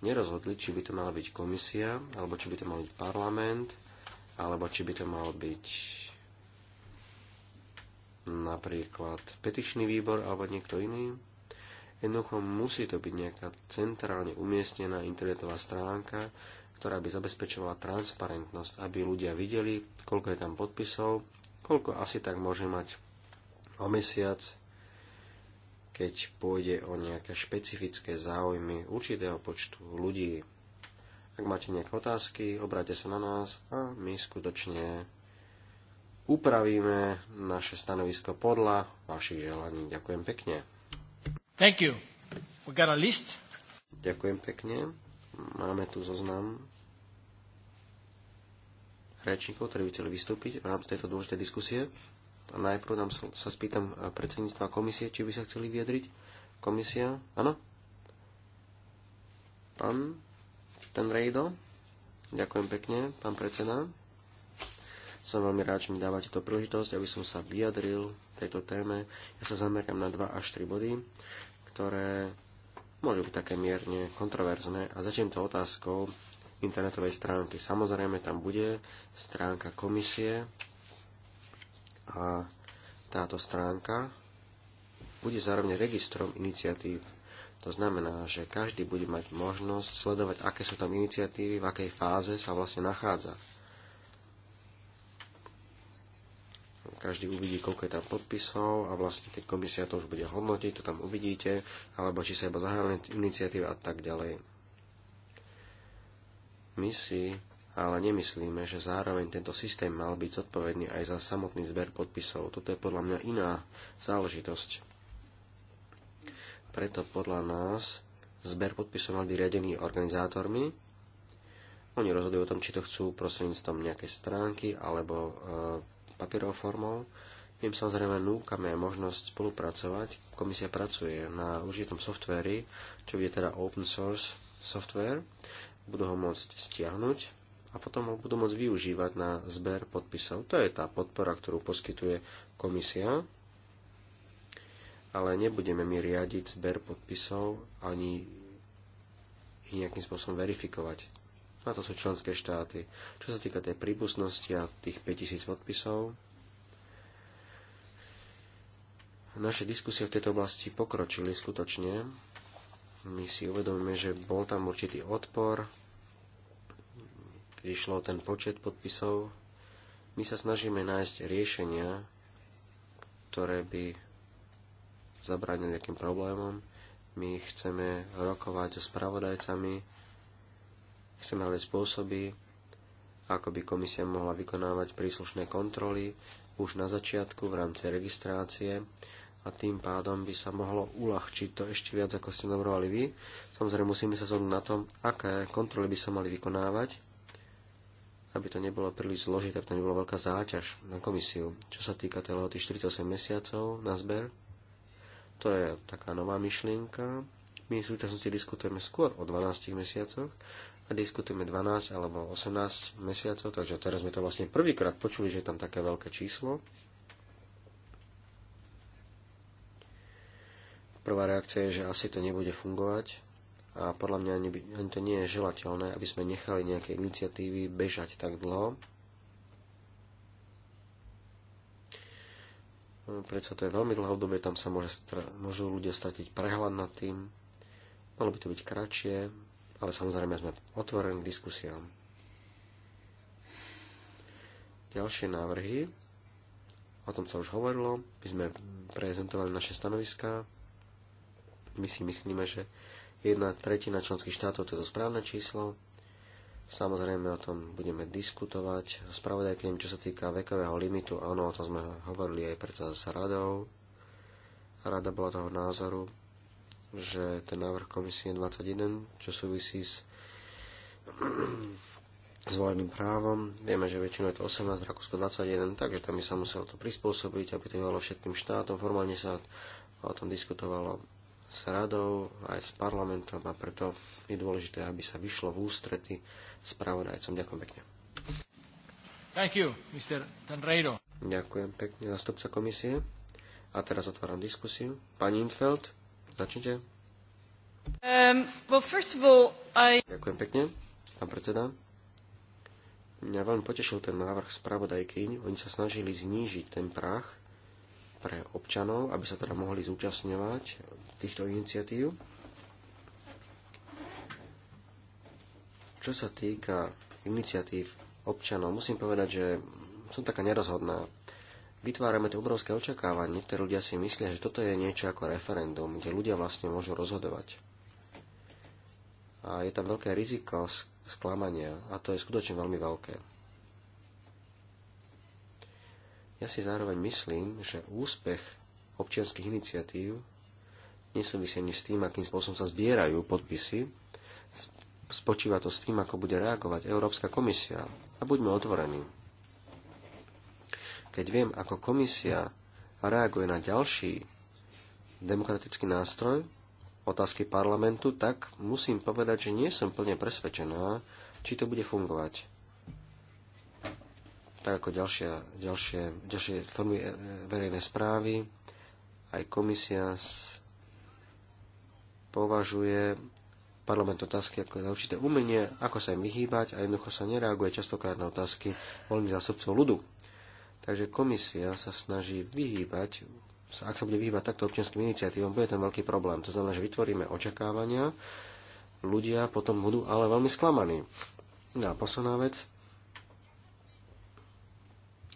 nerozhodli, či by to mala byť komisia, alebo či by to mal byť parlament, alebo či by to mal byť napríklad petičný výbor alebo niekto iný. Jednoducho musí to byť nejaká centrálne umiestnená internetová stránka, ktorá by zabezpečovala transparentnosť, aby ľudia videli, koľko je tam podpisov, koľko asi tak môže mať o mesiac, keď pôjde o nejaké špecifické záujmy určitého počtu ľudí. Ak máte nejaké otázky, obráte sa na nás a my skutočne upravíme naše stanovisko podľa vašich želaní. Ďakujem pekne. Thank you. We got a list. Ďakujem pekne. Máme tu zoznam rečníkov, ktorí by chceli vystúpiť v rámci tejto dôležitej diskusie. A najprv nám sa spýtam eh, predsedníctva komisie, či by sa chceli vyjadriť. Komisia, áno? Pán Tenrejdo, ďakujem pekne, pán predseda. Som veľmi rád, že mi dávate tú príležitosť, aby som sa vyjadril tejto téme. Ja sa zameriam na 2 až 3 body ktoré môžu byť také mierne kontroverzné. A začnem to otázkou internetovej stránky. Samozrejme, tam bude stránka komisie a táto stránka bude zároveň registrom iniciatív. To znamená, že každý bude mať možnosť sledovať, aké sú tam iniciatívy, v akej fáze sa vlastne nachádza každý uvidí, koľko je tam podpisov a vlastne keď komisia to už bude hodnotiť, to tam uvidíte, alebo či sa iba zahrala iniciatíva a tak ďalej. My si ale nemyslíme, že zároveň tento systém mal byť zodpovedný aj za samotný zber podpisov. Toto je podľa mňa iná záležitosť. Preto podľa nás zber podpisov mal byť riadený organizátormi. Oni rozhodujú o tom, či to chcú prostredníctvom nejakej stránky alebo e, papierovou formou. Im samozrejme núkame možnosť spolupracovať. Komisia pracuje na určitom softvéri, čo je teda open source software. Budú ho môcť stiahnuť a potom ho budú môcť využívať na zber podpisov. To je tá podpora, ktorú poskytuje komisia. Ale nebudeme my riadiť zber podpisov ani nejakým spôsobom verifikovať a to sú členské štáty. Čo sa týka tej prípustnosti a tých 5000 podpisov, naše diskusie v tejto oblasti pokročili skutočne. My si uvedomíme, že bol tam určitý odpor, keď išlo o ten počet podpisov. My sa snažíme nájsť riešenia, ktoré by zabránili nejakým problémom. My chceme rokovať so spravodajcami, chcem hľadať spôsoby, ako by komisia mohla vykonávať príslušné kontroly už na začiatku v rámci registrácie a tým pádom by sa mohlo uľahčiť to ešte viac, ako ste navrhovali vy. Samozrejme musíme sa zhodnúť na tom, aké kontroly by sa mali vykonávať, aby to nebolo príliš zložité, aby to nebola veľká záťaž na komisiu. Čo sa týka tej lehoty 48 mesiacov na zber, to je taká nová myšlienka. My v súčasnosti diskutujeme skôr o 12 mesiacoch, diskutujeme 12 alebo 18 mesiacov, takže teraz sme to vlastne prvýkrát počuli, že je tam také veľké číslo. Prvá reakcia je, že asi to nebude fungovať a podľa mňa ani, ani to nie je želateľné, aby sme nechali nejaké iniciatívy bežať tak dlho. No, predsa to je veľmi dlhodobé, tam sa môže, môžu ľudia stratiť prehľad nad tým. Malo by to byť kratšie, ale samozrejme sme otvorení k diskusiám. Ďalšie návrhy, o tom sa už hovorilo, my sme prezentovali naše stanoviská, my si myslíme, že jedna tretina členských štátov to je to správne číslo. Samozrejme o tom budeme diskutovať s pravodajkým, čo sa týka vekového limitu. Áno, o tom sme hovorili aj predsa s radou. Rada bola toho názoru, že ten návrh komisie 21, čo súvisí s zvoleným [clears throat] právom. Vieme, že väčšinou je to 18, Rakúsko 21, takže tam by sa muselo to prispôsobiť, aby to bolo všetkým štátom. Formálne sa o tom diskutovalo s radou, aj s parlamentom a preto je dôležité, aby sa vyšlo v ústrety spravodajcom. Ďakujem pekne. Thank you, Mr. Ďakujem pekne, zastupca komisie. A teraz otváram diskusiu. Pani Infeld. Začnite. Um, well, first of all, I... Ďakujem pekne, pán predseda. Mňa veľmi potešil ten návrh spravodajky, Oni sa snažili znížiť ten prach pre občanov, aby sa teda mohli zúčastňovať týchto iniciatív. Čo sa týka iniciatív občanov, musím povedať, že som taká nerozhodná vytvárame to obrovské očakávanie. Niektorí ľudia si myslia, že toto je niečo ako referendum, kde ľudia vlastne môžu rozhodovať. A je tam veľké riziko sklamania a to je skutočne veľmi veľké. Ja si zároveň myslím, že úspech občianských iniciatív nesúvisí ani s tým, akým spôsobom sa zbierajú podpisy, spočíva to s tým, ako bude reagovať Európska komisia. A buďme otvorení. Keď viem, ako komisia reaguje na ďalší demokratický nástroj, otázky parlamentu, tak musím povedať, že nie som plne presvedčená, či to bude fungovať. Tak ako ďalšia, ďalšie, ďalšie formy e, e, verejnej správy, aj komisia považuje parlament otázky ako za určité umenie, ako sa im vyhýbať a jednoducho sa nereaguje častokrát na otázky voľných zástupcov ľudu. Takže komisia sa snaží vyhýbať, ak sa bude vyhýbať takto občianským iniciatívom, bude ten veľký problém. To znamená, že vytvoríme očakávania, ľudia potom budú ale veľmi sklamaní. No a posledná vec.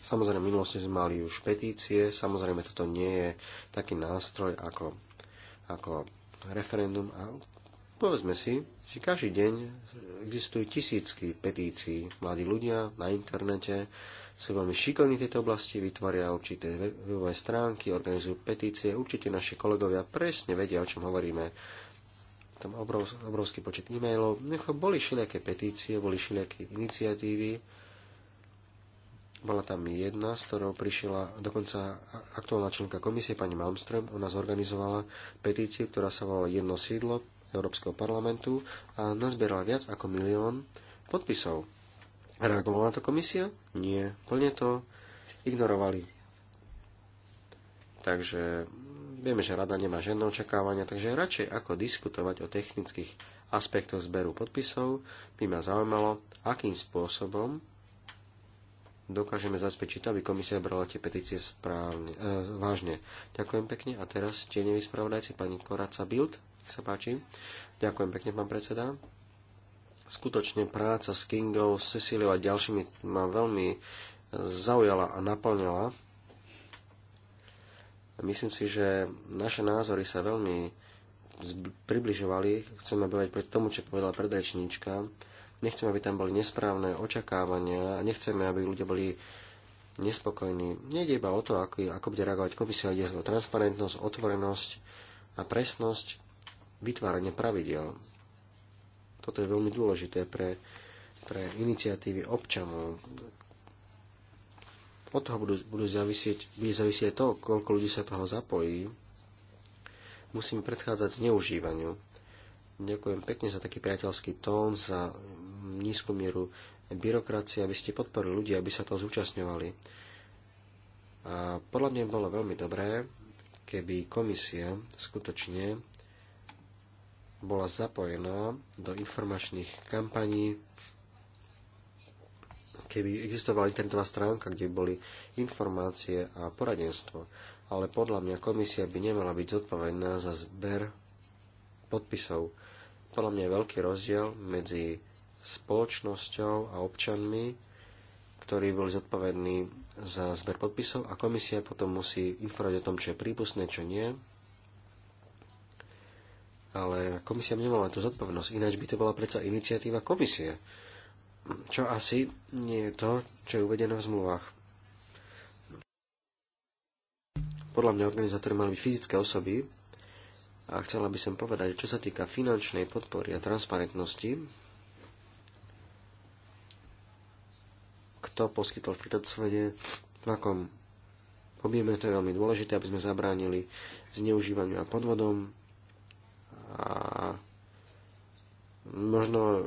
Samozrejme, v minulosti sme mali už petície, samozrejme toto nie je taký nástroj ako, ako referendum a Povedzme si, že každý deň existujú tisícky petícií. Mladí ľudia na internete sú veľmi šikovní v tejto oblasti, vytvoria určité webové stránky, organizujú petície. Určite naši kolegovia presne vedia, o čom hovoríme. Tam obrov, obrovský počet e-mailov. Necho, boli všelijaké petície, boli všelijaké iniciatívy. Bola tam jedna, s ktorou prišla dokonca aktuálna členka komisie, pani Malmström. Ona zorganizovala petíciu, ktorá sa volala Jedno sídlo Európskeho parlamentu a nazbierala viac ako milión podpisov. Reagovala na to komisia? Nie. Plne to ignorovali. Takže vieme, že rada nemá žiadne očakávania, takže radšej ako diskutovať o technických aspektoch zberu podpisov, by ma zaujímalo, akým spôsobom dokážeme zabezpečiť, aby komisia brala tie petície správne, e, vážne. Ďakujem pekne a teraz tie spravodajci pani Koraca Bild, nech sa páči. Ďakujem pekne, pán predseda skutočne práca s Kingou, Cecíliou a ďalšími ma veľmi zaujala a naplňala. Myslím si, že naše názory sa veľmi približovali. Chceme bojovať proti tomu, čo povedala predrečníčka. Nechceme, aby tam boli nesprávne očakávania. Nechceme, aby ľudia boli nespokojní. Nejde iba o to, ako, ako bude reagovať komisia, ide o transparentnosť, otvorenosť a presnosť vytváranie pravidel. Toto je veľmi dôležité pre, pre iniciatívy občanov. Od toho budú, budú zavisieť, bude zavisieť to, koľko ľudí sa toho zapojí. Musíme predchádzať zneužívaniu. Ďakujem pekne za taký priateľský tón, za nízku mieru byrokracie, aby ste podporili ľudí, aby sa to zúčastňovali. A podľa mňa bolo veľmi dobré, keby komisia skutočne bola zapojená do informačných kampaní. Keby existovala internetová stránka, kde boli informácie a poradenstvo, ale podľa mňa komisia by nemala byť zodpovedná za zber podpisov. Podľa mňa je veľký rozdiel medzi spoločnosťou a občanmi, ktorí boli zodpovední za zber podpisov a komisia potom musí informovať o tom, čo je prípustné, čo nie, ale komisia nemala tú zodpovednosť, ináč by to bola predsa iniciatíva komisie, čo asi nie je to, čo je uvedené v zmluvách. Podľa mňa organizátori mali byť fyzické osoby a chcela by som povedať, čo sa týka finančnej podpory a transparentnosti, kto poskytol financovanie, v akom objeme, to je veľmi dôležité, aby sme zabránili zneužívaniu a podvodom, a možno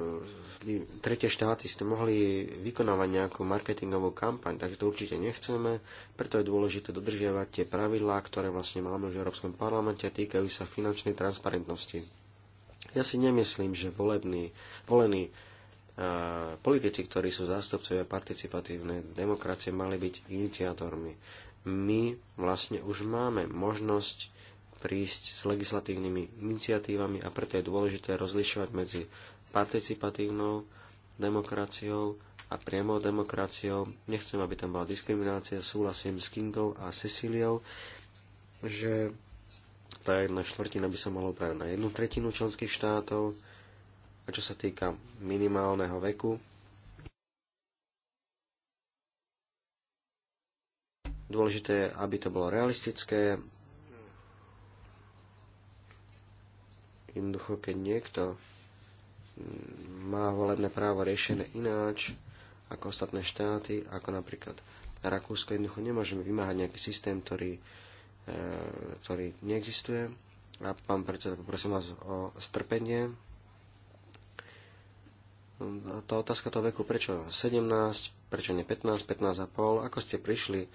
by e, tretie štáty ste mohli vykonávať nejakú marketingovú kampaň, takže to určite nechceme, preto je dôležité dodržiavať tie pravidlá, ktoré vlastne máme v Európskom parlamente a týkajú sa finančnej transparentnosti. Ja si nemyslím, že volební, volení uh, politici, ktorí sú zástupcovia participatívnej demokracie, mali byť iniciátormi. My vlastne už máme možnosť prísť s legislatívnymi iniciatívami a preto je dôležité rozlišovať medzi participatívnou demokraciou a priamou demokraciou. Nechcem, aby tam bola diskriminácia, súhlasím s Kingou a Cecíliou, že tá jedna štvrtina by sa mohla upraviť na jednu tretinu členských štátov. A čo sa týka minimálneho veku, dôležité je, aby to bolo realistické, Jednoducho, keď niekto má volebné právo riešené ináč ako ostatné štáty, ako napríklad Rakúsko, jednoducho nemôžeme vymáhať nejaký systém, ktorý, e, ktorý neexistuje. A pán predseda, poprosím vás o strpenie. Tá otázka toho veku, prečo 17, prečo nie 15, 15 a pol, ako ste prišli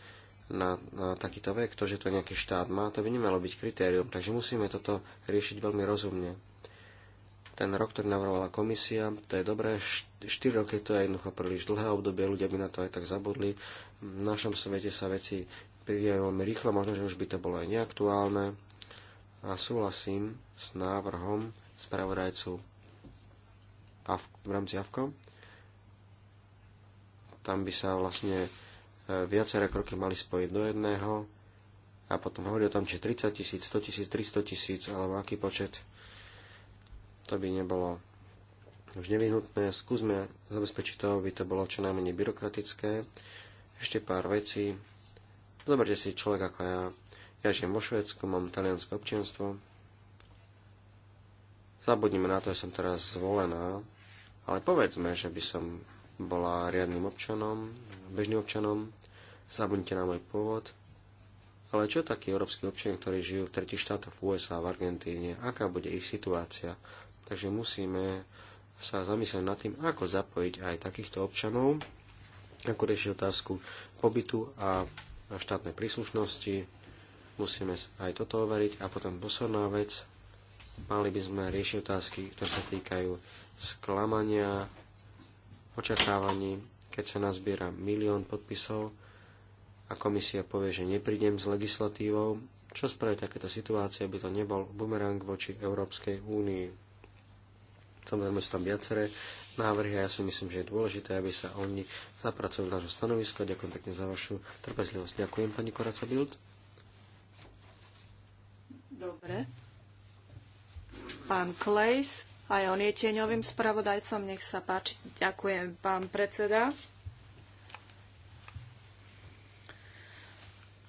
na, na takýto vek, to, že to nejaký štát má, to by nemalo byť kritérium, takže musíme toto riešiť veľmi rozumne. Ten rok, ktorý navrhovala komisia, to je dobré, 4 roky to je jednoducho príliš dlhé obdobie, ľudia by na to aj tak zabudli. V našom svete sa veci vyvíjajú veľmi rýchlo, možno, že už by to bolo aj neaktuálne. A súhlasím s návrhom spravodajcu v rámci AVKO. Tam by sa vlastne E, viaceré kroky mali spojiť do jedného a potom hovorí o tom, či 30 tisíc, 100 tisíc, 300 tisíc, alebo aký počet, to by nebolo už nevyhnutné. Skúsme zabezpečiť to, aby to bolo čo najmenej byrokratické. Ešte pár vecí. Zoberte si človek ako ja. Ja žijem vo Švedsku, mám talianské občianstvo. Zabudnime na to, že som teraz zvolená, ale povedzme, že by som bola riadnym občanom, bežným občanom, zabudnite na môj pôvod. Ale čo takí európsky občania, ktorí žijú v tretich štátoch v USA, v Argentíne, aká bude ich situácia? Takže musíme sa zamyslieť nad tým, ako zapojiť aj takýchto občanov, ako riešiť otázku pobytu a štátnej príslušnosti. Musíme aj toto overiť. A potom posledná vec, mali by sme riešiť otázky, ktoré sa týkajú sklamania očakávaní, keď sa nazbiera milión podpisov a komisia povie, že neprídem s legislatívou, čo spraviť takéto situácie, aby to nebol bumerang voči Európskej únii. Samozrejme sú tam viaceré návrhy a ja si myslím, že je dôležité, aby sa oni zapracovali nášho stanovisko. Ďakujem pekne za vašu trpezlivosť. Ďakujem, pani Koraca Bild. Dobre. Pán Klejs, aj on je tieňovým spravodajcom. Nech sa páči. Ďakujem, pán predseda.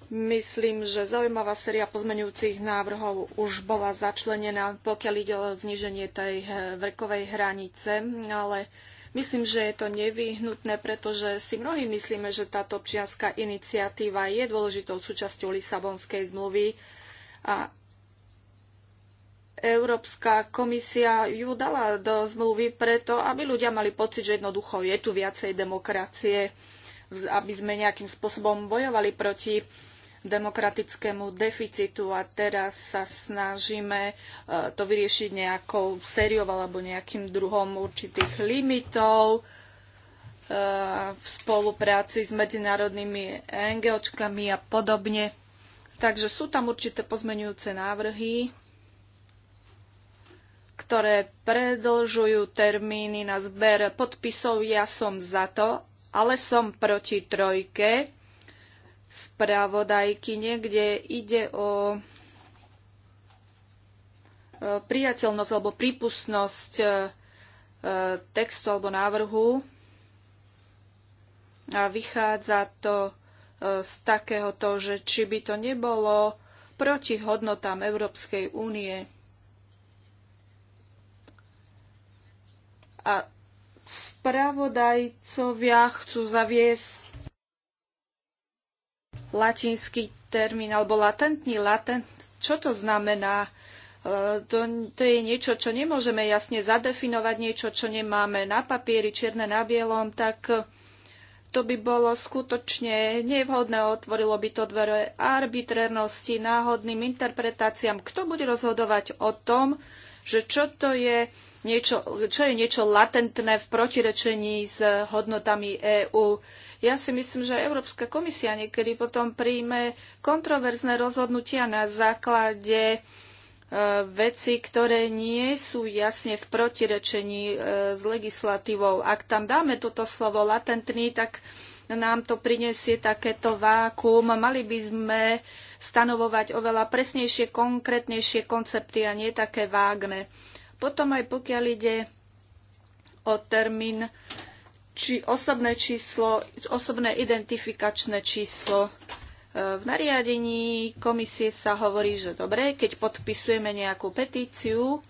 Myslím, že zaujímavá séria pozmeňujúcich návrhov už bola začlenená, pokiaľ ide o zniženie tej vekovej hranice, ale myslím, že je to nevyhnutné, pretože si mnohí myslíme, že táto občianská iniciatíva je dôležitou súčasťou Lisabonskej zmluvy a Európska komisia ju dala do zmluvy preto, aby ľudia mali pocit, že jednoducho je tu viacej demokracie, aby sme nejakým spôsobom bojovali proti demokratickému deficitu a teraz sa snažíme e, to vyriešiť nejakou sériou alebo nejakým druhom určitých limitov e, v spolupráci s medzinárodnými NGOčkami a podobne. Takže sú tam určité pozmenujúce návrhy, ktoré predlžujú termíny na zber podpisov. Ja som za to, ale som proti trojke spravodajky. Niekde ide o e, priateľnosť alebo prípustnosť e, e, textu alebo návrhu a vychádza to z takéhoto, že či by to nebolo proti hodnotám Európskej únie. A spravodajcovia chcú zaviesť latinský termín alebo latentný latent. Čo to znamená? E, to, to je niečo, čo nemôžeme jasne zadefinovať, niečo, čo nemáme na papieri, čierne na bielom, tak e, to by bolo skutočne nevhodné, otvorilo by to dvere arbitrérnosti, náhodným interpretáciám. Kto bude rozhodovať o tom, že čo to je niečo, čo je niečo latentné v protirečení s hodnotami EÚ. Ja si myslím, že Európska komisia niekedy potom príjme kontroverzné rozhodnutia na základe e, veci, ktoré nie sú jasne v protirečení e, s legislatívou. Ak tam dáme toto slovo latentný, tak nám to prinesie takéto vákum, Mali by sme stanovovať oveľa presnejšie, konkrétnejšie koncepty a nie také vágne. Potom aj pokiaľ ide o termín či osobné číslo, osobné identifikačné číslo. E, v nariadení komisie sa hovorí, že dobre, keď podpisujeme nejakú petíciu,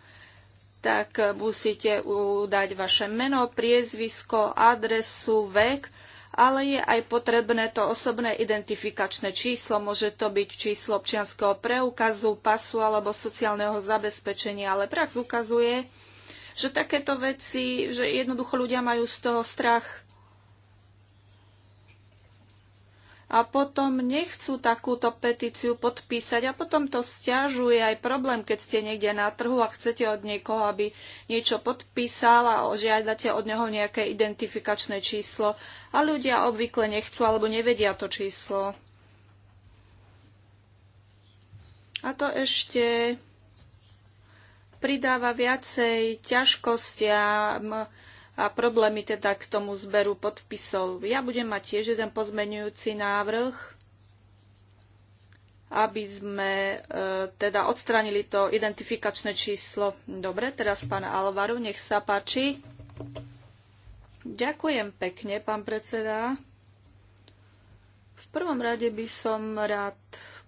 tak musíte udať vaše meno, priezvisko, adresu, vek ale je aj potrebné to osobné identifikačné číslo. Môže to byť číslo občianského preukazu, pasu alebo sociálneho zabezpečenia, ale prax ukazuje, že takéto veci, že jednoducho ľudia majú z toho strach. a potom nechcú takúto petíciu podpísať a potom to stiažuje aj problém, keď ste niekde na trhu a chcete od niekoho, aby niečo podpísal a žiadate od neho nejaké identifikačné číslo a ľudia obvykle nechcú alebo nevedia to číslo. A to ešte pridáva viacej ťažkostiam a problémy teda k tomu zberu podpisov. Ja budem mať tiež jeden pozmenujúci návrh, aby sme e, teda odstranili to identifikačné číslo. Dobre, teraz pán Alvaru, nech sa páči. Ďakujem pekne, pán predseda. V prvom rade by som rád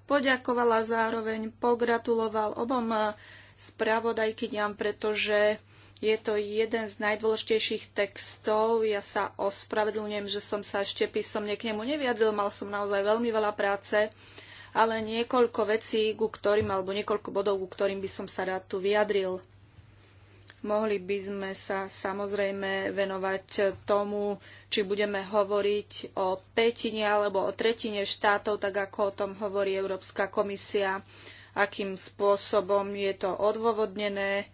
poďakovala zároveň, pogratuloval obom e, spravodajkyňam, pretože je to jeden z najdôležitejších textov. Ja sa ospravedlňujem, že som sa ešte písomne k nemu neviadil. Mal som naozaj veľmi veľa práce, ale niekoľko vecí, ku ktorým, alebo niekoľko bodov, ku ktorým by som sa rád tu vyjadril. Mohli by sme sa samozrejme venovať tomu, či budeme hovoriť o petine alebo o tretine štátov, tak ako o tom hovorí Európska komisia, akým spôsobom je to odôvodnené,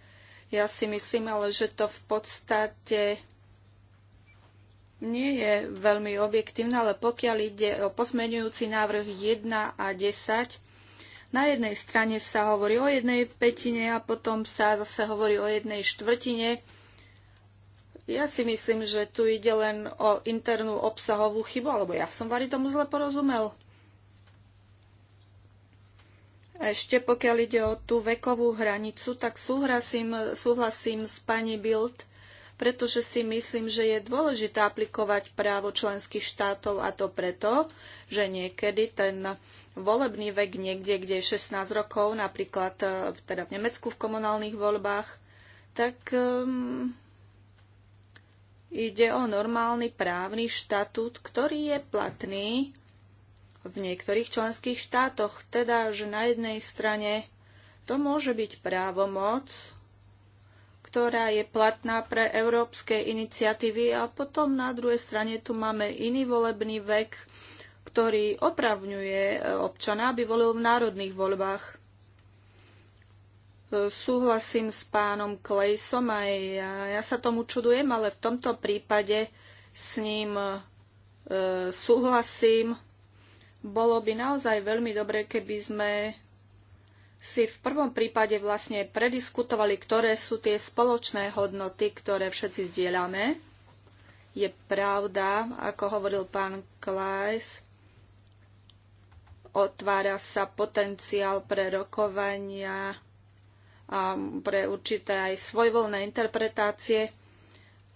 ja si myslím ale, že to v podstate nie je veľmi objektívne, ale pokiaľ ide o pozmeňujúci návrh 1 a 10, na jednej strane sa hovorí o jednej petine a potom sa zase hovorí o jednej štvrtine. Ja si myslím, že tu ide len o internú obsahovú chybu, alebo ja som vari tomu zle porozumel. Ešte pokiaľ ide o tú vekovú hranicu, tak súhlasím, súhlasím s pani Bild, pretože si myslím, že je dôležité aplikovať právo členských štátov a to preto, že niekedy ten volebný vek niekde, kde je 16 rokov, napríklad e, teda v Nemecku v komunálnych voľbách, tak um, ide o normálny právny štatút, ktorý je platný v niektorých členských štátoch. Teda, že na jednej strane to môže byť právomoc, ktorá je platná pre európske iniciatívy a potom na druhej strane tu máme iný volebný vek, ktorý opravňuje e, občana, aby volil v národných voľbách. E, súhlasím s pánom Klejsom aj ja, ja sa tomu čudujem, ale v tomto prípade s ním e, súhlasím. Bolo by naozaj veľmi dobre, keby sme si v prvom prípade vlastne prediskutovali, ktoré sú tie spoločné hodnoty, ktoré všetci zdieľame. Je pravda, ako hovoril pán Klajs, otvára sa potenciál pre rokovania a pre určité aj svojvoľné interpretácie.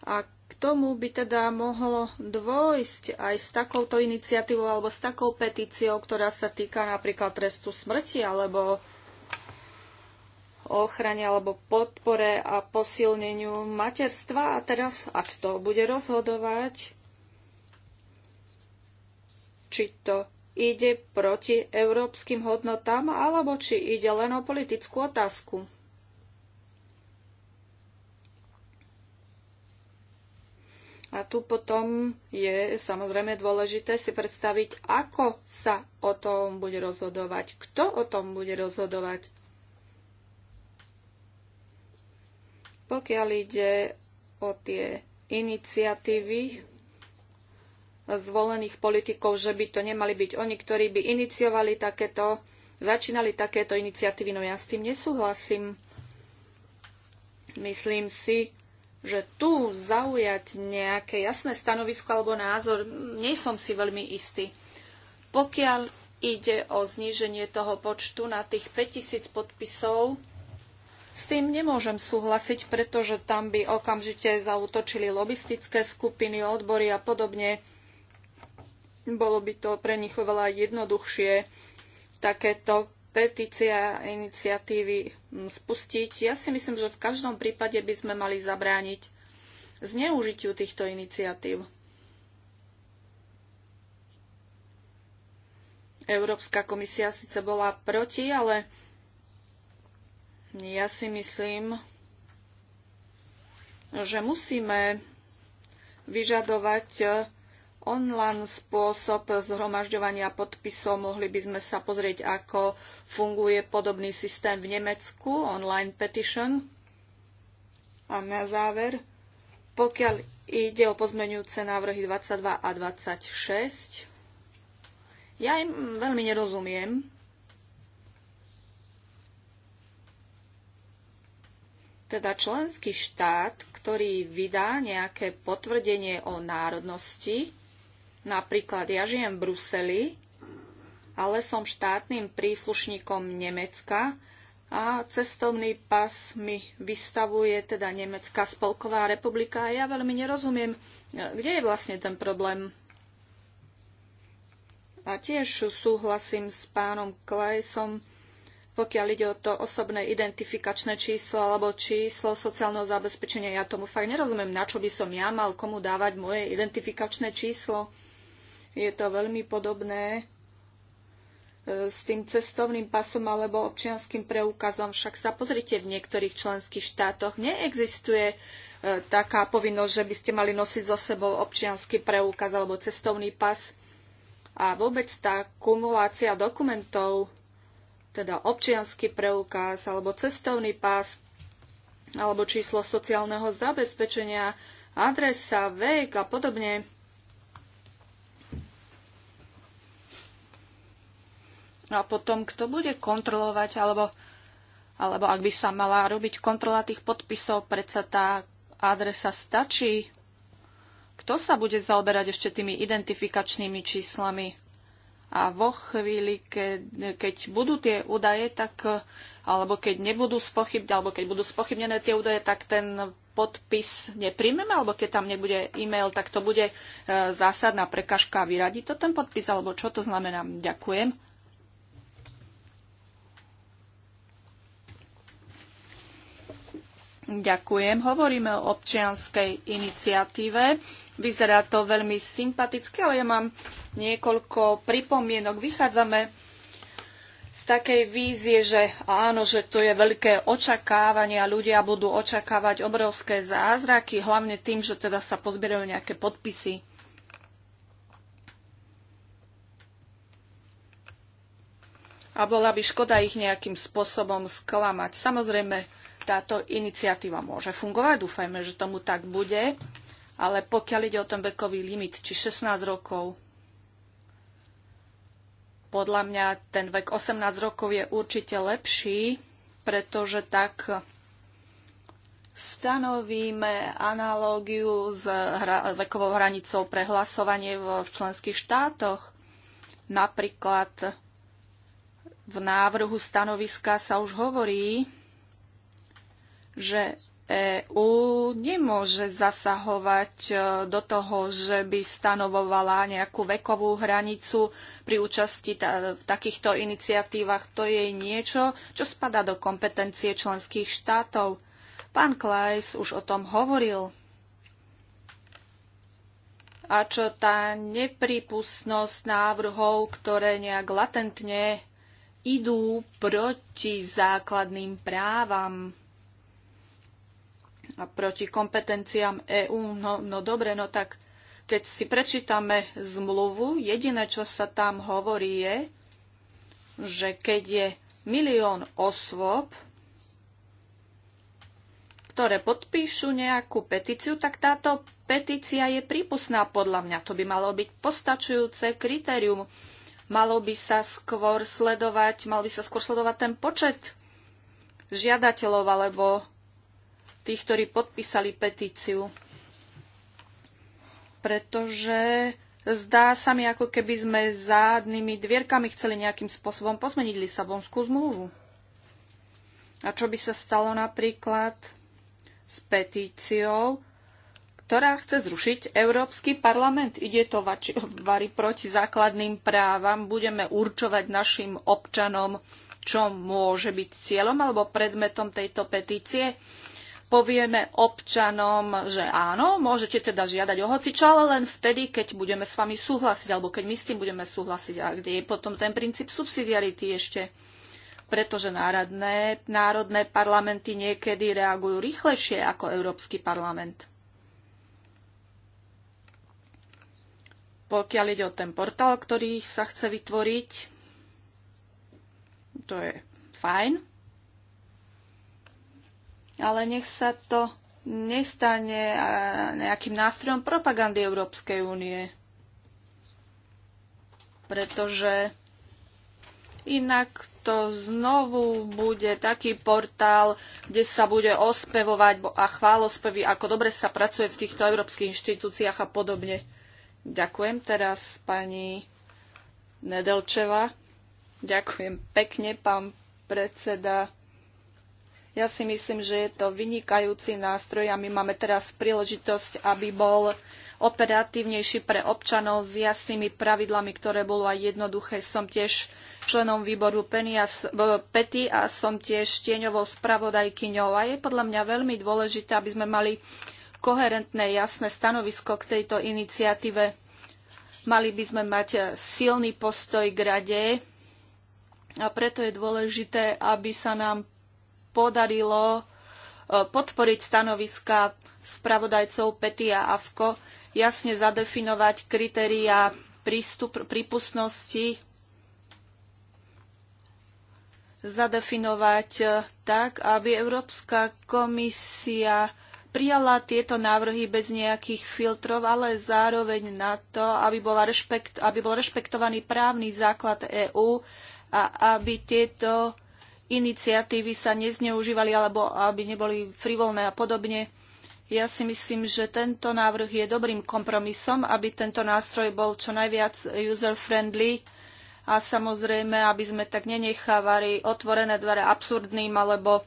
Ak k tomu by teda mohlo dôjsť aj s takouto iniciatívou alebo s takou petíciou, ktorá sa týka napríklad trestu smrti alebo ochrane alebo podpore a posilneniu materstva. A teraz, ak to bude rozhodovať, či to ide proti európskym hodnotám, alebo či ide len o politickú otázku. A tu potom je samozrejme dôležité si predstaviť, ako sa o tom bude rozhodovať, kto o tom bude rozhodovať. Pokiaľ ide o tie iniciatívy zvolených politikov, že by to nemali byť oni, ktorí by iniciovali takéto, začínali takéto iniciatívy, no ja s tým nesúhlasím. Myslím si, že tu zaujať nejaké jasné stanovisko alebo názor, nie som si veľmi istý. Pokiaľ ide o zníženie toho počtu na tých 5000 podpisov, s tým nemôžem súhlasiť, pretože tam by okamžite zautočili lobistické skupiny, odbory a podobne. Bolo by to pre nich oveľa jednoduchšie takéto petícia iniciatívy spustiť. Ja si myslím, že v každom prípade by sme mali zabrániť zneužitiu týchto iniciatív. Európska komisia síce bola proti, ale ja si myslím, že musíme vyžadovať online spôsob zhromažďovania podpisov. Mohli by sme sa pozrieť, ako funguje podobný systém v Nemecku, online petition. A na záver, pokiaľ ide o pozmenujúce návrhy 22 a 26, ja im veľmi nerozumiem. Teda členský štát, ktorý vydá nejaké potvrdenie o národnosti, Napríklad ja žijem v Bruseli, ale som štátnym príslušníkom Nemecka a cestovný pas mi vystavuje teda Nemecká spolková republika a ja veľmi nerozumiem, kde je vlastne ten problém. A tiež súhlasím s pánom Klejsom, pokiaľ ide o to osobné identifikačné číslo alebo číslo sociálneho zabezpečenia. Ja tomu fakt nerozumiem, na čo by som ja mal komu dávať moje identifikačné číslo. Je to veľmi podobné e, s tým cestovným pasom alebo občianským preukazom. Však sa pozrite, v niektorých členských štátoch neexistuje e, taká povinnosť, že by ste mali nosiť so sebou občianský preukaz alebo cestovný pas. A vôbec tá kumulácia dokumentov, teda občianský preukaz alebo cestovný pás alebo číslo sociálneho zabezpečenia, adresa, vek a podobne, No a potom, kto bude kontrolovať, alebo, alebo ak by sa mala robiť kontrola tých podpisov, predsa tá adresa stačí. Kto sa bude zaoberať ešte tými identifikačnými číslami? A vo chvíli, ke, keď budú tie údaje, tak, alebo keď nebudú spochybnené, alebo keď budú spochybnené tie údaje, tak ten podpis nepríjmeme, alebo keď tam nebude e-mail, tak to bude e, zásadná prekažka vyradiť to ten podpis, alebo čo to znamená. Ďakujem. Ďakujem. Hovoríme o občianskej iniciatíve. Vyzerá to veľmi sympaticky, ale ja mám niekoľko pripomienok. Vychádzame z takej vízie, že áno, že to je veľké očakávanie a ľudia budú očakávať obrovské zázraky, hlavne tým, že teda sa pozbierajú nejaké podpisy. A bola by škoda ich nejakým spôsobom sklamať. Samozrejme, táto iniciatíva môže fungovať. Dúfajme, že tomu tak bude. Ale pokiaľ ide o ten vekový limit, či 16 rokov, podľa mňa ten vek 18 rokov je určite lepší, pretože tak stanovíme analógiu s hra, vekovou hranicou pre hlasovanie v, v členských štátoch. Napríklad v návrhu stanoviska sa už hovorí, že EÚ nemôže zasahovať e, do toho, že by stanovovala nejakú vekovú hranicu pri účasti v takýchto iniciatívach. To je niečo, čo spada do kompetencie členských štátov. Pán Klajs už o tom hovoril. A čo tá nepripustnosť návrhov, ktoré nejak latentne idú proti základným právam a proti kompetenciám EÚ. No, no dobre, no tak keď si prečítame zmluvu, jediné, čo sa tam hovorí je, že keď je milión osôb, ktoré podpíšu nejakú petíciu, tak táto petícia je prípustná podľa mňa. To by malo byť postačujúce kritérium. Malo by sa skôr sledovať, mal by sa skôr sledovať ten počet žiadateľov alebo tých, ktorí podpísali petíciu. Pretože zdá sa mi, ako keby sme zádnymi dvierkami chceli nejakým spôsobom pozmeniť Lisabonskú zmluvu. A čo by sa stalo napríklad s petíciou, ktorá chce zrušiť Európsky parlament. Ide to vari proti základným právam. Budeme určovať našim občanom, čo môže byť cieľom alebo predmetom tejto petície povieme občanom, že áno, môžete teda žiadať o hocičo, ale len vtedy, keď budeme s vami súhlasiť, alebo keď my s tým budeme súhlasiť. A kde je potom ten princíp subsidiarity ešte? Pretože národné, národné parlamenty niekedy reagujú rýchlejšie ako Európsky parlament. Pokiaľ ide o ten portál, ktorý sa chce vytvoriť, to je fajn ale nech sa to nestane nejakým nástrojom propagandy Európskej únie. Pretože inak to znovu bude taký portál, kde sa bude ospevovať a chválospevy, ako dobre sa pracuje v týchto európskych inštitúciách a podobne. Ďakujem teraz pani Nedelčeva. Ďakujem pekne, pán predseda. Ja si myslím, že je to vynikajúci nástroj a my máme teraz príležitosť, aby bol operatívnejší pre občanov s jasnými pravidlami, ktoré bolo aj jednoduché. Som tiež členom výboru PETI a som tiež tieňovou spravodajkyňou a je podľa mňa veľmi dôležité, aby sme mali koherentné, jasné stanovisko k tejto iniciatíve. Mali by sme mať silný postoj k rade a preto je dôležité, aby sa nám podarilo eh, podporiť stanoviska spravodajcov Pety a Avko, jasne zadefinovať kritériá prístup, prípustnosti, zadefinovať eh, tak, aby Európska komisia prijala tieto návrhy bez nejakých filtrov, ale zároveň na to, aby, bola rešpekt, aby bol rešpektovaný právny základ EÚ a aby tieto iniciatívy sa nezneužívali alebo aby neboli frivolné a podobne. Ja si myslím, že tento návrh je dobrým kompromisom, aby tento nástroj bol čo najviac user-friendly a samozrejme, aby sme tak nenechávali otvorené dvere absurdným alebo e,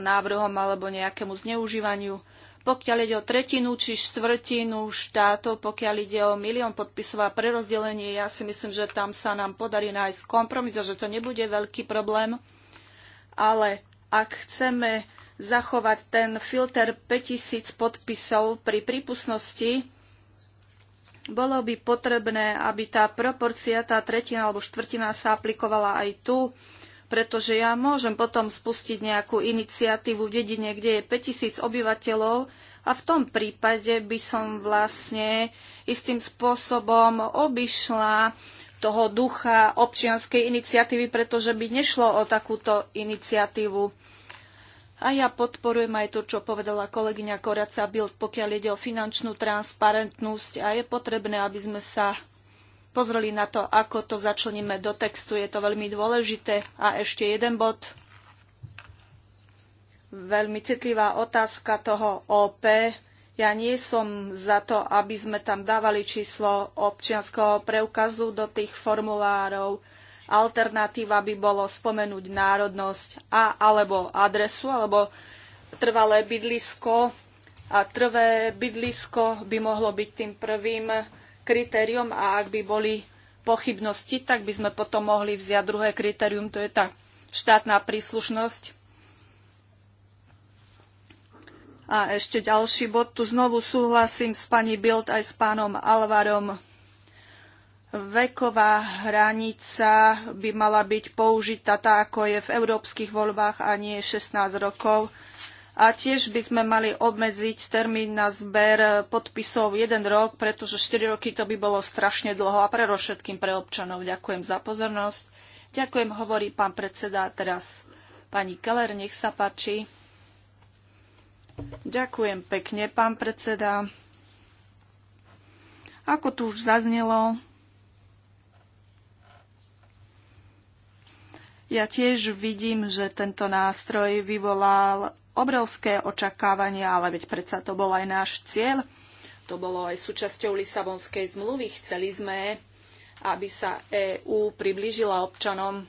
návrhom alebo nejakému zneužívaniu. Pokiaľ ide o tretinu či štvrtinu štátov, pokiaľ ide o milión podpisov a prerozdelenie, ja si myslím, že tam sa nám podarí nájsť kompromis a že to nebude veľký problém ale ak chceme zachovať ten filter 5000 podpisov pri prípustnosti, bolo by potrebné, aby tá proporcia, tá tretina alebo štvrtina sa aplikovala aj tu, pretože ja môžem potom spustiť nejakú iniciatívu v dedine, kde je 5000 obyvateľov a v tom prípade by som vlastne istým spôsobom obišla toho ducha občianskej iniciatívy, pretože by nešlo o takúto iniciatívu. A ja podporujem aj to, čo povedala kolegyňa Koraca Bild, pokiaľ ide o finančnú transparentnosť a je potrebné, aby sme sa pozreli na to, ako to začleníme do textu. Je to veľmi dôležité. A ešte jeden bod. Veľmi citlivá otázka toho OP ja nie som za to, aby sme tam dávali číslo občianského preukazu do tých formulárov. Alternatíva by bolo spomenúť národnosť a alebo adresu, alebo trvalé bydlisko. A trvé bydlisko by mohlo byť tým prvým kritériom a ak by boli pochybnosti, tak by sme potom mohli vziať druhé kritérium, to je tá štátna príslušnosť. A ešte ďalší bod, tu znovu súhlasím s pani Bild aj s pánom Alvarom. Veková hranica by mala byť použitá tá, ako je v európskych voľbách a nie 16 rokov. A tiež by sme mali obmedziť termín na zber podpisov jeden rok, pretože 4 roky to by bolo strašne dlho a všetkým pre občanov. Ďakujem za pozornosť. Ďakujem, hovorí pán predseda. Teraz pani Keller, nech sa páči. Ďakujem pekne, pán predseda. Ako tu už zaznelo, ja tiež vidím, že tento nástroj vyvolal obrovské očakávania, ale veď predsa to bol aj náš cieľ. To bolo aj súčasťou Lisabonskej zmluvy. Chceli sme, aby sa EÚ priblížila občanom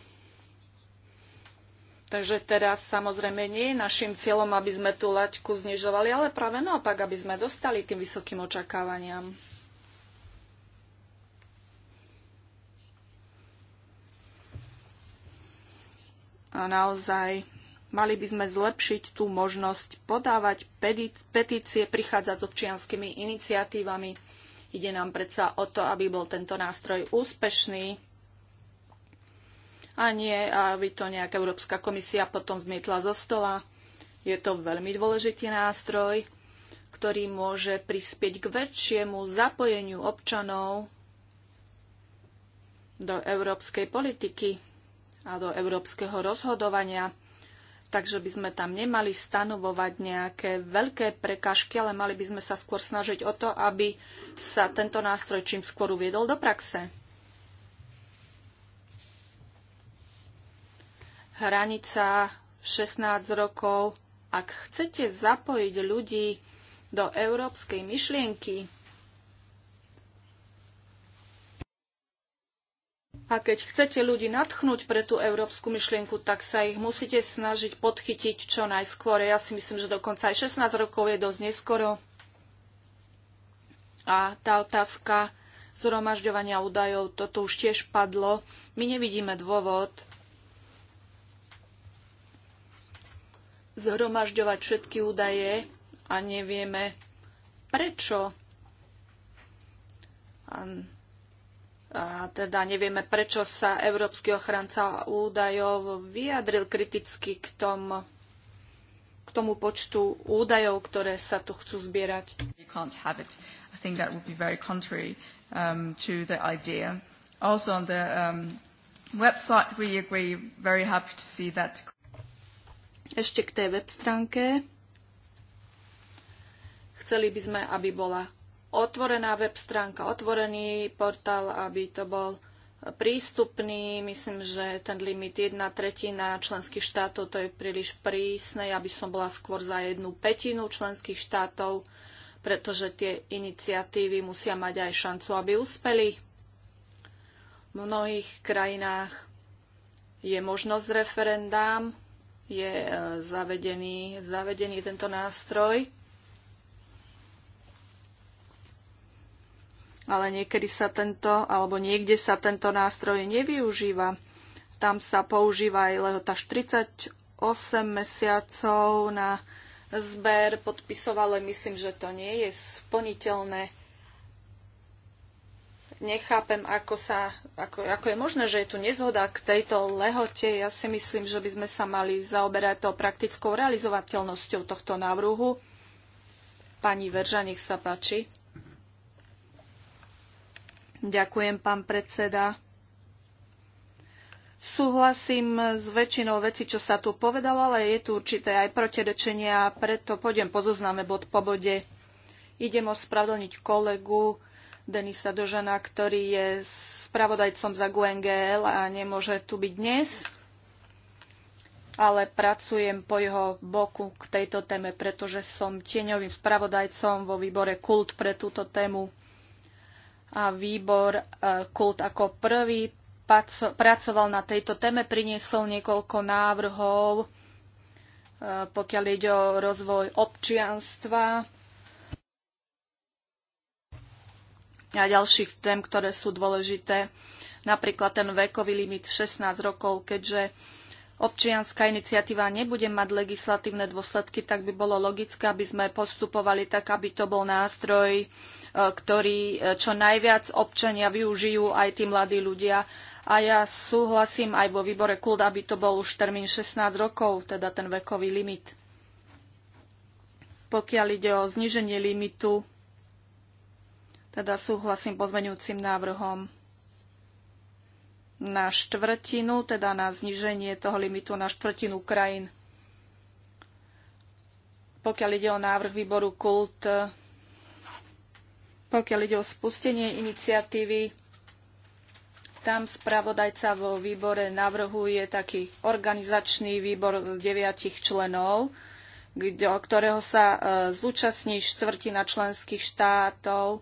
Takže teraz samozrejme nie je našim cieľom, aby sme tú laťku znižovali, ale práve naopak, aby sme dostali tým vysokým očakávaniam. A naozaj mali by sme zlepšiť tú možnosť podávať petície, prichádzať s občianskými iniciatívami. Ide nám predsa o to, aby bol tento nástroj úspešný a nie, aby to nejaká Európska komisia potom zmietla zo stola. Je to veľmi dôležitý nástroj, ktorý môže prispieť k väčšiemu zapojeniu občanov do európskej politiky a do európskeho rozhodovania. Takže by sme tam nemali stanovovať nejaké veľké prekažky, ale mali by sme sa skôr snažiť o to, aby sa tento nástroj čím skôr uviedol do praxe. hranica 16 rokov. Ak chcete zapojiť ľudí do európskej myšlienky, A keď chcete ľudí natchnúť pre tú európsku myšlienku, tak sa ich musíte snažiť podchytiť čo najskôr. Ja si myslím, že dokonca aj 16 rokov je dosť neskoro. A tá otázka zhromažďovania údajov, toto už tiež padlo. My nevidíme dôvod, zhromažďovať všetky údaje a nevieme prečo. A, a teda nevieme, prečo sa Európsky ochranca údajov vyjadril kriticky k, tom, k tomu počtu údajov, ktoré sa tu chcú zbierať. Um, to the idea. Also on the um, website, we agree very happy to see that ešte k tej web stránke. Chceli by sme, aby bola otvorená web stránka, otvorený portál, aby to bol prístupný. Myslím, že ten limit jedna tretina členských štátov to je príliš prísne. Ja by som bola skôr za jednu petinu členských štátov, pretože tie iniciatívy musia mať aj šancu, aby uspeli. V mnohých krajinách je možnosť referendám, je e, zavedený, zavedený tento nástroj. Ale niekedy sa tento, alebo niekde sa tento nástroj nevyužíva. Tam sa používa aj lehota 48 mesiacov na zber podpisoval, ale myslím, že to nie je splniteľné nechápem, ako, sa, ako, ako je možné, že je tu nezhoda k tejto lehote. Ja si myslím, že by sme sa mali zaoberať tou praktickou realizovateľnosťou tohto návrhu. Pani Verža, nech sa páči. Ďakujem, pán predseda. Súhlasím s väčšinou veci, čo sa tu povedalo, ale je tu určité aj protirečenia, preto pôjdem po zozname bod po bode. Idem ospravedlniť kolegu, Denisa Dožana, ktorý je spravodajcom za GUNGL a nemôže tu byť dnes, ale pracujem po jeho boku k tejto téme, pretože som tieňovým spravodajcom vo výbore KULT pre túto tému. A výbor e, KULT ako prvý pracoval na tejto téme, priniesol niekoľko návrhov, e, pokiaľ ide o rozvoj občianstva, a ďalších tém, ktoré sú dôležité. Napríklad ten vekový limit 16 rokov, keďže občianská iniciatíva nebude mať legislatívne dôsledky, tak by bolo logické, aby sme postupovali tak, aby to bol nástroj, e, ktorý e, čo najviac občania využijú aj tí mladí ľudia. A ja súhlasím aj vo výbore KULD, aby to bol už termín 16 rokov, teda ten vekový limit. Pokiaľ ide o zniženie limitu teda súhlasím pozmeňujúcim návrhom na štvrtinu, teda na zniženie toho limitu na štvrtinu krajín. Pokiaľ ide o návrh výboru KULT, pokiaľ ide o spustenie iniciatívy, tam spravodajca vo výbore navrhuje taký organizačný výbor deviatich členov, ktorého sa e, zúčastní štvrtina členských štátov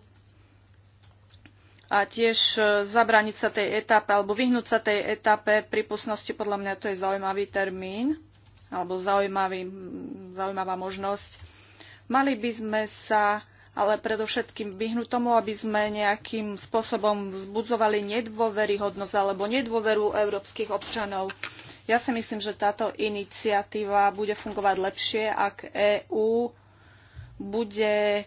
a tiež e, zabrániť sa tej etape alebo vyhnúť sa tej etape prípustnosti, podľa mňa to je zaujímavý termín alebo zaujímavý, zaujímavá možnosť. Mali by sme sa ale predovšetkým vyhnúť tomu, aby sme nejakým spôsobom vzbudzovali nedôveryhodnosť alebo nedôveru európskych občanov. Ja si myslím, že táto iniciatíva bude fungovať lepšie, ak EÚ bude e,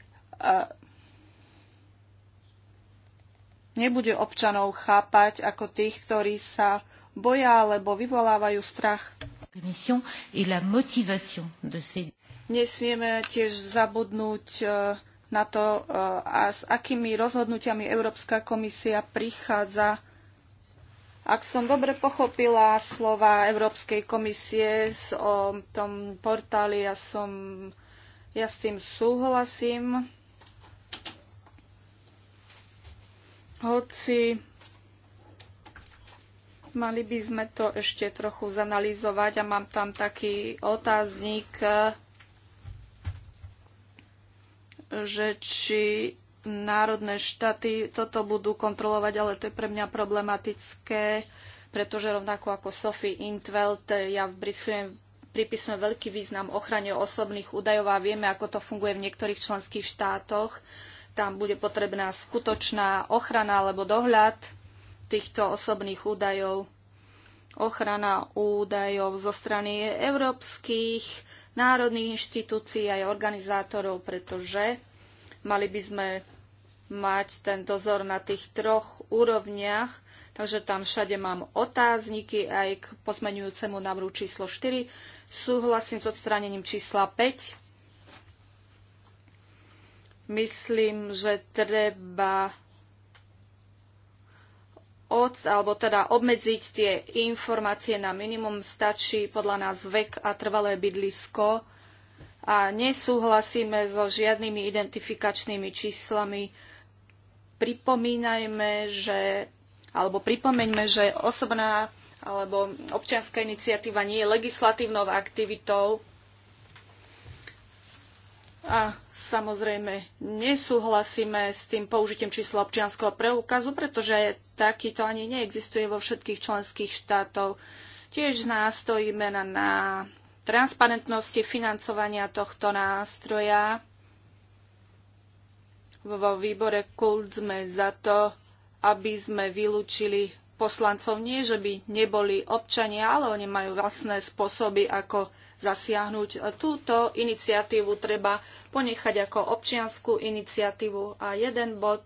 nebude občanov chápať ako tých, ktorí sa boja alebo vyvolávajú strach. Nesmieme tiež zabudnúť e, na to, e, a s akými rozhodnutiami Európska komisia prichádza. Ak som dobre pochopila slova Európskej komisie o tom portáli, ja, som, ja s tým súhlasím Hoci mali by sme to ešte trochu zanalizovať a mám tam taký otáznik, že či národné štáty toto budú kontrolovať, ale to je pre mňa problematické, pretože rovnako ako Sophie Intveld, ja pripisujem, pripisujem veľký význam ochrane osobných údajov a vieme, ako to funguje v niektorých členských štátoch. Tam bude potrebná skutočná ochrana alebo dohľad týchto osobných údajov. Ochrana údajov zo strany európskych národných inštitúcií aj organizátorov, pretože mali by sme mať ten dozor na tých troch úrovniach, takže tam všade mám otázniky aj k pozmenujúcemu návrhu číslo 4. Súhlasím s odstránením čísla 5, Myslím, že treba od, alebo teda obmedziť tie informácie na minimum. Stačí podľa nás vek a trvalé bydlisko. A nesúhlasíme so žiadnymi identifikačnými číslami. Pripomínajme, že, alebo pripomeňme, že osobná alebo občianská iniciatíva nie je legislatívnou aktivitou, a samozrejme nesúhlasíme s tým použitím čísla občianského preukazu, pretože takýto ani neexistuje vo všetkých členských štátov. Tiež nástojíme na, na transparentnosti financovania tohto nástroja. Vo výbore KULT sme za to, aby sme vylúčili poslancov nie, že by neboli občania, ale oni majú vlastné spôsoby, ako zasiahnuť. Túto iniciatívu treba ponechať ako občianskú iniciatívu. A jeden bod,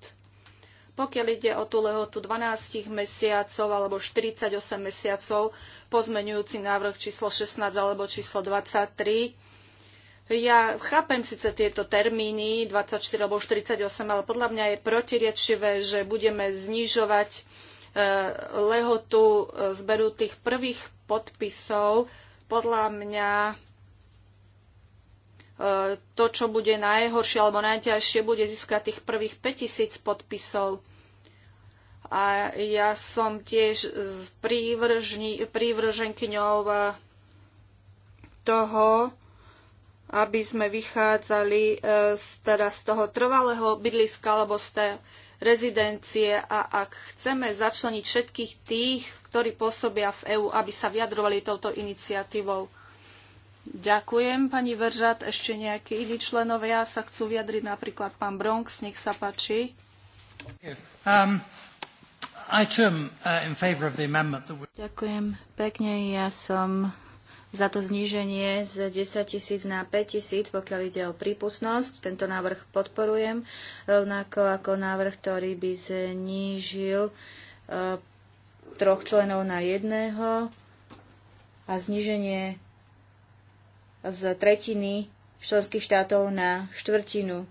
pokiaľ ide o tú lehotu 12 mesiacov alebo 48 mesiacov, pozmenujúci návrh číslo 16 alebo číslo 23, ja chápem síce tieto termíny 24 alebo 48, ale podľa mňa je protiriečivé, že budeme znižovať eh, lehotu eh, zberu tých prvých podpisov podľa mňa e, to, čo bude najhoršie alebo najťažšie, bude získať tých prvých 5000 podpisov. A ja som tiež prívrženkyňou e, toho, aby sme vychádzali e, z, teda z toho trvalého bydliska alebo z tej rezidencie a ak chceme začleniť všetkých tých, ktorí pôsobia v EÚ, aby sa vyjadrovali touto iniciatívou. Ďakujem, pani Veržat. Ešte nejakí iní členovia sa chcú vyjadriť, napríklad pán Bronx, nech sa páči. Um, uh, Ďakujem pekne. Ja som za to zníženie z 10 tisíc na 5 tisíc, pokiaľ ide o prípustnosť. Tento návrh podporujem, rovnako ako návrh, ktorý by znížil e, troch členov na jedného a zníženie z tretiny členských štátov na štvrtinu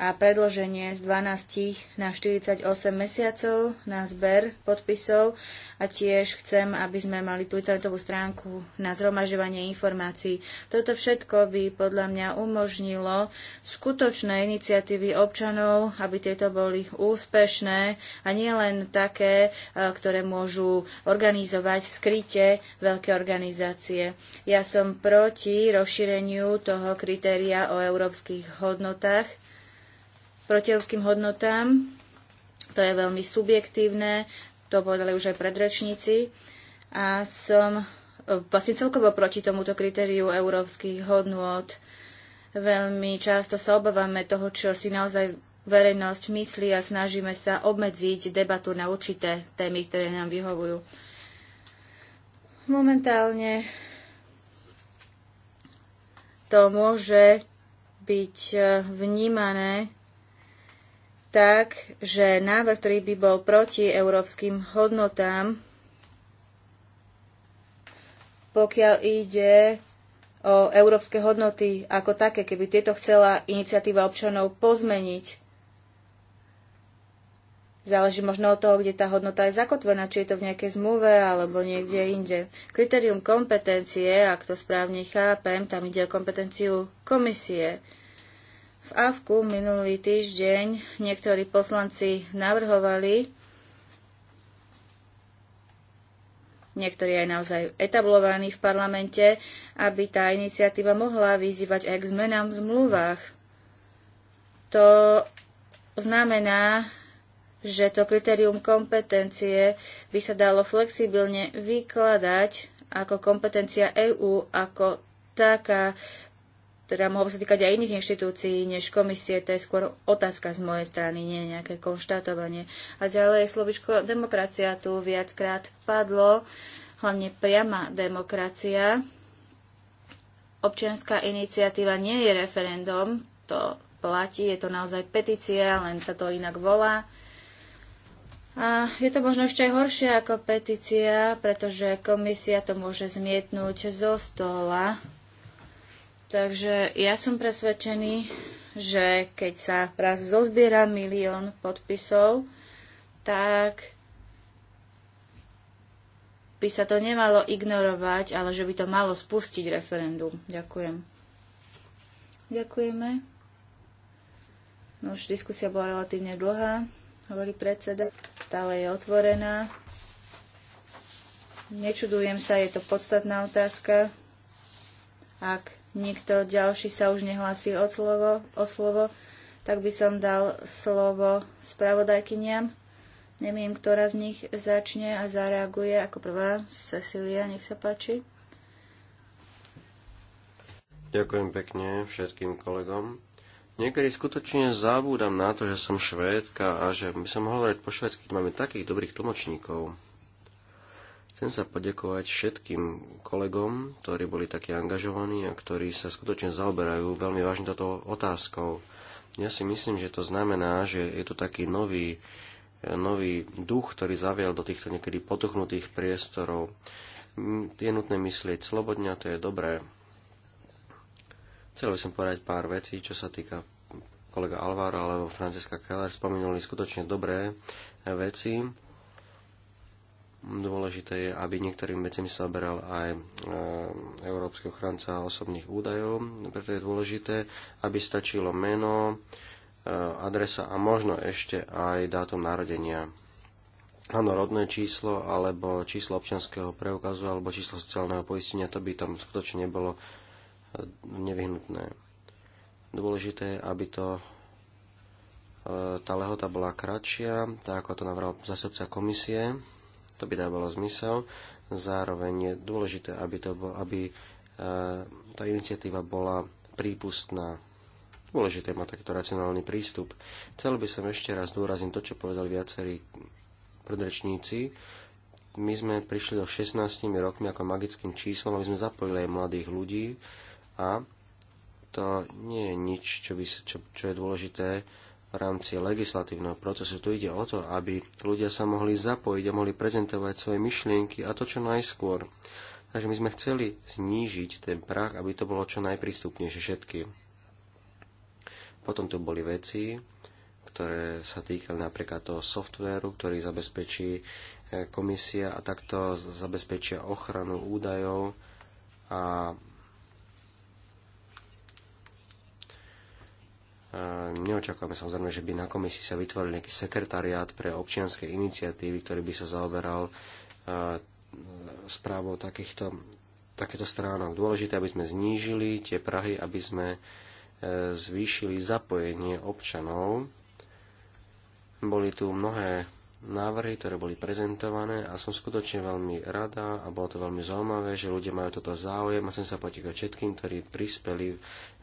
a predloženie z 12 na 48 mesiacov na zber podpisov a tiež chcem, aby sme mali tú internetovú stránku na zhromažďovanie informácií. Toto všetko by podľa mňa umožnilo skutočné iniciatívy občanov, aby tieto boli úspešné a nie len také, e, ktoré môžu organizovať skryte veľké organizácie. Ja som proti rozšíreniu toho kritéria o európskych hodnotách, proti európskym hodnotám, to je veľmi subjektívne to povedali už aj predrečníci. A som e, vlastne celkovo proti tomuto kritériu európskych hodnôt. Veľmi často sa obávame toho, čo si naozaj verejnosť myslí a snažíme sa obmedziť debatu na určité témy, ktoré nám vyhovujú. Momentálne to môže byť e, vnímané tak, že návrh, ktorý by bol proti európskym hodnotám, pokiaľ ide o európske hodnoty ako také, keby tieto chcela iniciatíva občanov pozmeniť. Záleží možno od toho, kde tá hodnota je zakotvená, či je to v nejakej zmluve alebo niekde inde. Kritérium kompetencie, ak to správne chápem, tam ide o kompetenciu komisie. V AVKU minulý týždeň niektorí poslanci navrhovali, niektorí aj naozaj etablovaní v parlamente, aby tá iniciatíva mohla vyzývať aj k zmenám v zmluvách. To znamená, že to kritérium kompetencie by sa dalo flexibilne vykladať ako kompetencia EÚ ako taká teda mohlo sa týkať aj iných inštitúcií než komisie, to je skôr otázka z mojej strany, nie nejaké konštatovanie. A ďalej slovičko demokracia tu viackrát padlo, hlavne priama demokracia. Občianská iniciatíva nie je referendum, to platí, je to naozaj petícia, len sa to inak volá. A je to možno ešte aj horšie ako petícia, pretože komisia to môže zmietnúť zo stola Takže ja som presvedčený, že keď sa raz zozbiera milión podpisov, tak by sa to nemalo ignorovať, ale že by to malo spustiť referendum. Ďakujem. Ďakujeme. No už diskusia bola relatívne dlhá, hovorí predseda, stále je otvorená. Nečudujem sa, je to podstatná otázka. Ak nikto ďalší sa už nehlási o slovo, o slovo tak by som dal slovo spravodajkyniam. Neviem, ktorá z nich začne a zareaguje. Ako prvá, Cecilia, nech sa páči. Ďakujem pekne všetkým kolegom. Niekedy skutočne zabúdam na to, že som švédka a že by som mohol hovoriť po švédsky, máme takých dobrých tlmočníkov. Chcem sa poďakovať všetkým kolegom, ktorí boli takí angažovaní a ktorí sa skutočne zaoberajú veľmi vážne toto otázkou. Ja si myslím, že to znamená, že je tu taký nový, nový duch, ktorý zaviel do týchto niekedy potuchnutých priestorov. Je nutné myslieť slobodne a to je dobré. Chcel by som povedať pár vecí, čo sa týka kolega Alvaro alebo Francesca Keller. Spomenuli skutočne dobré veci Dôležité je, aby niektorým vecem sa beral aj e, Európsky ochranca osobných údajov. Preto je dôležité, aby stačilo meno, e, adresa a možno ešte aj dátum narodenia. Áno, rodné číslo, alebo číslo občianského preukazu, alebo číslo sociálneho poistenia, to by tam skutočne nebolo e, nevyhnutné. Dôležité je, aby to tá lehota bola kratšia, tak ako to navrhol obca komisie to by dávalo zmysel. Zároveň je dôležité, aby, to bol, aby e, tá iniciatíva bola prípustná. Dôležité má takýto racionálny prístup. Chcel by som ešte raz dôrazniť to, čo povedali viacerí predrečníci. My sme prišli do 16 rokmi ako magickým číslom, aby sme zapojili aj mladých ľudí a to nie je nič, čo, by, čo, čo je dôležité v rámci legislatívneho procesu. Tu ide o to, aby ľudia sa mohli zapojiť a mohli prezentovať svoje myšlienky a to čo najskôr. Takže my sme chceli znížiť ten prach, aby to bolo čo najprístupnejšie všetkým. Potom tu boli veci, ktoré sa týkali napríklad toho softvéru, ktorý zabezpečí e, komisia a takto zabezpečia ochranu údajov a Neočakávame samozrejme, že by na komisii sa vytvoril nejaký sekretariát pre občianske iniciatívy, ktorý by sa zaoberal e, správou takýchto, takéto stránok. Dôležité, aby sme znížili tie Prahy, aby sme e, zvýšili zapojenie občanov. Boli tu mnohé návrhy, ktoré boli prezentované a som skutočne veľmi rada a bolo to veľmi zaujímavé, že ľudia majú toto záujem a som sa potekať všetkým, ktorí prispeli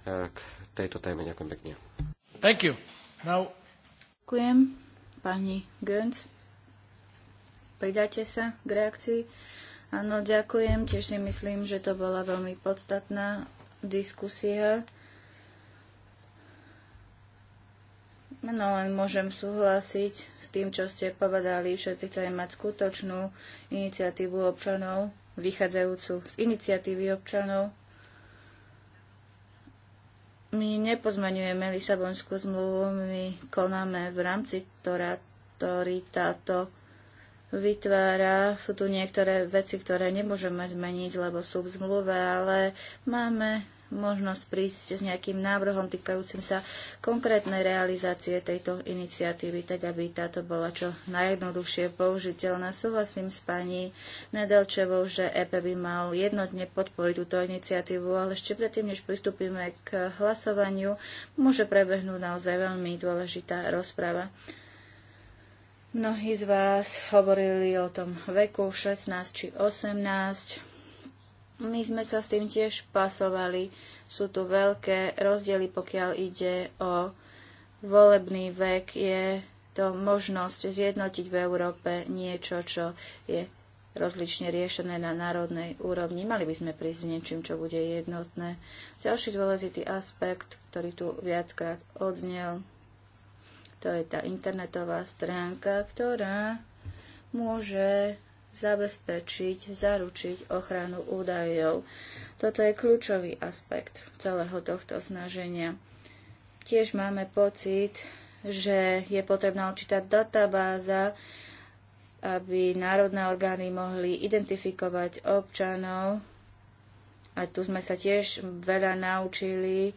k tejto téme. Ďakujem pekne. Thank you. Now... Ďakujem, pani Gönc. Pridajte sa k reakcii. Áno, ďakujem. Tiež si myslím, že to bola veľmi podstatná diskusia. No len môžem súhlasiť s tým, čo ste povedali. Všetci chceme mať skutočnú iniciatívu občanov, vychádzajúcu z iniciatívy občanov my nepozmenujeme Lisabonskú zmluvu, my konáme v rámci, ktorá, ktorý táto vytvára. Sú tu niektoré veci, ktoré nemôžeme zmeniť, lebo sú v zmluve, ale máme možnosť prísť s nejakým návrhom týkajúcim sa konkrétnej realizácie tejto iniciatívy, tak aby táto bola čo najjednoduchšie použiteľná. Súhlasím s pani Nedelčevou, že EP by mal jednotne podporiť túto iniciatívu, ale ešte predtým, než pristúpime k hlasovaniu, môže prebehnúť naozaj veľmi dôležitá rozprava. Mnohí z vás hovorili o tom veku 16 či 18 my sme sa s tým tiež pasovali. Sú tu veľké rozdiely, pokiaľ ide o volebný vek. Je to možnosť zjednotiť v Európe niečo, čo je rozlične riešené na národnej úrovni. Mali by sme prísť s niečím, čo bude jednotné. Ďalší dôležitý aspekt, ktorý tu viackrát odznel, to je tá internetová stránka, ktorá môže zabezpečiť, zaručiť ochranu údajov. Toto je kľúčový aspekt celého tohto snaženia. Tiež máme pocit, že je potrebná určitá databáza, aby národné orgány mohli identifikovať občanov. A tu sme sa tiež veľa naučili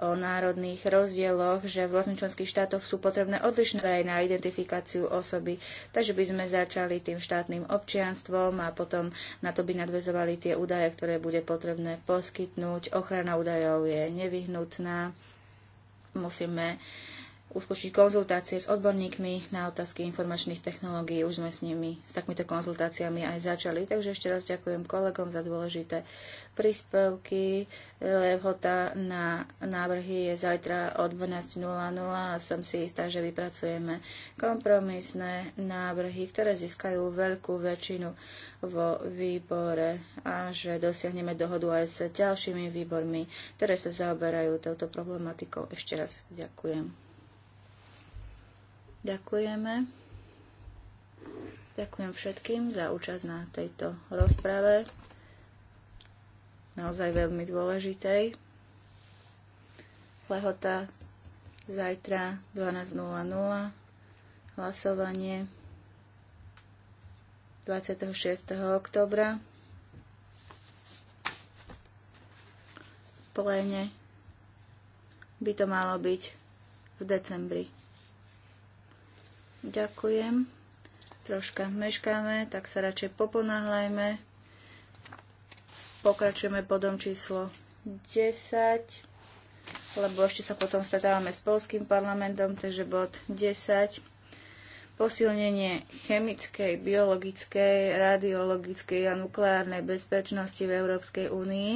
o národných rozdieloch, že v vlastných členských štátoch sú potrebné odlišné aj na identifikáciu osoby. Takže by sme začali tým štátnym občianstvom a potom na to by nadvezovali tie údaje, ktoré bude potrebné poskytnúť. Ochrana údajov je nevyhnutná. Musíme uh, Uskúšiť konzultácie s odborníkmi na otázky informačných technológií. Už sme s nimi, s takýmito konzultáciami aj začali. Takže ešte raz ďakujem kolegom za dôležité príspevky. Lehota na návrhy je zajtra o 12.00 a som si istá, že vypracujeme kompromisné návrhy, ktoré získajú veľkú väčšinu vo výbore a že dosiahneme dohodu aj s ďalšími výbormi, ktoré sa zaoberajú touto problematikou. Ešte raz ďakujem. Ďakujeme. Ďakujem všetkým za účasť na tejto rozprave, naozaj veľmi dôležitej. Lehota zajtra 12.00, hlasovanie 26. oktobra v pléne by to malo byť v decembri. Ďakujem. Troška meškáme, tak sa radšej poponáhľajme. Pokračujeme bodom číslo 10 lebo ešte sa potom stretávame s polským parlamentom, takže bod 10. Posilnenie chemickej, biologickej, radiologickej a nukleárnej bezpečnosti v Európskej únii.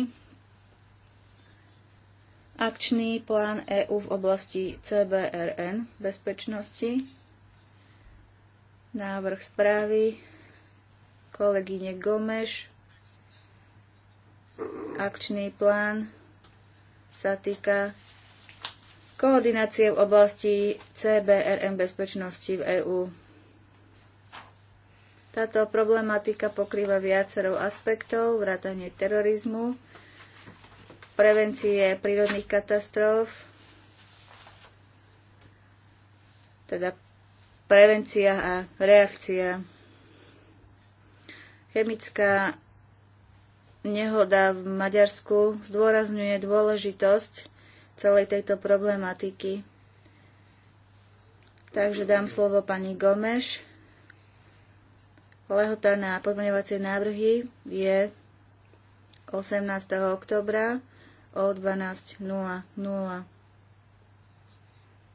Akčný plán EÚ v oblasti CBRN bezpečnosti návrh správy kolegyne Gomeš. Akčný plán sa týka koordinácie v oblasti CBRM bezpečnosti v EÚ. Táto problematika pokrýva viacero aspektov, vrátanie terorizmu, prevencie prírodných katastrof, teda prevencia a reakcia. Chemická nehoda v Maďarsku zdôrazňuje dôležitosť celej tejto problematiky. Takže dám slovo pani Gomeš. Lehota na podmaňovacie návrhy je 18. oktobra o 12.00.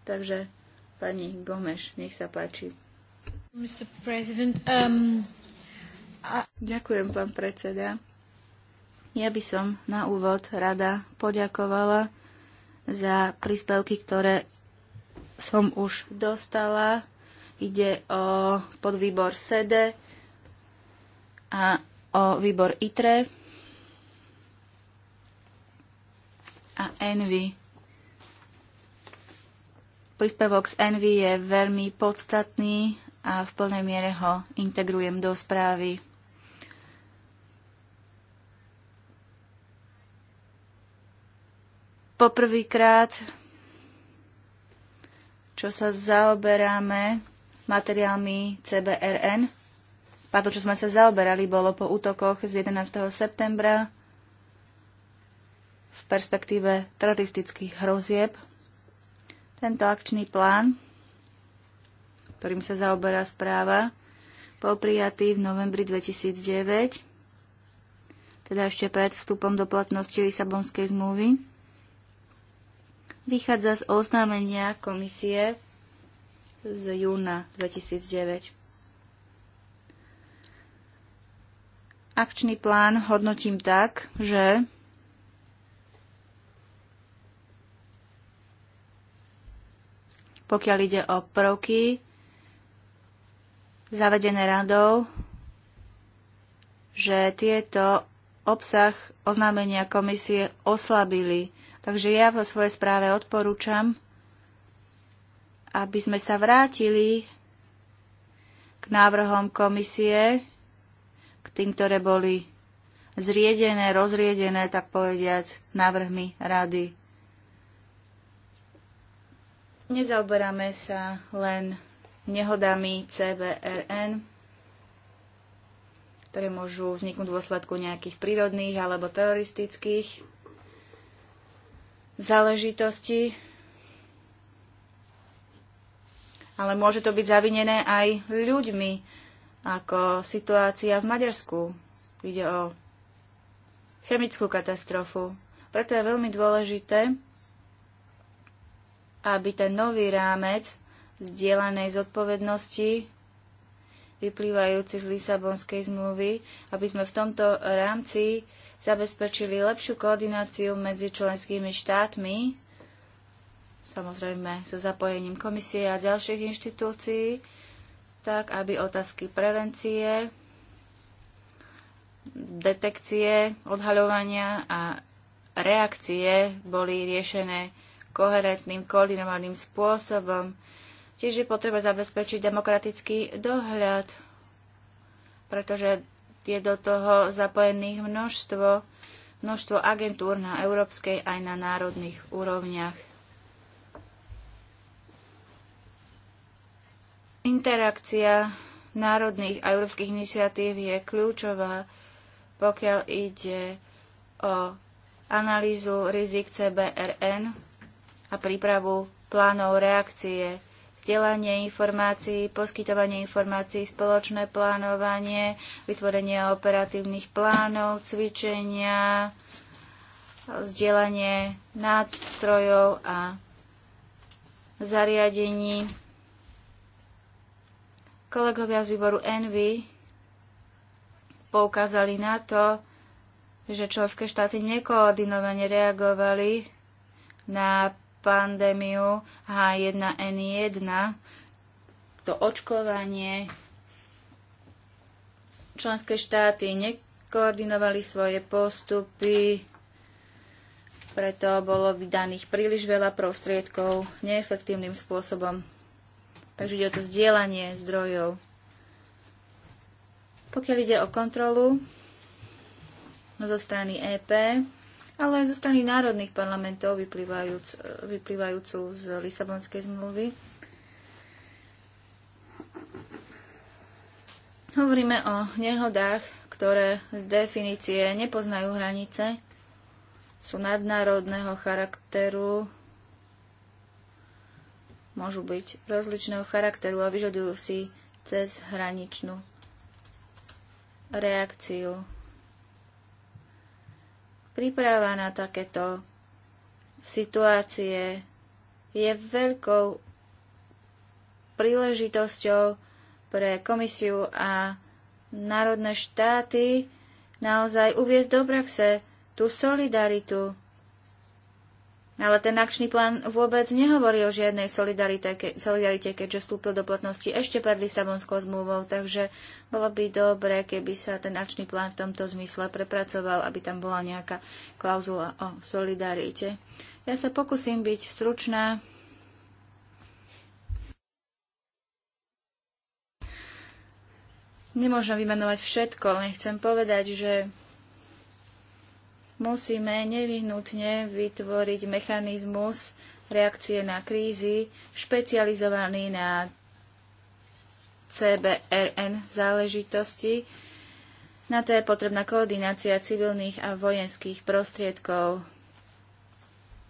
Takže Pani Gomeš, nech sa páči. Um, Ďakujem, pán predseda. Ja by som na úvod rada poďakovala za príspevky, ktoré som už dostala. Ide o podvýbor SEDE a o výbor ITRE a ENVY. Príspevok z Envy je veľmi podstatný a v plnej miere ho integrujem do správy. Poprvýkrát, čo sa zaoberáme materiálmi CBRN, a to, čo sme sa zaoberali, bolo po útokoch z 11. septembra v perspektíve teroristických hrozieb – tento akčný plán, ktorým sa zaoberá správa, bol prijatý v novembri 2009, teda ešte pred vstupom do platnosti Lisabonskej zmluvy. Vychádza z oznámenia komisie z júna 2009. Akčný plán hodnotím tak, že pokiaľ ide o prvky zavedené radou, že tieto obsah oznámenia komisie oslabili. Takže ja vo svojej správe odporúčam, aby sme sa vrátili k návrhom komisie, k tým, ktoré boli zriedené, rozriedené, tak povediať, návrhmi rady. Nezaoberáme sa len nehodami CBRN, ktoré môžu vzniknúť v dôsledku nejakých prírodných alebo teroristických záležitostí, ale môže to byť zavinené aj ľuďmi, ako situácia v Maďarsku. Ide o chemickú katastrofu. Preto je veľmi dôležité, aby ten nový rámec zdieľanej zodpovednosti vyplývajúci z Lisabonskej zmluvy, aby sme v tomto rámci zabezpečili lepšiu koordináciu medzi členskými štátmi, samozrejme so zapojením komisie a ďalších inštitúcií, tak aby otázky prevencie, detekcie, odhaľovania a reakcie boli riešené koherentným, koordinovaným spôsobom. Tiež je potreba zabezpečiť demokratický dohľad, pretože je do toho zapojených množstvo, množstvo agentúr na európskej aj na národných úrovniach. Interakcia národných a európskych iniciatív je kľúčová, pokiaľ ide o analýzu rizik CBRN a prípravu plánov reakcie, vzdelanie informácií, poskytovanie informácií, spoločné plánovanie, vytvorenie operatívnych plánov, cvičenia, vzdelanie nástrojov a zariadení. Kolegovia z výboru Envy poukázali na to, že členské štáty nekoordinovane reagovali na pandémiu H1N1, to očkovanie. Členské štáty nekoordinovali svoje postupy, preto bolo vydaných príliš veľa prostriedkov neefektívnym spôsobom. Takže ide o to zdieľanie zdrojov. Pokiaľ ide o kontrolu no zo strany EP, ale aj zo strany národných parlamentov vyplývajúc, vyplývajúcu z Lisabonskej zmluvy. Hovoríme o nehodách, ktoré z definície nepoznajú hranice, sú nadnárodného charakteru, môžu byť rozličného charakteru a vyžadujú si cez hraničnú reakciu. Príprava na takéto situácie je veľkou príležitosťou pre komisiu a národné štáty naozaj uviezť do praxe tú solidaritu, ale ten akčný plán vôbec nehovorí o žiadnej solidarite, ke, solidarite, keďže vstúpil do platnosti ešte pred Lisabonskou zmluvou, takže bolo by dobre, keby sa ten akčný plán v tomto zmysle prepracoval, aby tam bola nejaká klauzula o solidarite. Ja sa pokúsim byť stručná. Nemôžem vymenovať všetko, len chcem povedať, že musíme nevyhnutne vytvoriť mechanizmus reakcie na krízy špecializovaný na CBRN záležitosti. Na to je potrebná koordinácia civilných a vojenských prostriedkov.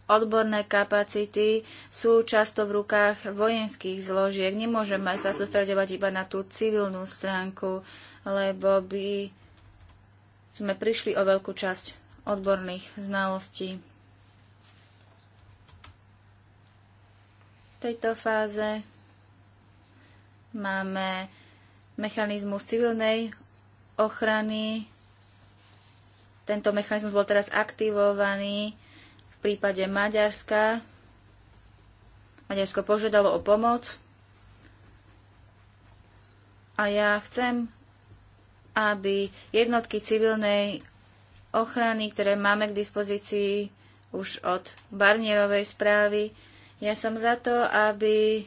Odborné kapacity sú často v rukách vojenských zložiek. Nemôžeme sa sústredovať iba na tú civilnú stránku, lebo by sme prišli o veľkú časť odborných znalostí. V tejto fáze máme mechanizmus civilnej ochrany. Tento mechanizmus bol teraz aktivovaný v prípade Maďarska. Maďarsko požiadalo o pomoc. A ja chcem, aby jednotky civilnej ochrany, ktoré máme k dispozícii už od Barnierovej správy. Ja som za to, aby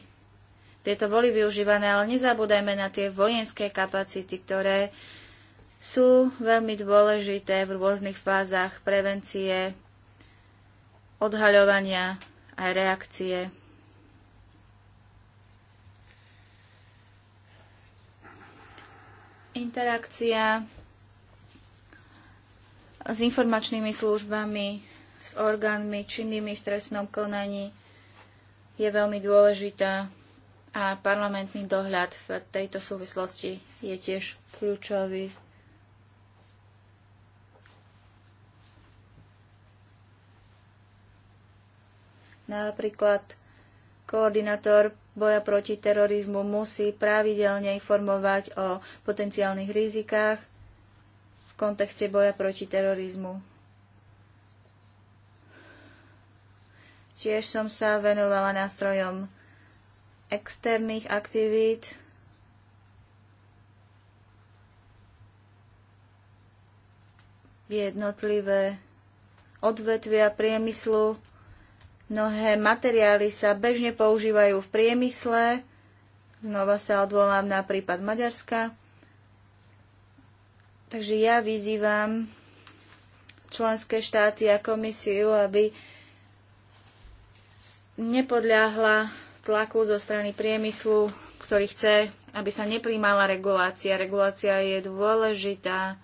tieto boli využívané, ale nezabúdajme na tie vojenské kapacity, ktoré sú veľmi dôležité v rôznych fázach prevencie, odhaľovania aj reakcie. Interakcia s informačnými službami, s orgánmi činnými v trestnom konaní je veľmi dôležitá a parlamentný dohľad v tejto súvislosti je tiež kľúčový. Napríklad koordinátor boja proti terorizmu musí pravidelne informovať o potenciálnych rizikách kontexte boja proti terorizmu. Tiež som sa venovala nástrojom externých aktivít, jednotlivé odvetvia priemyslu. Mnohé materiály sa bežne používajú v priemysle. Znova sa odvolám na prípad Maďarska. Takže ja vyzývam členské štáty a komisiu, aby nepodľahla tlaku zo strany priemyslu, ktorý chce, aby sa nepríjmala regulácia. Regulácia je dôležitá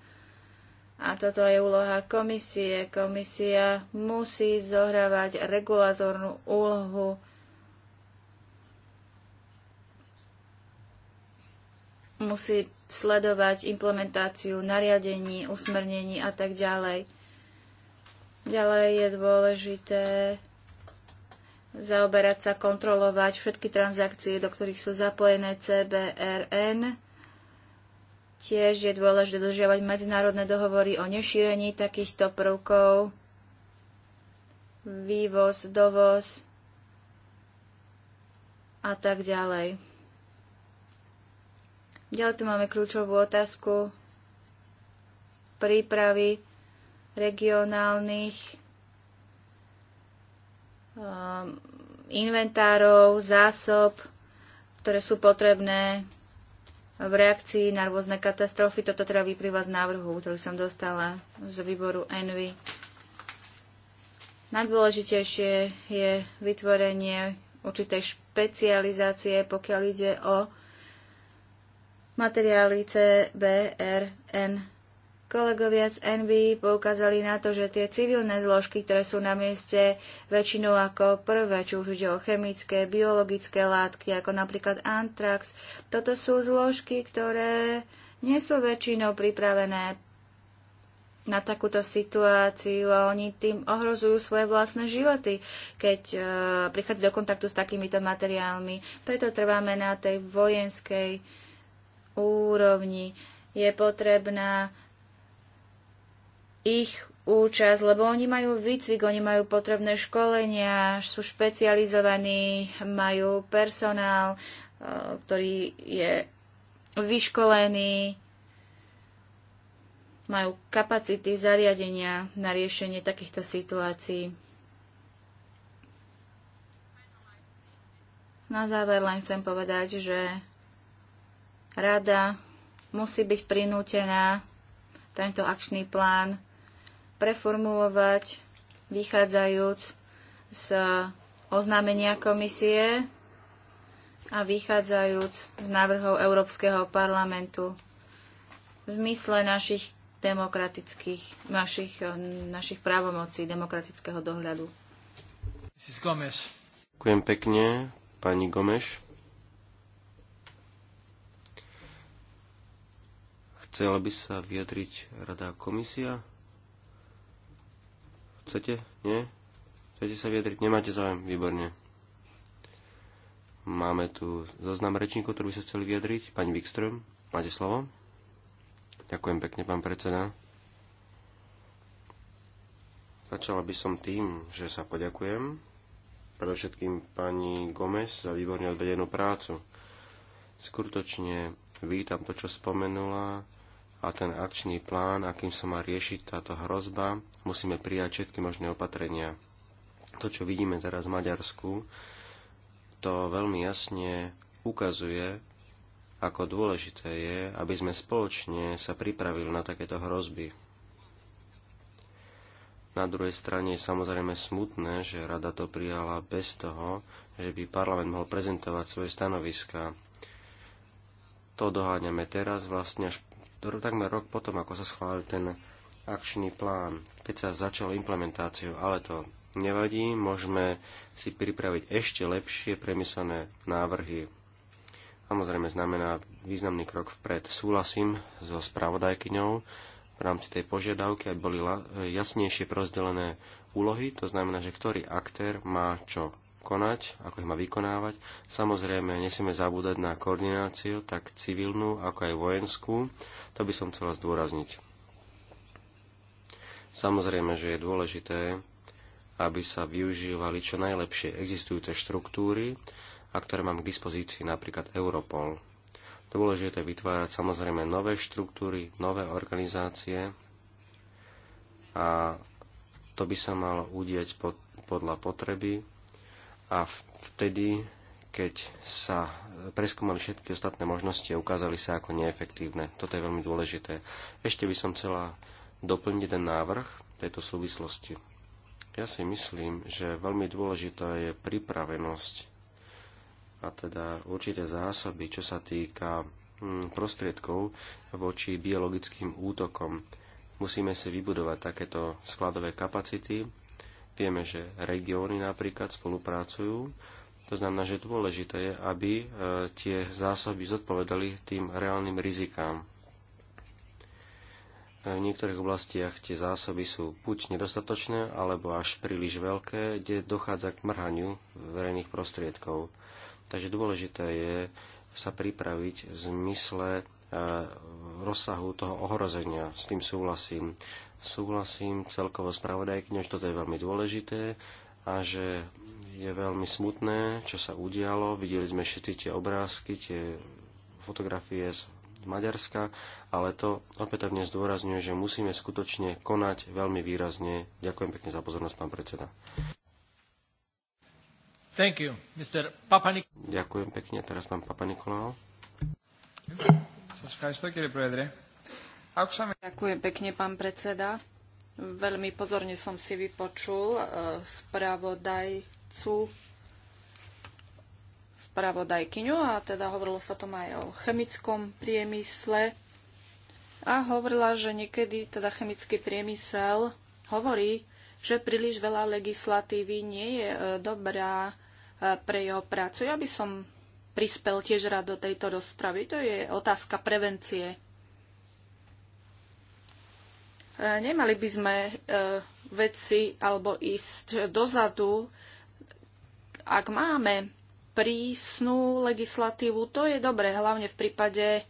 a toto je úloha komisie. Komisia musí zohrávať regulatórnu úlohu. Musí sledovať implementáciu nariadení, usmernení a tak ďalej. Ďalej je dôležité zaoberať sa, kontrolovať všetky transakcie, do ktorých sú zapojené CBRN. Tiež je dôležité dodržiavať medzinárodné dohovory o nešírení takýchto prvkov, vývoz, dovoz a tak ďalej. Ďalej tu máme kľúčovú otázku prípravy regionálnych um, inventárov, zásob, ktoré sú potrebné v reakcii na rôzne katastrofy. Toto teda vyplýva z návrhu, ktorý som dostala z výboru Envy. Najdôležitejšie je vytvorenie určitej špecializácie, pokiaľ ide o materiály C, B, R, N. Kolegovia z NB poukázali na to, že tie civilné zložky, ktoré sú na mieste väčšinou ako prvé, či už ide o chemické, biologické látky, ako napríklad antrax, toto sú zložky, ktoré nie sú väčšinou pripravené na takúto situáciu a oni tým ohrozujú svoje vlastné životy, keď e, prichádza do kontaktu s takýmito materiálmi. Preto trváme na tej vojenskej úrovni. Je potrebná ich účasť, lebo oni majú výcvik, oni majú potrebné školenia, sú špecializovaní, majú personál, e, ktorý je vyškolený, majú kapacity zariadenia na riešenie takýchto situácií. Na záver len chcem povedať, že Rada musí byť prinútená tento akčný plán preformulovať, vychádzajúc z oznámenia komisie a vychádzajúc z návrhov Európskeho parlamentu v zmysle našich demokratických, našich, eh, našich právomocí demokratického dohľadu. Ďakujem pekne, pani Gomeš. Chcela by sa vyjadriť rada komisia? Chcete? Nie? Chcete sa vyjadriť? Nemáte záujem? Výborne. Máme tu zoznam rečníkov, ktorí by sa chceli vyjadriť. Pani Wikström, máte slovo? Ďakujem pekne, pán predseda. Začala by som tým, že sa poďakujem predovšetkým pani Gomez za výborne odvedenú prácu. Skutočne vítam to, čo spomenula a ten akčný plán, akým sa má riešiť táto hrozba, musíme prijať všetky možné opatrenia. To, čo vidíme teraz v Maďarsku, to veľmi jasne ukazuje, ako dôležité je, aby sme spoločne sa pripravili na takéto hrozby. Na druhej strane je samozrejme smutné, že rada to prijala bez toho, že by parlament mohol prezentovať svoje stanoviska. To doháňame teraz vlastne až takmer rok potom, ako sa schválil ten akčný plán, keď sa začalo implementáciu, ale to nevadí, môžeme si pripraviť ešte lepšie premyslené návrhy. Samozrejme znamená významný krok vpred. Súhlasím so spravodajkyňou v rámci tej požiadavky, aby boli jasnejšie rozdelené úlohy, to znamená, že ktorý aktér má čo konať, ako ich má vykonávať. Samozrejme, nesieme zabúdať na koordináciu, tak civilnú, ako aj vojenskú. To by som chcela zdôrazniť. Samozrejme, že je dôležité, aby sa využívali čo najlepšie existujúce štruktúry, a ktoré mám k dispozícii napríklad Europol. Dôležité vytvárať samozrejme nové štruktúry, nové organizácie a to by sa malo udieť pod, podľa potreby a vtedy keď sa preskúmali všetky ostatné možnosti a ukázali sa ako neefektívne. Toto je veľmi dôležité. Ešte by som chcela doplniť ten návrh tejto súvislosti. Ja si myslím, že veľmi dôležitá je pripravenosť a teda určité zásoby, čo sa týka mm, prostriedkov voči biologickým útokom. Musíme si vybudovať takéto skladové kapacity. Vieme, že regióny napríklad spolupracujú to znamená, že dôležité je, aby e, tie zásoby zodpovedali tým reálnym rizikám. E, v niektorých oblastiach tie zásoby sú buď nedostatočné, alebo až príliš veľké, kde dochádza k mrhaniu verejných prostriedkov. Takže dôležité je sa pripraviť v zmysle e, rozsahu toho ohrozenia. S tým súhlasím. Súhlasím celkovo s pravodajkňou, že toto je veľmi dôležité a že je veľmi smutné, čo sa udialo. Videli sme všetky tie obrázky, tie fotografie z Maďarska, ale to opätovne zdôrazňuje, že musíme skutočne konať veľmi výrazne. Ďakujem pekne za pozornosť, pán predseda. Thank you, Mr. Papa Nik- Ďakujem pekne. Teraz pán Papa Nikolau. Ďakujem pekne, pán predseda. Veľmi pozorne som si vypočul eh, spravodaj spravodajcu, spravodajkyňu a teda hovorilo sa tom aj o chemickom priemysle a hovorila, že niekedy teda chemický priemysel hovorí, že príliš veľa legislatívy nie je e, dobrá e, pre jeho prácu. Ja by som prispel tiež rád do tejto rozpravy. To je otázka prevencie. E, nemali by sme veci alebo ísť dozadu ak máme prísnu legislatívu, to je dobré, hlavne v prípade,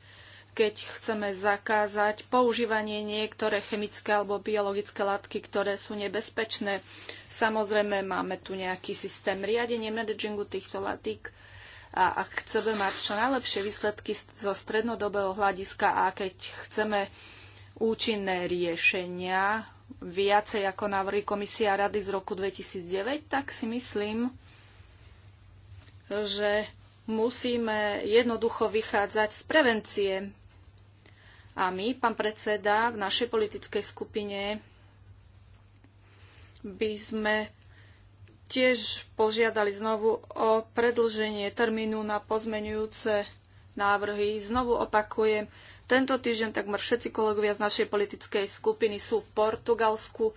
keď chceme zakázať používanie niektoré chemické alebo biologické látky, ktoré sú nebezpečné. Samozrejme, máme tu nejaký systém riadenia, managingu týchto látik a ak chceme mať čo najlepšie výsledky zo strednodobého hľadiska a keď chceme účinné riešenia, viacej ako návrhy komisia rady z roku 2009, tak si myslím, že musíme jednoducho vychádzať z prevencie. A my, pán predseda, v našej politickej skupine by sme tiež požiadali znovu o predlženie termínu na pozmenujúce návrhy. Znovu opakujem, tento týždeň takmer všetci kolegovia z našej politickej skupiny sú v Portugalsku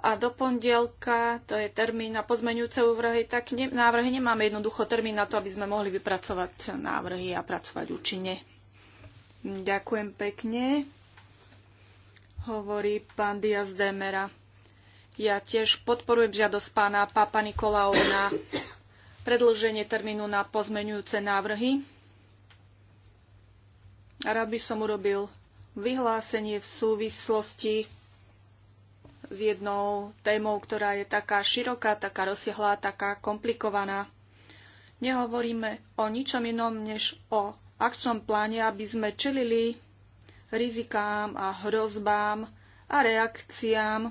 a do pondelka, to je termín na pozmeňujúce úvrhy, tak ne, návrhy nemáme jednoducho termín na to, aby sme mohli vypracovať návrhy a pracovať účinne. Ďakujem pekne, hovorí pán Diaz Demera. Ja tiež podporujem žiadosť pána Papa Nikolao na predlženie termínu na pozmeňujúce návrhy. Rád by som urobil vyhlásenie v súvislosti s jednou témou, ktorá je taká široká, taká rozsiahlá, taká komplikovaná. Nehovoríme o ničom inom, než o akčnom pláne, aby sme čelili rizikám a hrozbám a reakciám,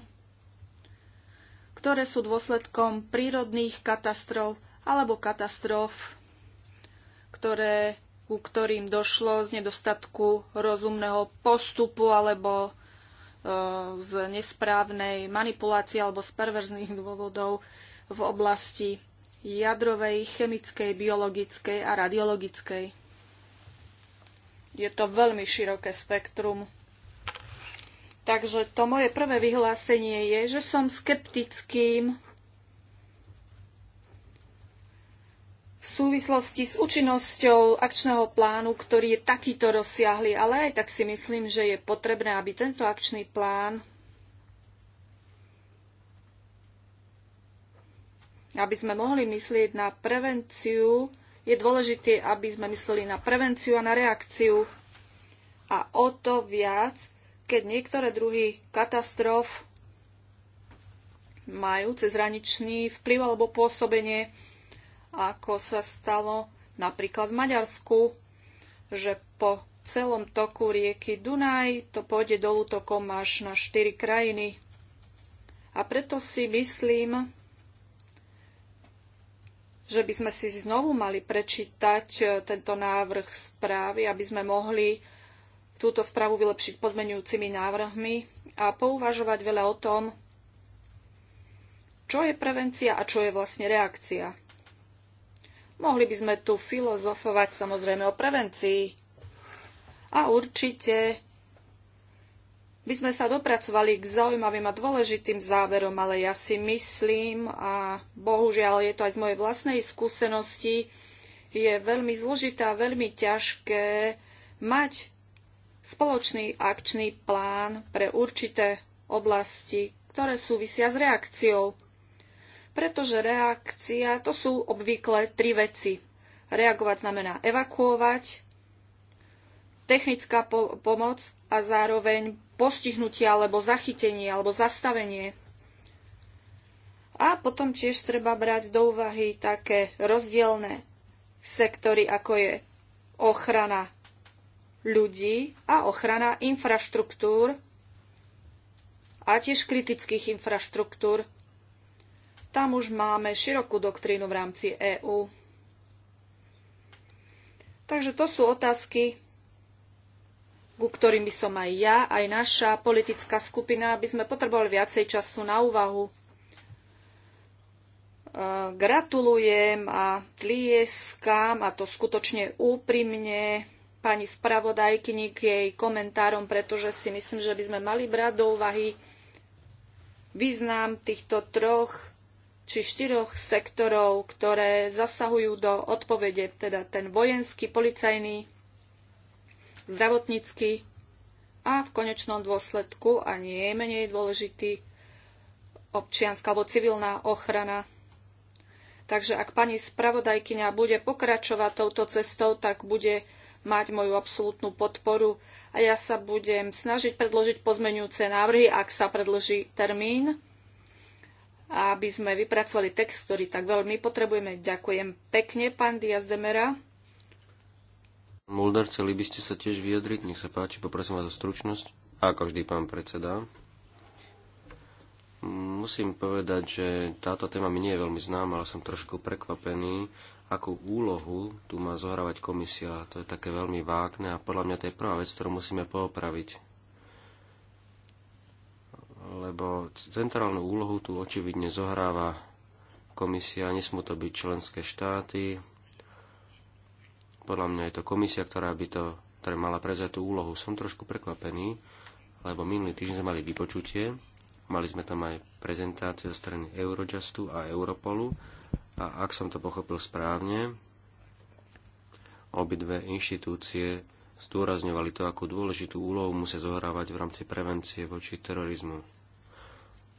ktoré sú dôsledkom prírodných katastrof alebo katastrof, ktoré ku ktorým došlo z nedostatku rozumného postupu alebo Eh, z nesprávnej manipulácie alebo z perverzných dôvodov v oblasti jadrovej, chemickej, biologickej a radiologickej. Je to veľmi široké spektrum. Takže to moje prvé vyhlásenie je, že som skeptickým v súvislosti s účinnosťou akčného plánu, ktorý je takýto rozsiahly, ale aj tak si myslím, že je potrebné, aby tento akčný plán aby sme mohli myslieť na prevenciu, je dôležité, aby sme mysleli na prevenciu a na reakciu. A o to viac, keď niektoré druhy katastrof majú cezhraničný vplyv alebo pôsobenie, ako sa stalo napríklad v Maďarsku, že po celom toku rieky Dunaj to pôjde dolu tokom až na štyri krajiny. A preto si myslím, že by sme si znovu mali prečítať e, tento návrh správy, aby sme mohli túto správu vylepšiť pozmenujúcimi návrhmi a pouvažovať veľa o tom, čo je prevencia a čo je vlastne reakcia. Mohli by sme tu filozofovať samozrejme o prevencii a určite by sme sa dopracovali k zaujímavým a dôležitým záverom, ale ja si myslím, a bohužiaľ je to aj z mojej vlastnej skúsenosti, je veľmi zložité a veľmi ťažké mať spoločný akčný plán pre určité oblasti, ktoré súvisia s reakciou pretože reakcia to sú obvykle tri veci. Reagovať znamená evakuovať, technická po- pomoc a zároveň postihnutie alebo zachytenie alebo zastavenie. A potom tiež treba brať do úvahy také rozdielne sektory, ako je ochrana ľudí a ochrana infraštruktúr a tiež kritických infraštruktúr. Tam už máme širokú doktrínu v rámci EÚ. Takže to sú otázky, ku ktorým by som aj ja, aj naša politická skupina, by sme potrebovali viacej času na úvahu. E, gratulujem a tlieskam, a to skutočne úprimne, pani spravodajkyni k jej komentárom, pretože si myslím, že by sme mali brať do úvahy význam týchto troch či štyroch sektorov, ktoré zasahujú do odpovede, teda ten vojenský, policajný, zdravotnícky a v konečnom dôsledku, a nie je menej dôležitý, občianská alebo civilná ochrana. Takže ak pani spravodajkyňa bude pokračovať touto cestou, tak bude mať moju absolútnu podporu a ja sa budem snažiť predložiť pozmenujúce návrhy, ak sa predloží termín aby sme vypracovali text, ktorý tak veľmi potrebujeme. Ďakujem pekne, pán Diaz Demera. Mulder, chceli by ste sa tiež vyjadriť? Nech sa páči, poprosím vás o stručnosť. Ako vždy, pán predseda. Musím povedať, že táto téma mi nie je veľmi známa, ale som trošku prekvapený, akú úlohu tu má zohrávať komisia. To je také veľmi vágne a podľa mňa to je prvá vec, ktorú musíme poopraviť lebo centrálnu úlohu tu očividne zohráva komisia, nesmú to byť členské štáty. Podľa mňa je to komisia, ktorá by to ktorá mala prezať tú úlohu. Som trošku prekvapený, lebo minulý týždeň sme mali vypočutie, mali sme tam aj prezentáciu strany Eurojustu a Europolu a ak som to pochopil správne, obidve inštitúcie zdôrazňovali to, akú dôležitú úlohu musia zohrávať v rámci prevencie voči terorizmu.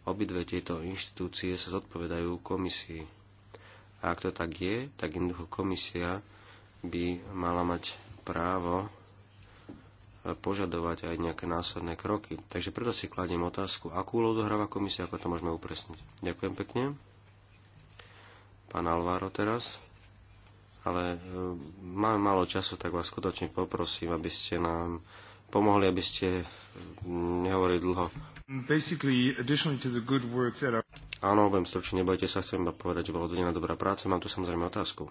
Obidve tieto inštitúcie sa zodpovedajú komisii. A ak to tak je, tak jednoducho komisia by mala mať právo požadovať aj nejaké následné kroky. Takže preto si kladiem otázku, akú úlohu zohráva komisia, ako to môžeme upresniť. Ďakujem pekne. Pán Alvaro teraz. Ale e, máme málo času, tak vás skutočne poprosím, aby ste nám pomohli, aby ste e, nehovorili dlho. Áno, budem stručne, nebojte sa, chcem iba povedať, že bola odvedená dobrá práca. Mám tu samozrejme otázku.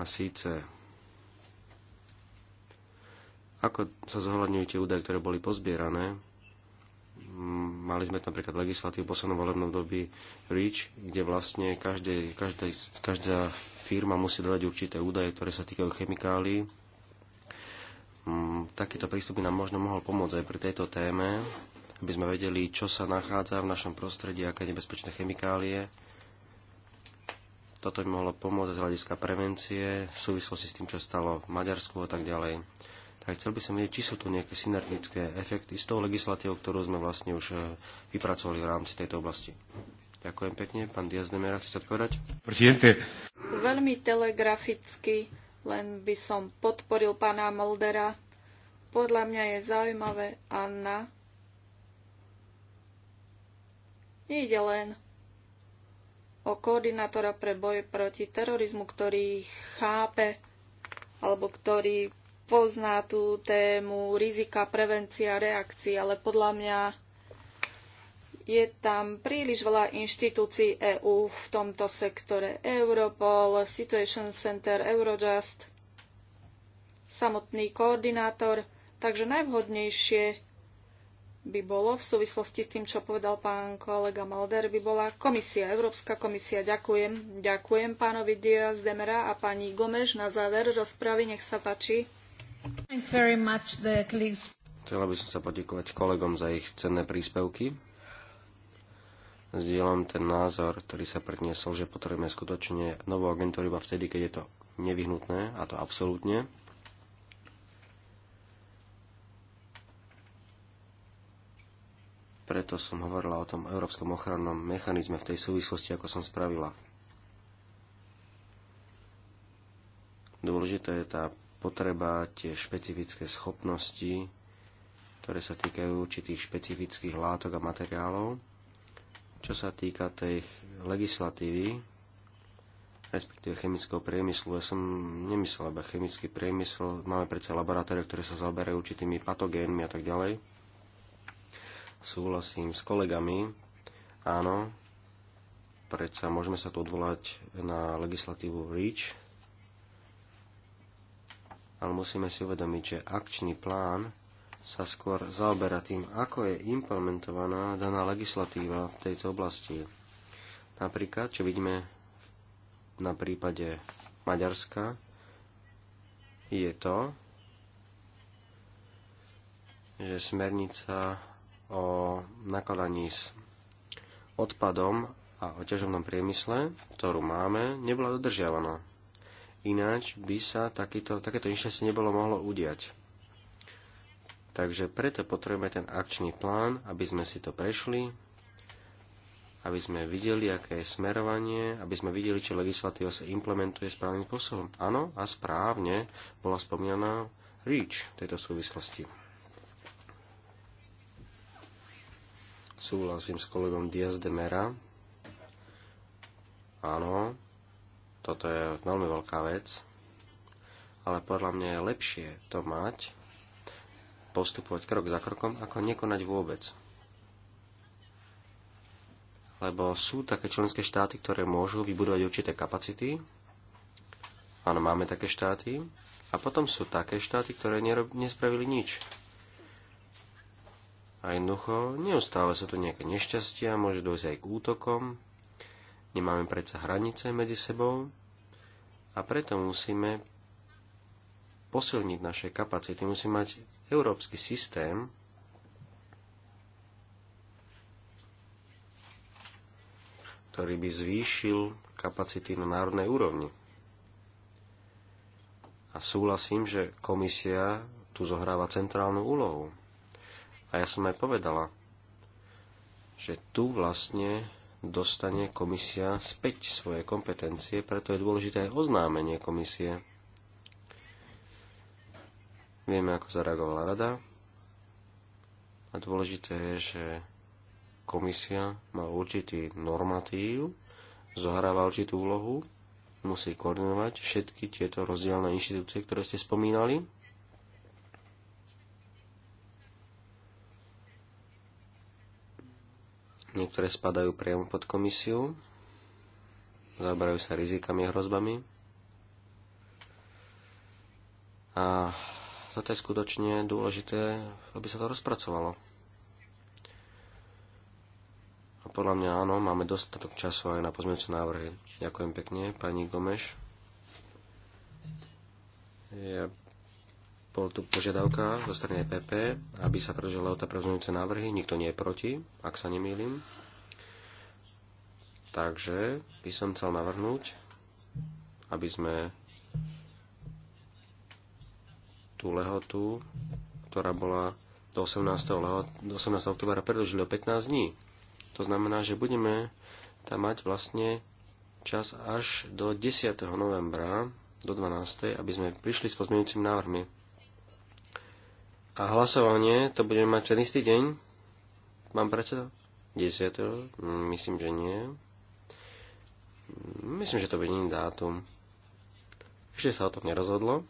A síce, ako sa zohľadňujú tie údaje, ktoré boli pozbierané? Mm, mali sme napríklad legislatívu v poslednom volebnom dobi REACH, kde vlastne každé, každá, každá firma musí dodať určité údaje, ktoré sa týkajú chemikálií. Mm, takýto prístup by nám možno mohol pomôcť aj pri tejto téme, aby sme vedeli, čo sa nachádza v našom prostredí, aké nebezpečné chemikálie. Toto by mohlo pomôcť z hľadiska prevencie v súvislosti s tým, čo stalo v Maďarsku a tak ďalej. Tak chcel by som vedieť, či sú tu nejaké synergické efekty s tou legislatívou, ktorú sme vlastne už eh, vypracovali v rámci tejto oblasti. Ďakujem pekne. Pán Diaz Demera, chcete odpovedať? Presidente. Veľmi telegraficky, len by som podporil pána Moldera. Podľa mňa je zaujímavé, Anna, Nejde len o koordinátora pre boj proti terorizmu, ktorý chápe alebo ktorý pozná tú tému rizika, prevencia, reakcie, ale podľa mňa je tam príliš veľa inštitúcií EÚ v tomto sektore. Europol, Situation Center, Eurojust, samotný koordinátor. Takže najvhodnejšie by bolo v súvislosti s tým, čo povedal pán kolega Malder, by bola komisia, Európska komisia. Ďakujem. Ďakujem pánovi Diaz Demera a pani Gomeš na záver rozpravy. Nech sa páči. Chcela by som sa poďakovať kolegom za ich cenné príspevky. Zdieľam ten názor, ktorý sa predniesol, že potrebujeme skutočne novú agentúru iba vtedy, keď je to nevyhnutné, a to absolútne. preto som hovorila o tom európskom ochrannom mechanizme v tej súvislosti, ako som spravila. Dôležitá je tá potreba, tie špecifické schopnosti, ktoré sa týkajú určitých špecifických látok a materiálov. Čo sa týka tej legislatívy, respektíve chemického priemyslu, ja som nemyslel iba chemický priemysel, máme predsa laboratórie, ktoré sa zaoberajú určitými patogénmi a tak ďalej. Súhlasím s kolegami. Áno, predsa môžeme sa tu odvolať na legislatívu REACH, ale musíme si uvedomiť, že akčný plán sa skôr zaoberá tým, ako je implementovaná daná legislatíva v tejto oblasti. Napríklad, čo vidíme na prípade Maďarska, je to, že smernica o nakladaní s odpadom a o ťažovnom priemysle, ktorú máme, nebola dodržiavaná. Ináč by sa takýto, takéto nešťastie nebolo mohlo udiať. Takže preto potrebujeme ten akčný plán, aby sme si to prešli, aby sme videli, aké je smerovanie, aby sme videli, či legislatíva sa implementuje správnym spôsobom. Áno, a správne bola spomínaná REACH v tejto súvislosti. Súhlasím s kolegom Diaz de Mera. Áno, toto je veľmi veľká vec, ale podľa mňa je lepšie to mať, postupovať krok za krokom, ako nekonať vôbec. Lebo sú také členské štáty, ktoré môžu vybudovať určité kapacity. Áno, máme také štáty. A potom sú také štáty, ktoré nespravili nič a jednoducho, neustále sú tu nejaké nešťastia, môže dojsť aj k útokom, nemáme predsa hranice medzi sebou a preto musíme posilniť naše kapacity, musí mať európsky systém, ktorý by zvýšil kapacity na národnej úrovni. A súhlasím, že komisia tu zohráva centrálnu úlohu. A ja som aj povedala, že tu vlastne dostane komisia späť svoje kompetencie, preto je dôležité aj oznámenie komisie. Vieme, ako zareagovala rada. A dôležité je, že komisia má určitý normatív, zohráva určitú úlohu, musí koordinovať všetky tieto rozdielne inštitúcie, ktoré ste spomínali, Niektoré spadajú priamo pod komisiu, zaoberajú sa rizikami a hrozbami. A za to je skutočne dôležité, aby sa to rozpracovalo. A podľa mňa áno, máme dostatok času aj na pozmeňujúce návrhy. Ďakujem pekne, pani Gomeš. Ja bol tu požiadavka zo strany EPP, aby sa predložila tá prevzmujúce návrhy. Nikto nie je proti, ak sa nemýlim. Takže by som chcel navrhnúť, aby sme tú lehotu, ktorá bola do 18. Lehot, do 18. oktobra predložili o 15 dní. To znamená, že budeme tam mať vlastne čas až do 10. novembra do 12. aby sme prišli s pozmeňujúcimi návrhmi. A hlasovanie to budeme mať ten istý deň? Mám predseda? 10. Mm, myslím, že nie. Mm, myslím, že to bude iný dátum. Ešte sa o tom nerozhodlo.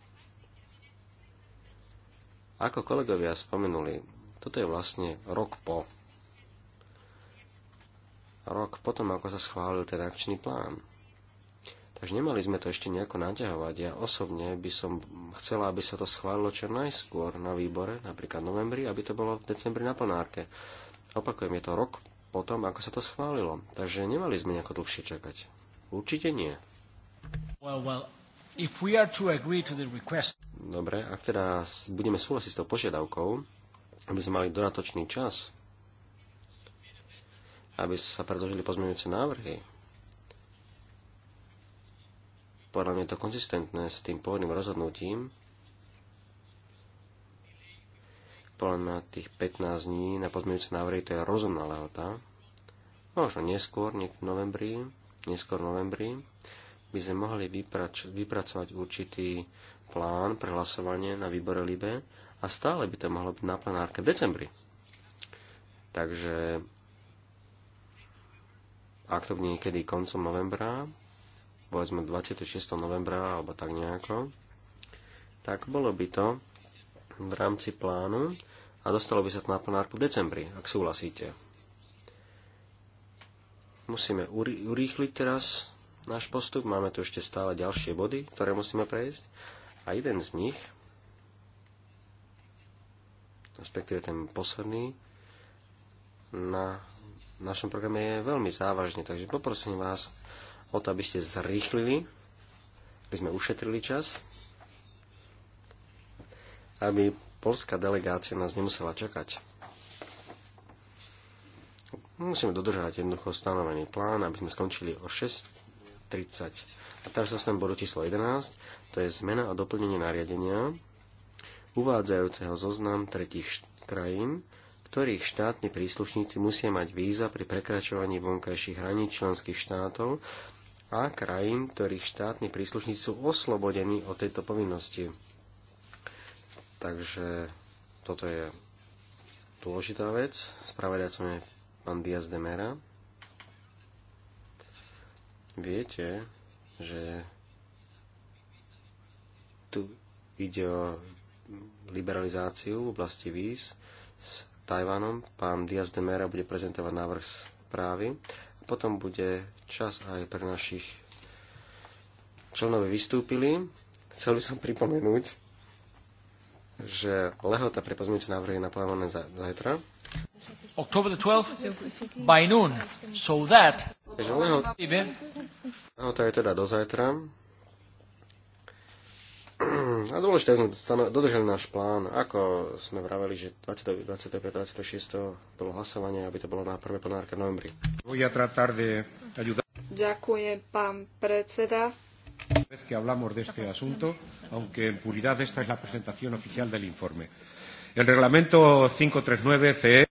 Ako kolegovia spomenuli, toto je vlastne rok po. Rok potom, ako sa schválil ten akčný plán. Takže nemali sme to ešte nejako naťahovať. Ja osobne by som chcela, aby sa to schválilo čo najskôr na výbore, napríklad novembri, aby to bolo v decembri na plenárke. Opakujem, je to rok potom, ako sa to schválilo. Takže nemali sme nejako dlhšie čakať. Určite nie. Well, well, if we are to agree to the request... Dobre, ak teda budeme súhlasiť s tou požiadavkou, aby sme mali dodatočný čas, aby sa predložili pozmeňujúce návrhy, podľa mňa je to konzistentné s tým pôvodným rozhodnutím. Podľa mňa tých 15 dní na pozmeňujúce návrhy to je rozumná lehota. Možno neskôr, niekto v novembri, neskôr v novembri, by sme mohli vyprač- vypracovať určitý plán pre hlasovanie na výbore LIBE a stále by to mohlo byť na plenárke v decembri. Takže ak to bude niekedy koncom novembra, povedzme 26. novembra alebo tak nejako, tak bolo by to v rámci plánu a dostalo by sa to na plenárku v decembri, ak súhlasíte. Musíme urýchliť teraz náš postup, máme tu ešte stále ďalšie body, ktoré musíme prejsť a jeden z nich, respektíve ten posledný, na našom programe je veľmi závažný, takže poprosím vás, o to, aby ste zrýchlili, aby sme ušetrili čas, aby polská delegácia nás nemusela čakať. Musíme dodržať jednoducho stanovený plán, aby sme skončili o 6.30. A teraz sa sem bodu číslo 11, to je zmena a doplnenie nariadenia uvádzajúceho zoznam tretich krajín, ktorých štátni príslušníci musia mať víza pri prekračovaní vonkajších hraníc členských štátov a krajín, ktorých štátni príslušníci sú oslobodení od tejto povinnosti. Takže toto je dôležitá vec. Spravodajcom je pán Diaz de Mera. Viete, že tu ide o liberalizáciu v oblasti víz s Tajvanom. Pán Diaz de Mera bude prezentovať návrh správy a potom bude čas aj pre našich členov vystúpili. Chcel by som pripomenúť, že lehota pre pozmeňujúce návrhy je naplánované zajtra. October the 12th by noon, so that... Takže lehota, lehota je teda do zajtra. A dôležité, sme dodržali náš plán, ako sme vraveli, že 20, 25. 26. bolo hlasovanie, aby to bolo na prvé plenárke v novembri. Ďakujem, pán predseda. Vez que hablamos de este asunto, aunque en puridad esta es la presentación oficial del informe. El reglamento 539 CE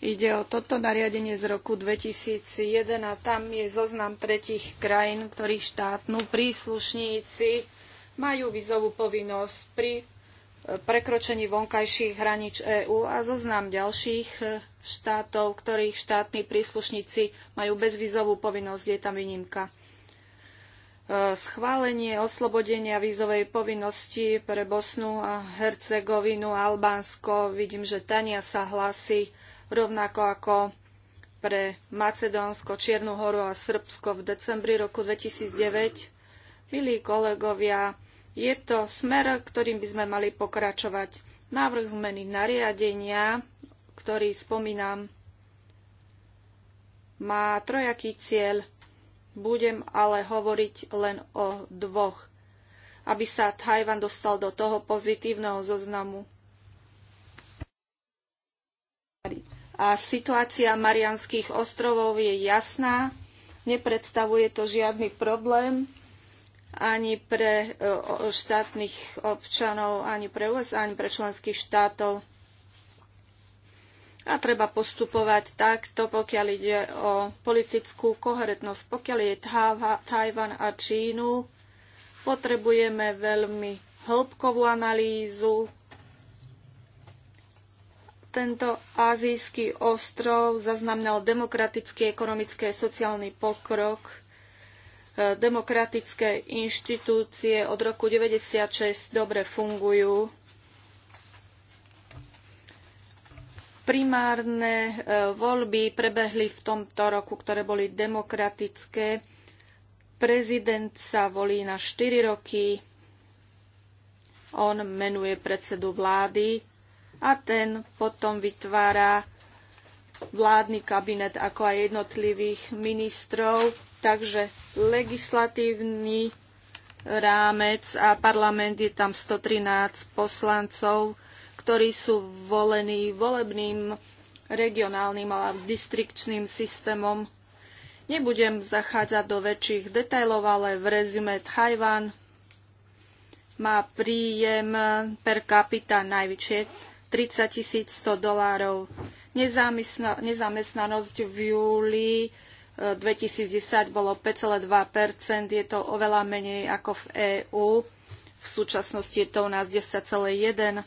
Ide o toto nariadenie z roku 2001 a tam je zoznam tretich krajín, ktorých štátnu príslušníci majú vizovú povinnosť pri prekročení vonkajších hraníc EÚ a zoznam ďalších e, štátov, ktorých štátni príslušníci majú bezvizovú povinnosť, je tam výnimka. E, schválenie oslobodenia vízovej povinnosti pre Bosnu a Hercegovinu a Albánsko. Vidím, že Tania sa hlási rovnako ako pre Macedónsko, Čiernu horu a Srbsko v decembri roku 2009. Milí kolegovia, je to smer, ktorým by sme mali pokračovať. Návrh zmeny nariadenia, ktorý spomínam, má trojaký cieľ. Budem ale hovoriť len o dvoch, aby sa Tajvan dostal do toho pozitívneho zoznamu. A situácia Marianských ostrovov je jasná, nepredstavuje to žiadny problém ani pre e, štátnych občanov, ani pre USA, ani pre členských štátov. A treba postupovať takto, pokiaľ ide o politickú koherentnosť. Pokiaľ je Tajvan a Čínu, potrebujeme veľmi hĺbkovú analýzu. Tento azijský ostrov zaznamenal demokratický, ekonomický a sociálny pokrok demokratické inštitúcie od roku 96 dobre fungujú. Primárne e, voľby prebehli v tomto roku, ktoré boli demokratické. Prezident sa volí na 4 roky. On menuje predsedu vlády a ten potom vytvára vládny kabinet, ako aj jednotlivých ministrov. Takže legislatívny rámec a parlament je tam 113 poslancov, ktorí sú volení volebným, regionálnym alebo distrikčným systémom. Nebudem zachádzať do väčších detajlov, ale v rezume Tajván má príjem per capita najvyššie 30 100 dolárov Nezamestnanosť v júli 2010 e, bolo 5,2 je to oveľa menej ako v EÚ. V súčasnosti je to u nás 10,1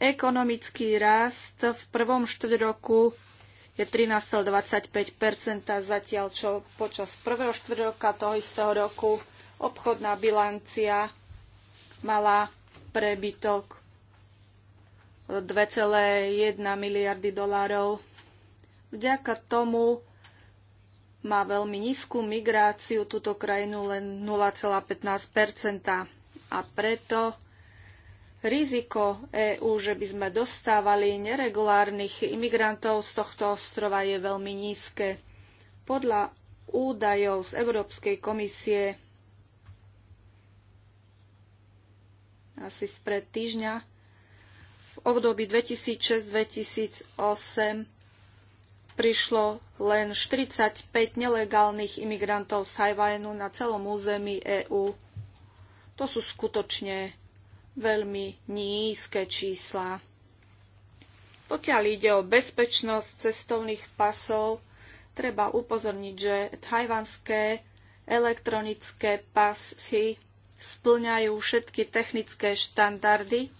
Ekonomický rast v prvom štvrť roku je 13,25 zatiaľ čo počas prvého štvrť roka toho istého roku obchodná bilancia mala prebytok 2,1 miliardy dolárov. Vďaka tomu má veľmi nízku migráciu, túto krajinu len 0,15 A preto riziko EÚ, že by sme dostávali neregulárnych imigrantov z tohto ostrova je veľmi nízke. Podľa údajov z Európskej komisie asi spred týždňa období 2006-2008 prišlo len 45 nelegálnych imigrantov z Hajvajnu na celom území EÚ. To sú skutočne veľmi nízke čísla. Pokiaľ ide o bezpečnosť cestovných pasov, treba upozorniť, že tajvanské elektronické pasy splňajú všetky technické štandardy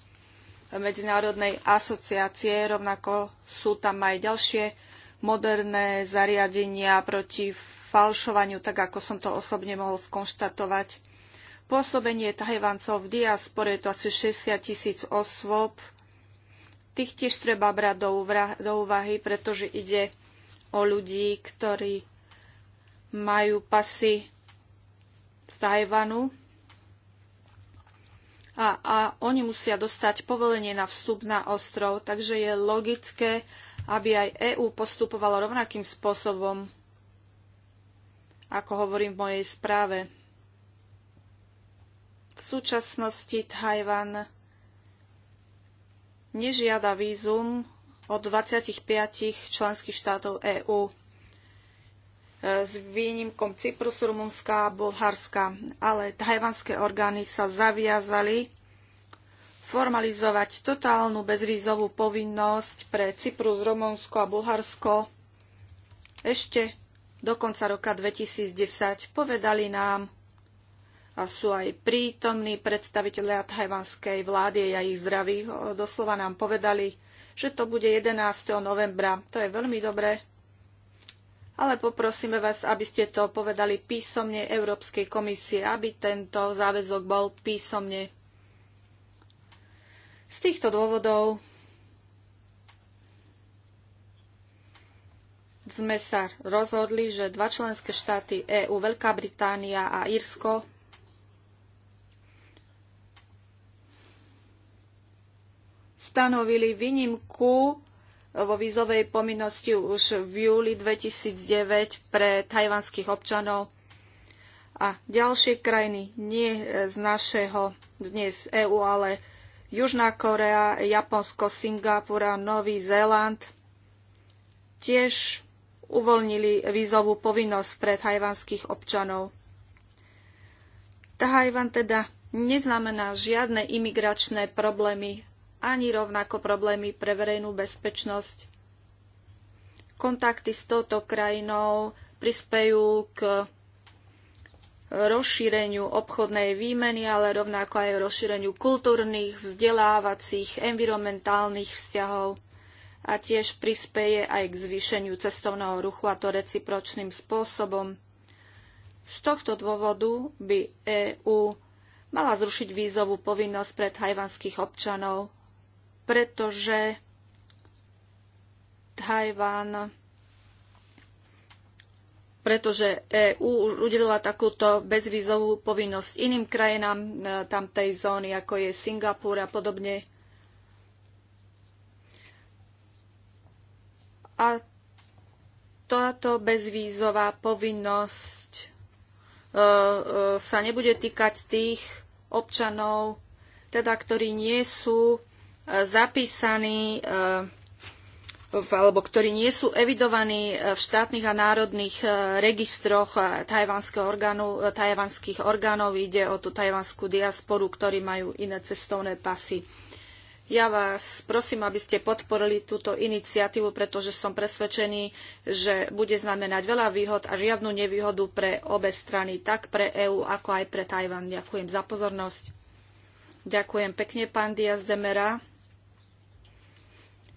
Medzinárodnej asociácie, rovnako sú tam aj ďalšie moderné zariadenia proti falšovaniu, tak ako som to osobne mohol skonštatovať. Pôsobenie Tajvancov v diaspore je to asi 60 tisíc osôb. Tých tiež treba brať do, do úvahy, pretože ide o ľudí, ktorí majú pasy z Tajvanu, a, a oni musia dostať povolenie na vstup na ostrov, takže je logické, aby aj EÚ postupovalo rovnakým spôsobom, ako hovorím v mojej správe. V súčasnosti Tajvan nežiada vízum od 25 členských štátov EÚ s výnimkom Cyprus, Rumunska a Bulharska. Ale tajvanské orgány sa zaviazali formalizovať totálnu bezvízovú povinnosť pre Cyprus, Rumunsko a Bulharsko ešte do konca roka 2010. Povedali nám, a sú aj prítomní predstavitelia tajvanskej vlády a ich zdravých. Doslova nám povedali, že to bude 11. novembra. To je veľmi dobré, ale poprosíme vás, aby ste to povedali písomne Európskej komisie, aby tento záväzok bol písomne. Z týchto dôvodov sme sa rozhodli, že dva členské štáty EÚ, Veľká Británia a Írsko, stanovili výnimku vo vízovej povinnosti už v júli 2009 pre tajvanských občanov a ďalšie krajiny, nie z našeho, nie z EÚ, ale Južná Korea, Japonsko, Singapur a Nový Zéland tiež uvoľnili vízovú povinnosť pre tajvanských občanov. Tajvan teda neznamená žiadne imigračné problémy ani rovnako problémy pre verejnú bezpečnosť. Kontakty s touto krajinou prispejú k rozšíreniu obchodnej výmeny, ale rovnako aj rozšíreniu kultúrnych, vzdelávacích, environmentálnych vzťahov a tiež prispeje aj k zvýšeniu cestovného ruchu a to recipročným spôsobom. Z tohto dôvodu by EÚ mala zrušiť vízovú povinnosť pre tajvanských občanov pretože Tajván pretože EÚ udelila takúto bezvízovú povinnosť iným krajinám e, tam tej zóny, ako je Singapur a podobne. A táto bezvízová povinnosť e, e, sa nebude týkať tých občanov, teda ktorí nie sú E, zapísaní e, alebo ktorí nie sú evidovaní e, v štátnych a národných registroch orgánu, tajvanských orgánov. Ide o tú tajvanskú diasporu, ktorí majú iné cestovné pasy. Ja vás prosím, aby ste podporili túto iniciatívu, pretože som presvedčený, že bude znamenať veľa výhod a žiadnu nevýhodu pre obe strany, tak pre EÚ, ako aj pre Tajvan. Ďakujem za pozornosť. Ďakujem pekne, pán Diaz Demera.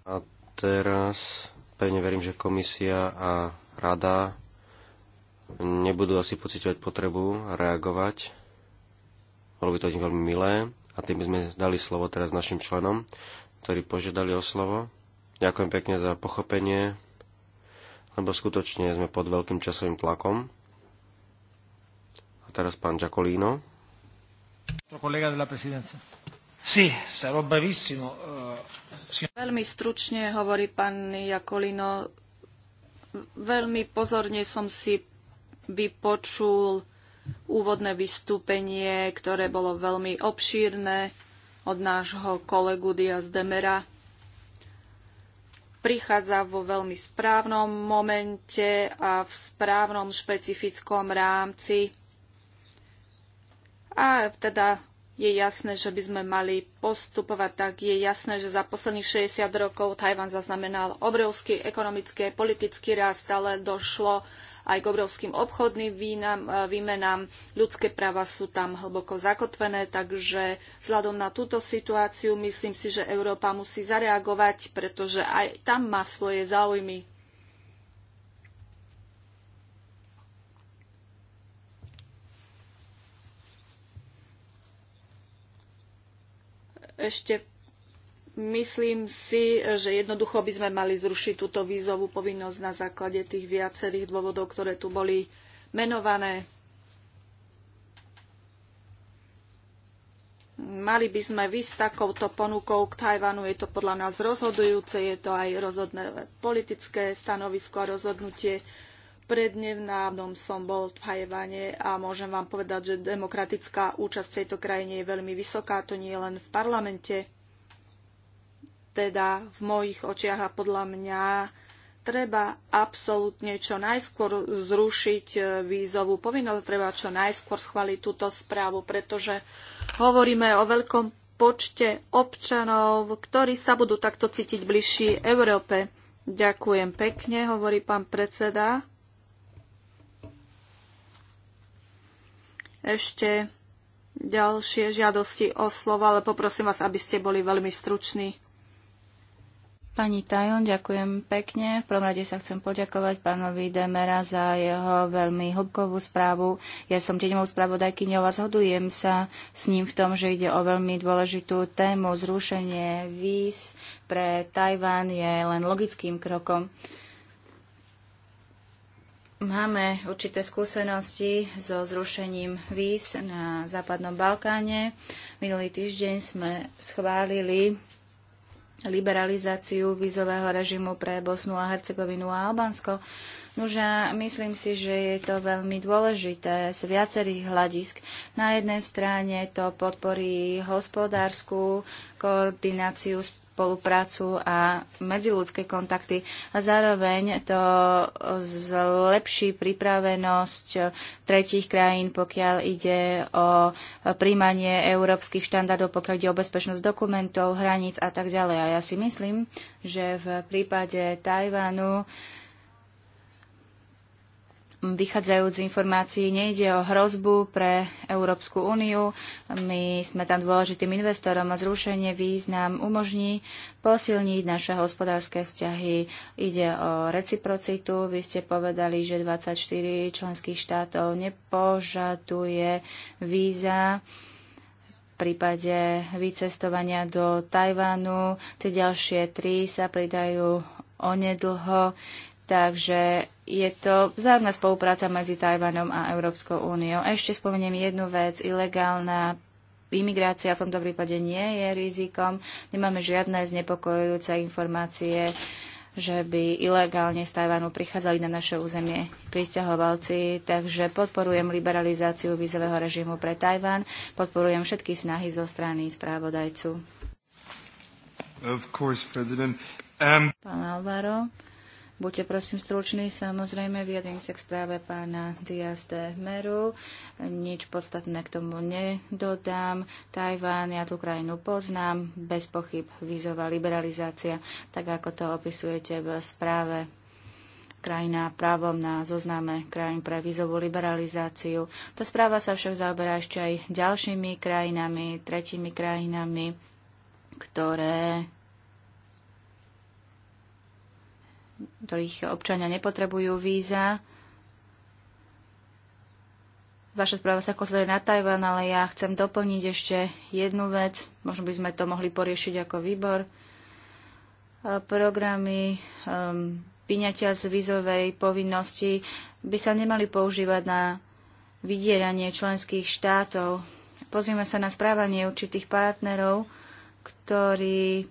A teraz pevne verím, že komisia a rada nebudú asi pocitovať potrebu reagovať. Bolo by to ani veľmi milé. A tým by sme dali slovo teraz našim členom, ktorí požiadali o slovo. Ďakujem pekne za pochopenie, lebo skutočne sme pod veľkým časovým tlakom. A teraz pán Giacolino. Kolega de la presidencia. Sì, sarò eh, Veľmi stručne hovorí pán Jakolino. Veľmi pozorne som si vypočul úvodné vystúpenie, ktoré bolo veľmi obšírne od nášho kolegu Diaz Demera. Prichádza vo veľmi správnom momente a v správnom špecifickom rámci. A teda je jasné, že by sme mali postupovať tak. Je jasné, že za posledných 60 rokov Tajvan zaznamenal obrovský ekonomický a politický rast, ale došlo aj k obrovským obchodným výnam, e, výmenám. Ľudské práva sú tam hlboko zakotvené, takže vzhľadom na túto situáciu myslím si, že Európa musí zareagovať, pretože aj tam má svoje záujmy. Ešte myslím si, že jednoducho by sme mali zrušiť túto vízovú povinnosť na základe tých viacerých dôvodov, ktoré tu boli menované. Mali by sme vysť takouto ponukou k Tajvanu. Je to podľa nás rozhodujúce, je to aj rozhodné politické stanovisko a rozhodnutie Prednevnávnom som bol v Tajvane a môžem vám povedať, že demokratická účasť v tejto krajine je veľmi vysoká, to nie len v parlamente. Teda v mojich očiach a podľa mňa treba absolútne čo najskôr zrušiť e, vízovú povinnosť, treba čo najskôr schváliť túto správu, pretože hovoríme o veľkom počte občanov, ktorí sa budú takto cítiť bližší Európe. Ďakujem pekne, hovorí pán predseda. ešte ďalšie žiadosti o slovo, ale poprosím vás, aby ste boli veľmi struční. Pani Tajon, ďakujem pekne. V prvom rade sa chcem poďakovať pánovi Demera za jeho veľmi hlbkovú správu. Ja som tieňovou spravodajkyňou a zhodujem sa s ním v tom, že ide o veľmi dôležitú tému. Zrušenie víz pre Tajván je len logickým krokom. Máme určité skúsenosti so zrušením víz na Západnom Balkáne. Minulý týždeň sme schválili liberalizáciu vízového režimu pre Bosnu a Hercegovinu a Albánsko. Nože myslím si, že je to veľmi dôležité z viacerých hľadisk. Na jednej strane to podporí hospodárskú koordináciu spoluprácu a medziludské kontakty. A zároveň to zlepší pripravenosť tretích krajín, pokiaľ ide o príjmanie európskych štandardov, pokiaľ ide o bezpečnosť dokumentov, hraníc a tak ďalej. A ja si myslím, že v prípade Tajvanu vychádzajúc z informácií, nejde o hrozbu pre Európsku úniu. My sme tam dôležitým investorom a zrušenie víz nám umožní posilniť naše hospodárske vzťahy. Ide o reciprocitu. Vy ste povedali, že 24 členských štátov nepožaduje víza v prípade vycestovania do Tajvanu. Tie ďalšie tri sa pridajú onedlho. Takže je to vzájomná spolupráca medzi Tajvanom a Európskou úniou. A ešte spomeniem jednu vec, ilegálna imigrácia v tomto prípade nie je rizikom. Nemáme žiadne znepokojujúce informácie, že by ilegálne z Tajvanu prichádzali na naše územie pristahovalci, takže podporujem liberalizáciu vízového režimu pre Tajvan, podporujem všetky snahy zo strany správodajcu. Of course, President. Um... Pán Alvaro. Buďte prosím stručný samozrejme, vyjadrím sa k správe pána Diaz de Meru. Nič podstatné k tomu nedodám. Tajván, ja tú krajinu poznám, bez pochyb vízová liberalizácia, tak ako to opisujete v správe krajina právom na zozname krajín pre vízovú liberalizáciu. Tá správa sa však zaoberá ešte aj ďalšími krajinami, tretími krajinami, ktoré ktorých občania nepotrebujú víza. Vaša správa sa koncentruje na Tajván, ale ja chcem doplniť ešte jednu vec. Možno by sme to mohli poriešiť ako výbor. Programy um, vyňatia z vízovej povinnosti by sa nemali používať na vydieranie členských štátov. Pozrieme sa na správanie určitých partnerov, ktorí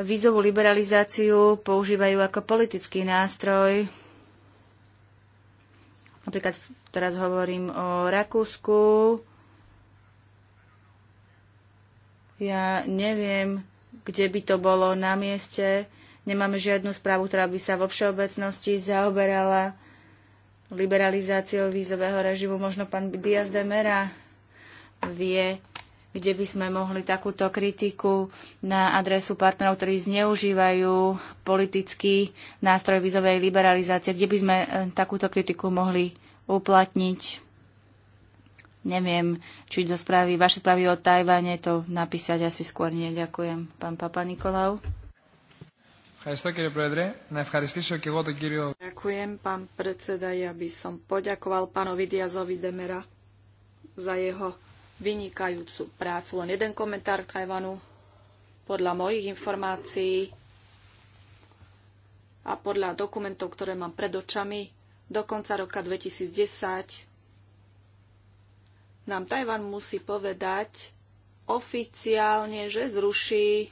vízovú liberalizáciu používajú ako politický nástroj. Napríklad teraz hovorím o Rakúsku. Ja neviem, kde by to bolo na mieste. Nemáme žiadnu správu, ktorá by sa vo všeobecnosti zaoberala liberalizáciou vízového režimu. Možno pán Diaz de Mera vie kde by sme mohli takúto kritiku na adresu partnerov, ktorí zneužívajú politický nástroj vizovej liberalizácie, kde by sme e, takúto kritiku mohli uplatniť. Neviem, či do správy, vaše správy o Tajvane to napísať asi skôr nie. Ďakujem, pán Papa Nikolau. Ďakujem, pán predseda. Ja by som poďakoval pánovi Diazovi Demera za jeho vynikajúcu prácu. Len jeden komentár k Tajvanu. Podľa mojich informácií a podľa dokumentov, ktoré mám pred očami, do konca roka 2010 nám Tajvan musí povedať oficiálne, že zruší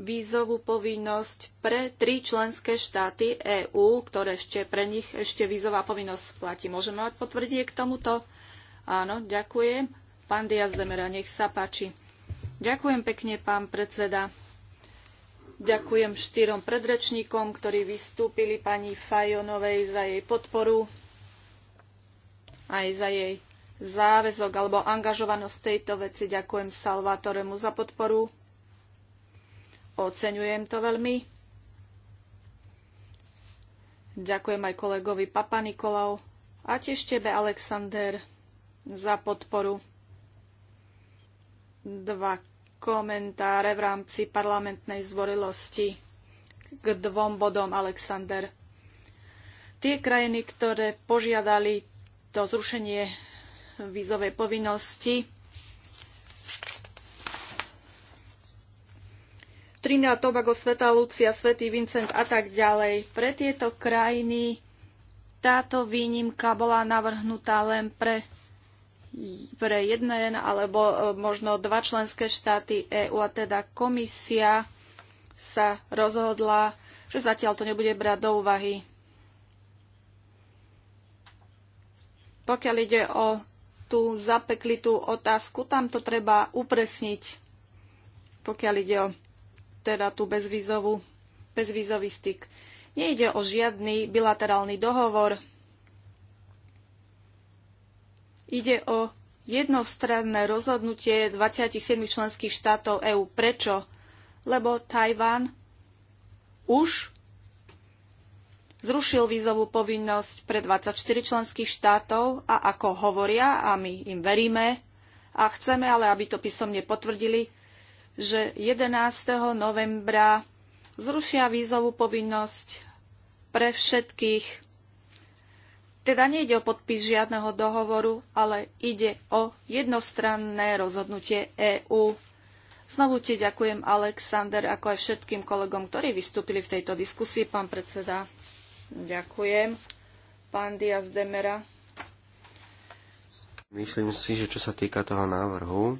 vízovú povinnosť pre tri členské štáty EÚ, ktoré ešte pre nich ešte vízová povinnosť platí. Môžeme mať potvrdenie k tomuto? Áno, ďakujem. Pán Diaz Zemera, nech sa páči. Ďakujem pekne, pán predseda. Ďakujem štyrom predrečníkom, ktorí vystúpili pani Fajonovej za jej podporu aj za jej záväzok alebo angažovanosť tejto veci. Ďakujem Salvatoremu za podporu. Oceňujem to veľmi. Ďakujem aj kolegovi Papa Nikolau a tiež tebe, Alexander za podporu. Dva komentáre v rámci parlamentnej zdvorilosti k dvom bodom, Alexander. Tie krajiny, ktoré požiadali to zrušenie vízovej povinnosti, 13 Tobago, Sveta Lucia, Svetý Vincent a tak ďalej. Pre tieto krajiny táto výnimka bola navrhnutá len pre pre jeden alebo e, možno dva členské štáty EÚ a teda komisia sa rozhodla, že zatiaľ to nebude brať do úvahy. Pokiaľ ide o tú zapeklitú otázku, tam to treba upresniť, pokiaľ ide o teda tú bezvízovú, bezvízový styk. Nejde o žiadny bilaterálny dohovor, Ide o jednostranné rozhodnutie 27 členských štátov EÚ. Prečo? Lebo Tajván už zrušil vízovú povinnosť pre 24 členských štátov a ako hovoria, a my im veríme, a chceme ale, aby to písomne potvrdili, že 11. novembra zrušia vízovú povinnosť pre všetkých teda nejde o podpis žiadneho dohovoru, ale ide o jednostranné rozhodnutie EÚ. Znovu ti ďakujem, Alexander, ako aj všetkým kolegom, ktorí vystúpili v tejto diskusii. Pán predseda, ďakujem. Pán Diaz Demera. Myslím si, že čo sa týka toho návrhu,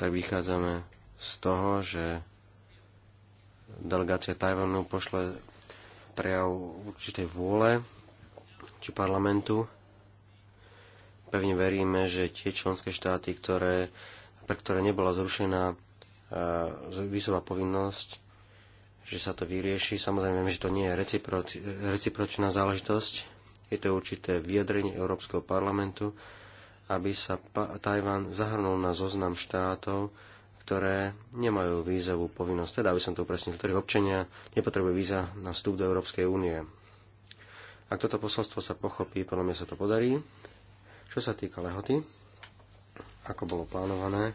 tak vychádzame z toho, že delegácia Tajvanu pošle prejav určitej vôle či parlamentu. Pevne veríme, že tie členské štáty, ktoré, pre ktoré nebola zrušená e, výsová povinnosť, že sa to vyrieši. Samozrejme, že to nie je recipročná záležitosť. Je to určité vyjadrenie Európskeho parlamentu, aby sa Tajván zahrnul na zoznam štátov, ktoré nemajú vízovú povinnosť, teda aby som to upresnil, ktorých občania nepotrebujú víza na vstup do Európskej únie. Ak toto posolstvo sa pochopí, podľa mňa sa to podarí. Čo sa týka lehoty, ako bolo plánované,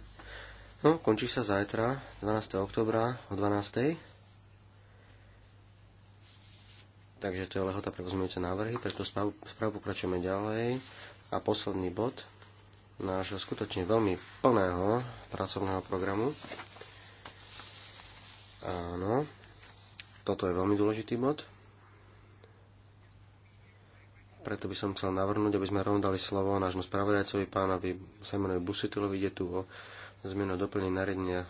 no, končí sa zajtra, 12. oktobra o 12. Takže to je lehota pre pozmeňujúce návrhy, preto spravu správu pokračujeme ďalej. A posledný bod, nášho skutočne veľmi plného pracovného programu. Áno, toto je veľmi dôležitý bod. Preto by som chcel navrhnúť, aby sme rovno dali slovo nášmu spravodajcovi pánovi Simonovi Busutilovi. Ide tu o zmenu doplnenia nariadenia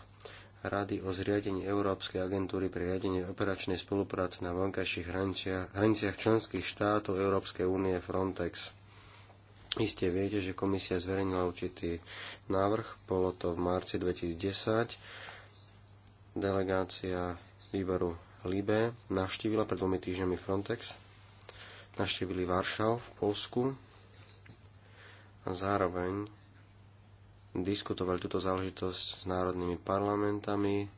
Rady o zriadení Európskej agentúry pri riadení operačnej spolupráce na vonkajších hraniciach, hraniciach členských štátov Európskej únie Frontex. Isté viete, že komisia zverejnila určitý návrh, bolo to v marci 2010. Delegácia výboru Libe navštívila pred dvomi týždňami Frontex, navštívili Varšav v Polsku a zároveň diskutovali túto záležitosť s národnými parlamentami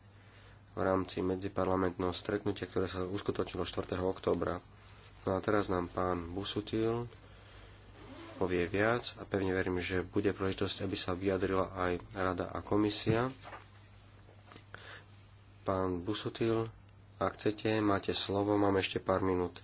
v rámci medziparlamentného stretnutia, ktoré sa uskutočnilo 4. oktobra. No a teraz nám pán Busutil povie viac a pevne verím, že bude príležitosť, aby sa vyjadrila aj rada a komisia. Pán Busutil, ak chcete, máte slovo, mám ešte pár minút.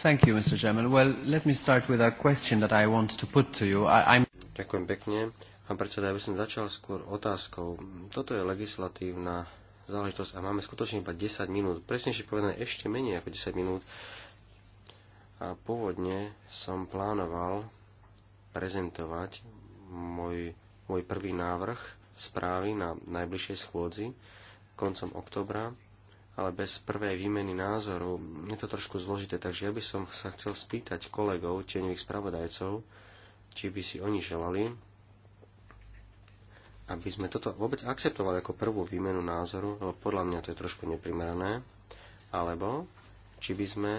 Thank you, Mr. Well, let me start with a question that I want to put to you. I, I'm... Ďakujem pekne. Pán predseda, ja by som začal skôr otázkou. Toto je legislatívna záležitosť a máme skutočne iba 10 minút. Presnejšie povedané ešte menej ako 10 minút a pôvodne som plánoval prezentovať môj, môj prvý návrh správy na najbližšej schôdzi koncom oktobra, ale bez prvej výmeny názoru je to trošku zložité, takže ja by som sa chcel spýtať kolegov, tieňových spravodajcov, či by si oni želali, aby sme toto vôbec akceptovali ako prvú výmenu názoru, lebo podľa mňa to je trošku neprimerané, alebo či by sme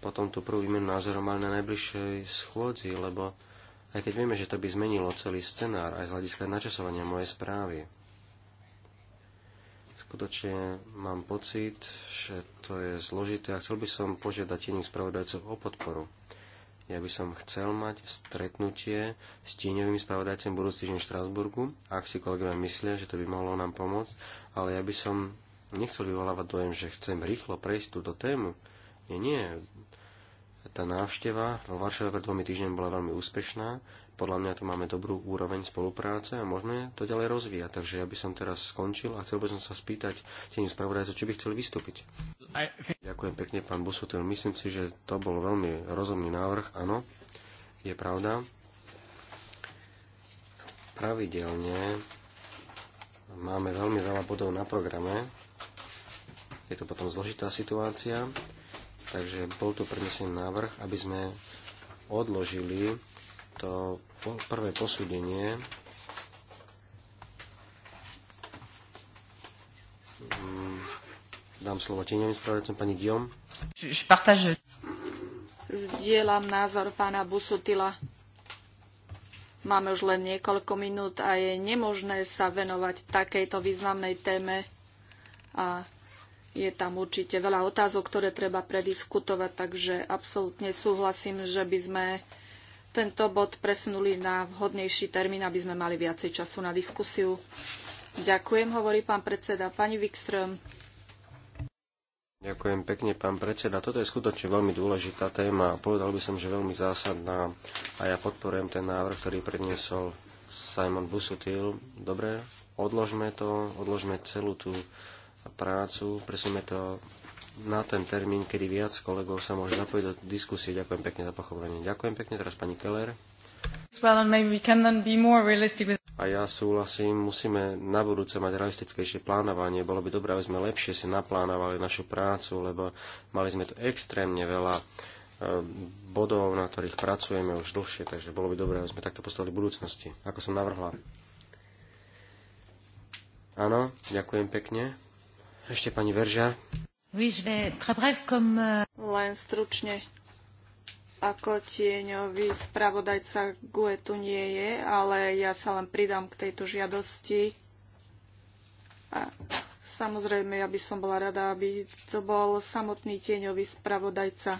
potom tú prvú výmenu názorov mali na najbližšej schôdzi, lebo aj keď vieme, že to by zmenilo celý scenár aj z hľadiska načasovania mojej správy. Skutočne mám pocit, že to je zložité a chcel by som požiadať tieňových spravodajcov o podporu. Ja by som chcel mať stretnutie s tieňovými spravodajcami budúci týždeň v Štrásburgu, ak si kolegovia myslia, že to by mohlo nám pomôcť, ale ja by som nechcel vyvolávať dojem, že chcem rýchlo prejsť túto tému. Nie, nie, tá návšteva vo Varšave pred dvomi týždňami bola veľmi úspešná. Podľa mňa tu máme dobrú úroveň spolupráce a môžeme to ďalej rozvíjať. Takže ja by som teraz skončil a chcel by som sa spýtať tým spravodajcov, či by chceli vystúpiť. Ďakujem pekne, pán Busutil. Myslím si, že to bol veľmi rozumný návrh. Áno, je pravda. Pravidelne máme veľmi veľa bodov na programe. Je to potom zložitá situácia. Takže bol tu prinesený návrh, aby sme odložili to prvé posúdenie mm, Dám slovo tieňovým spravodajcom pani Guillaume. Zdieľam názor pána Busutila. Máme už len niekoľko minút a je nemožné sa venovať takejto významnej téme a je tam určite veľa otázok, ktoré treba prediskutovať, takže absolútne súhlasím, že by sme tento bod presunuli na vhodnejší termín, aby sme mali viacej času na diskusiu. Ďakujem, hovorí pán predseda. Pani Wikström. Ďakujem pekne, pán predseda. Toto je skutočne veľmi dôležitá téma povedal by som, že veľmi zásadná a ja podporujem ten návrh, ktorý predniesol Simon Busutil. Dobre, odložme to, odložme celú tú prácu, presunme to na ten termín, kedy viac kolegov sa môže zapojiť do diskusie. Ďakujem pekne za pochopenie. Ďakujem pekne, teraz pani Keller. A ja súhlasím, musíme na budúce mať realistickejšie plánovanie. Bolo by dobré, aby sme lepšie si naplánovali našu prácu, lebo mali sme tu extrémne veľa eh, bodov, na ktorých pracujeme už dlhšie, takže bolo by dobré, aby sme takto postavili v budúcnosti, ako som navrhla. Áno, ďakujem pekne. Ešte pani Verža. Euh, len stručne. Ako tieňový spravodajca GUE tu nie je, ale ja sa len pridám k tejto žiadosti. A samozrejme, ja by som bola rada, aby to bol samotný tieňový spravodajca.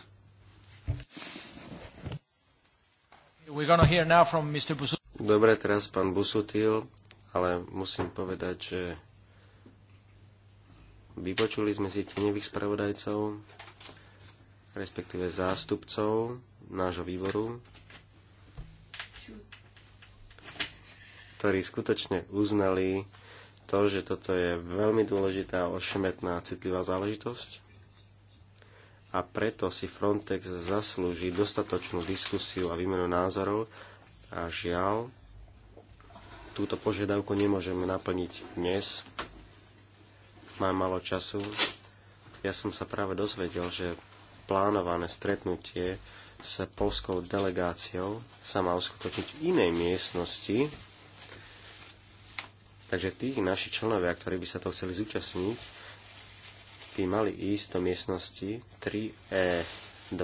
Dobre, teraz pán Busutil, ale musím povedať, že Vypočuli sme si tenových spravodajcov, respektíve zástupcov nášho výboru, ktorí skutočne uznali to, že toto je veľmi dôležitá a ošemetná citlivá záležitosť a preto si Frontex zaslúži dostatočnú diskusiu a výmenu názorov a žiaľ, túto požiadavku nemôžeme naplniť dnes, mám malo času. Ja som sa práve dozvedel, že plánované stretnutie s polskou delegáciou sa má uskutočniť v inej miestnosti. Takže tí naši členovia, ktorí by sa to chceli zúčastniť, by mali ísť do miestnosti 3E2.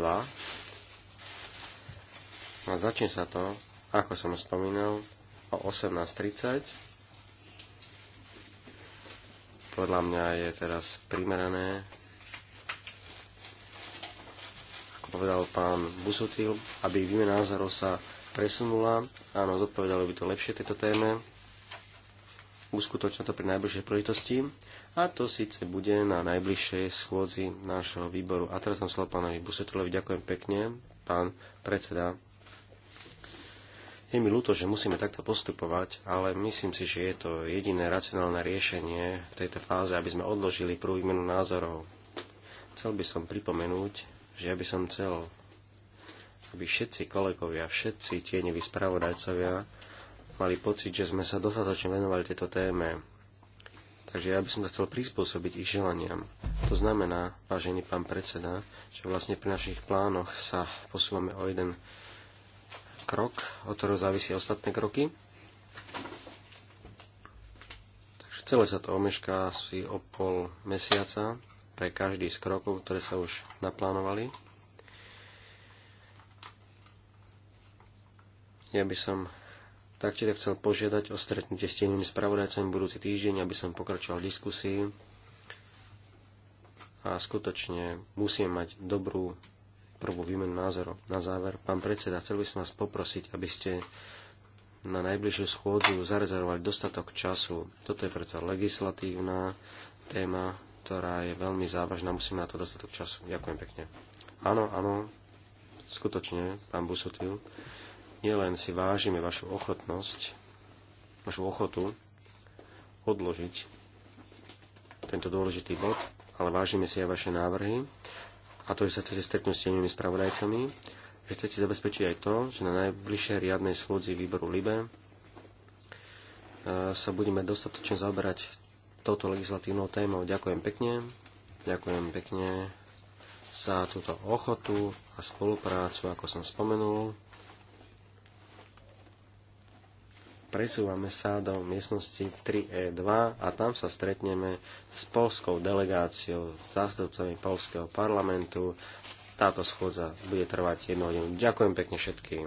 No a začne sa to, ako som spomínal, o 18.30 podľa mňa je teraz primerané, ako povedal pán Busutil, aby výmena názorov sa presunula. Áno, zodpovedalo by to lepšie tejto téme. Uskutočná to pri najbližšej príležitosti. A to síce bude na najbližšej schôdzi nášho výboru. A teraz som slovo pánovi Busutilovi. Ďakujem pekne, pán predseda. Je mi ľúto, že musíme takto postupovať, ale myslím si, že je to jediné racionálne riešenie v tejto fáze, aby sme odložili prvú výmenu názorov. Chcel by som pripomenúť, že ja by som chcel, aby všetci kolegovia, všetci tieňoví spravodajcovia mali pocit, že sme sa dostatočne venovali tejto téme. Takže ja by som to chcel prispôsobiť ich želaniam. To znamená, vážený pán predseda, že vlastne pri našich plánoch sa posúvame o jeden krok, od ktorého závisia ostatné kroky. Takže celé sa to omešká asi o pol mesiaca pre každý z krokov, ktoré sa už naplánovali. Ja by som taktiež chcel požiadať o stretnutie s tieňovými spravodajcami budúci týždeň, aby som pokračoval v diskusii. A skutočne musíme mať dobrú prvú výmenu názorov. Na záver, pán predseda, chcel by som vás poprosiť, aby ste na najbližšiu schôdzu zarezervovali dostatok času. Toto je predsa legislatívna téma, ktorá je veľmi závažná, musíme na to dostatok času. Ďakujem pekne. Áno, áno, skutočne, pán Busutil, nielen si vážime vašu ochotnosť, vašu ochotu odložiť tento dôležitý bod, ale vážime si aj vaše návrhy a to, že sa chcete stretnúť s tenými spravodajcami, že chcete zabezpečiť aj to, že na najbližšej riadnej schôdzi výboru LIBE e, sa budeme dostatočne zaoberať touto legislatívnou témou. Ďakujem pekne. Ďakujem pekne za túto ochotu a spoluprácu, ako som spomenul. presúvame sa do miestnosti 3E2 a tam sa stretneme s polskou delegáciou, zástupcami polského parlamentu. Táto schôdza bude trvať jednu hodinu. Ďakujem pekne všetkým.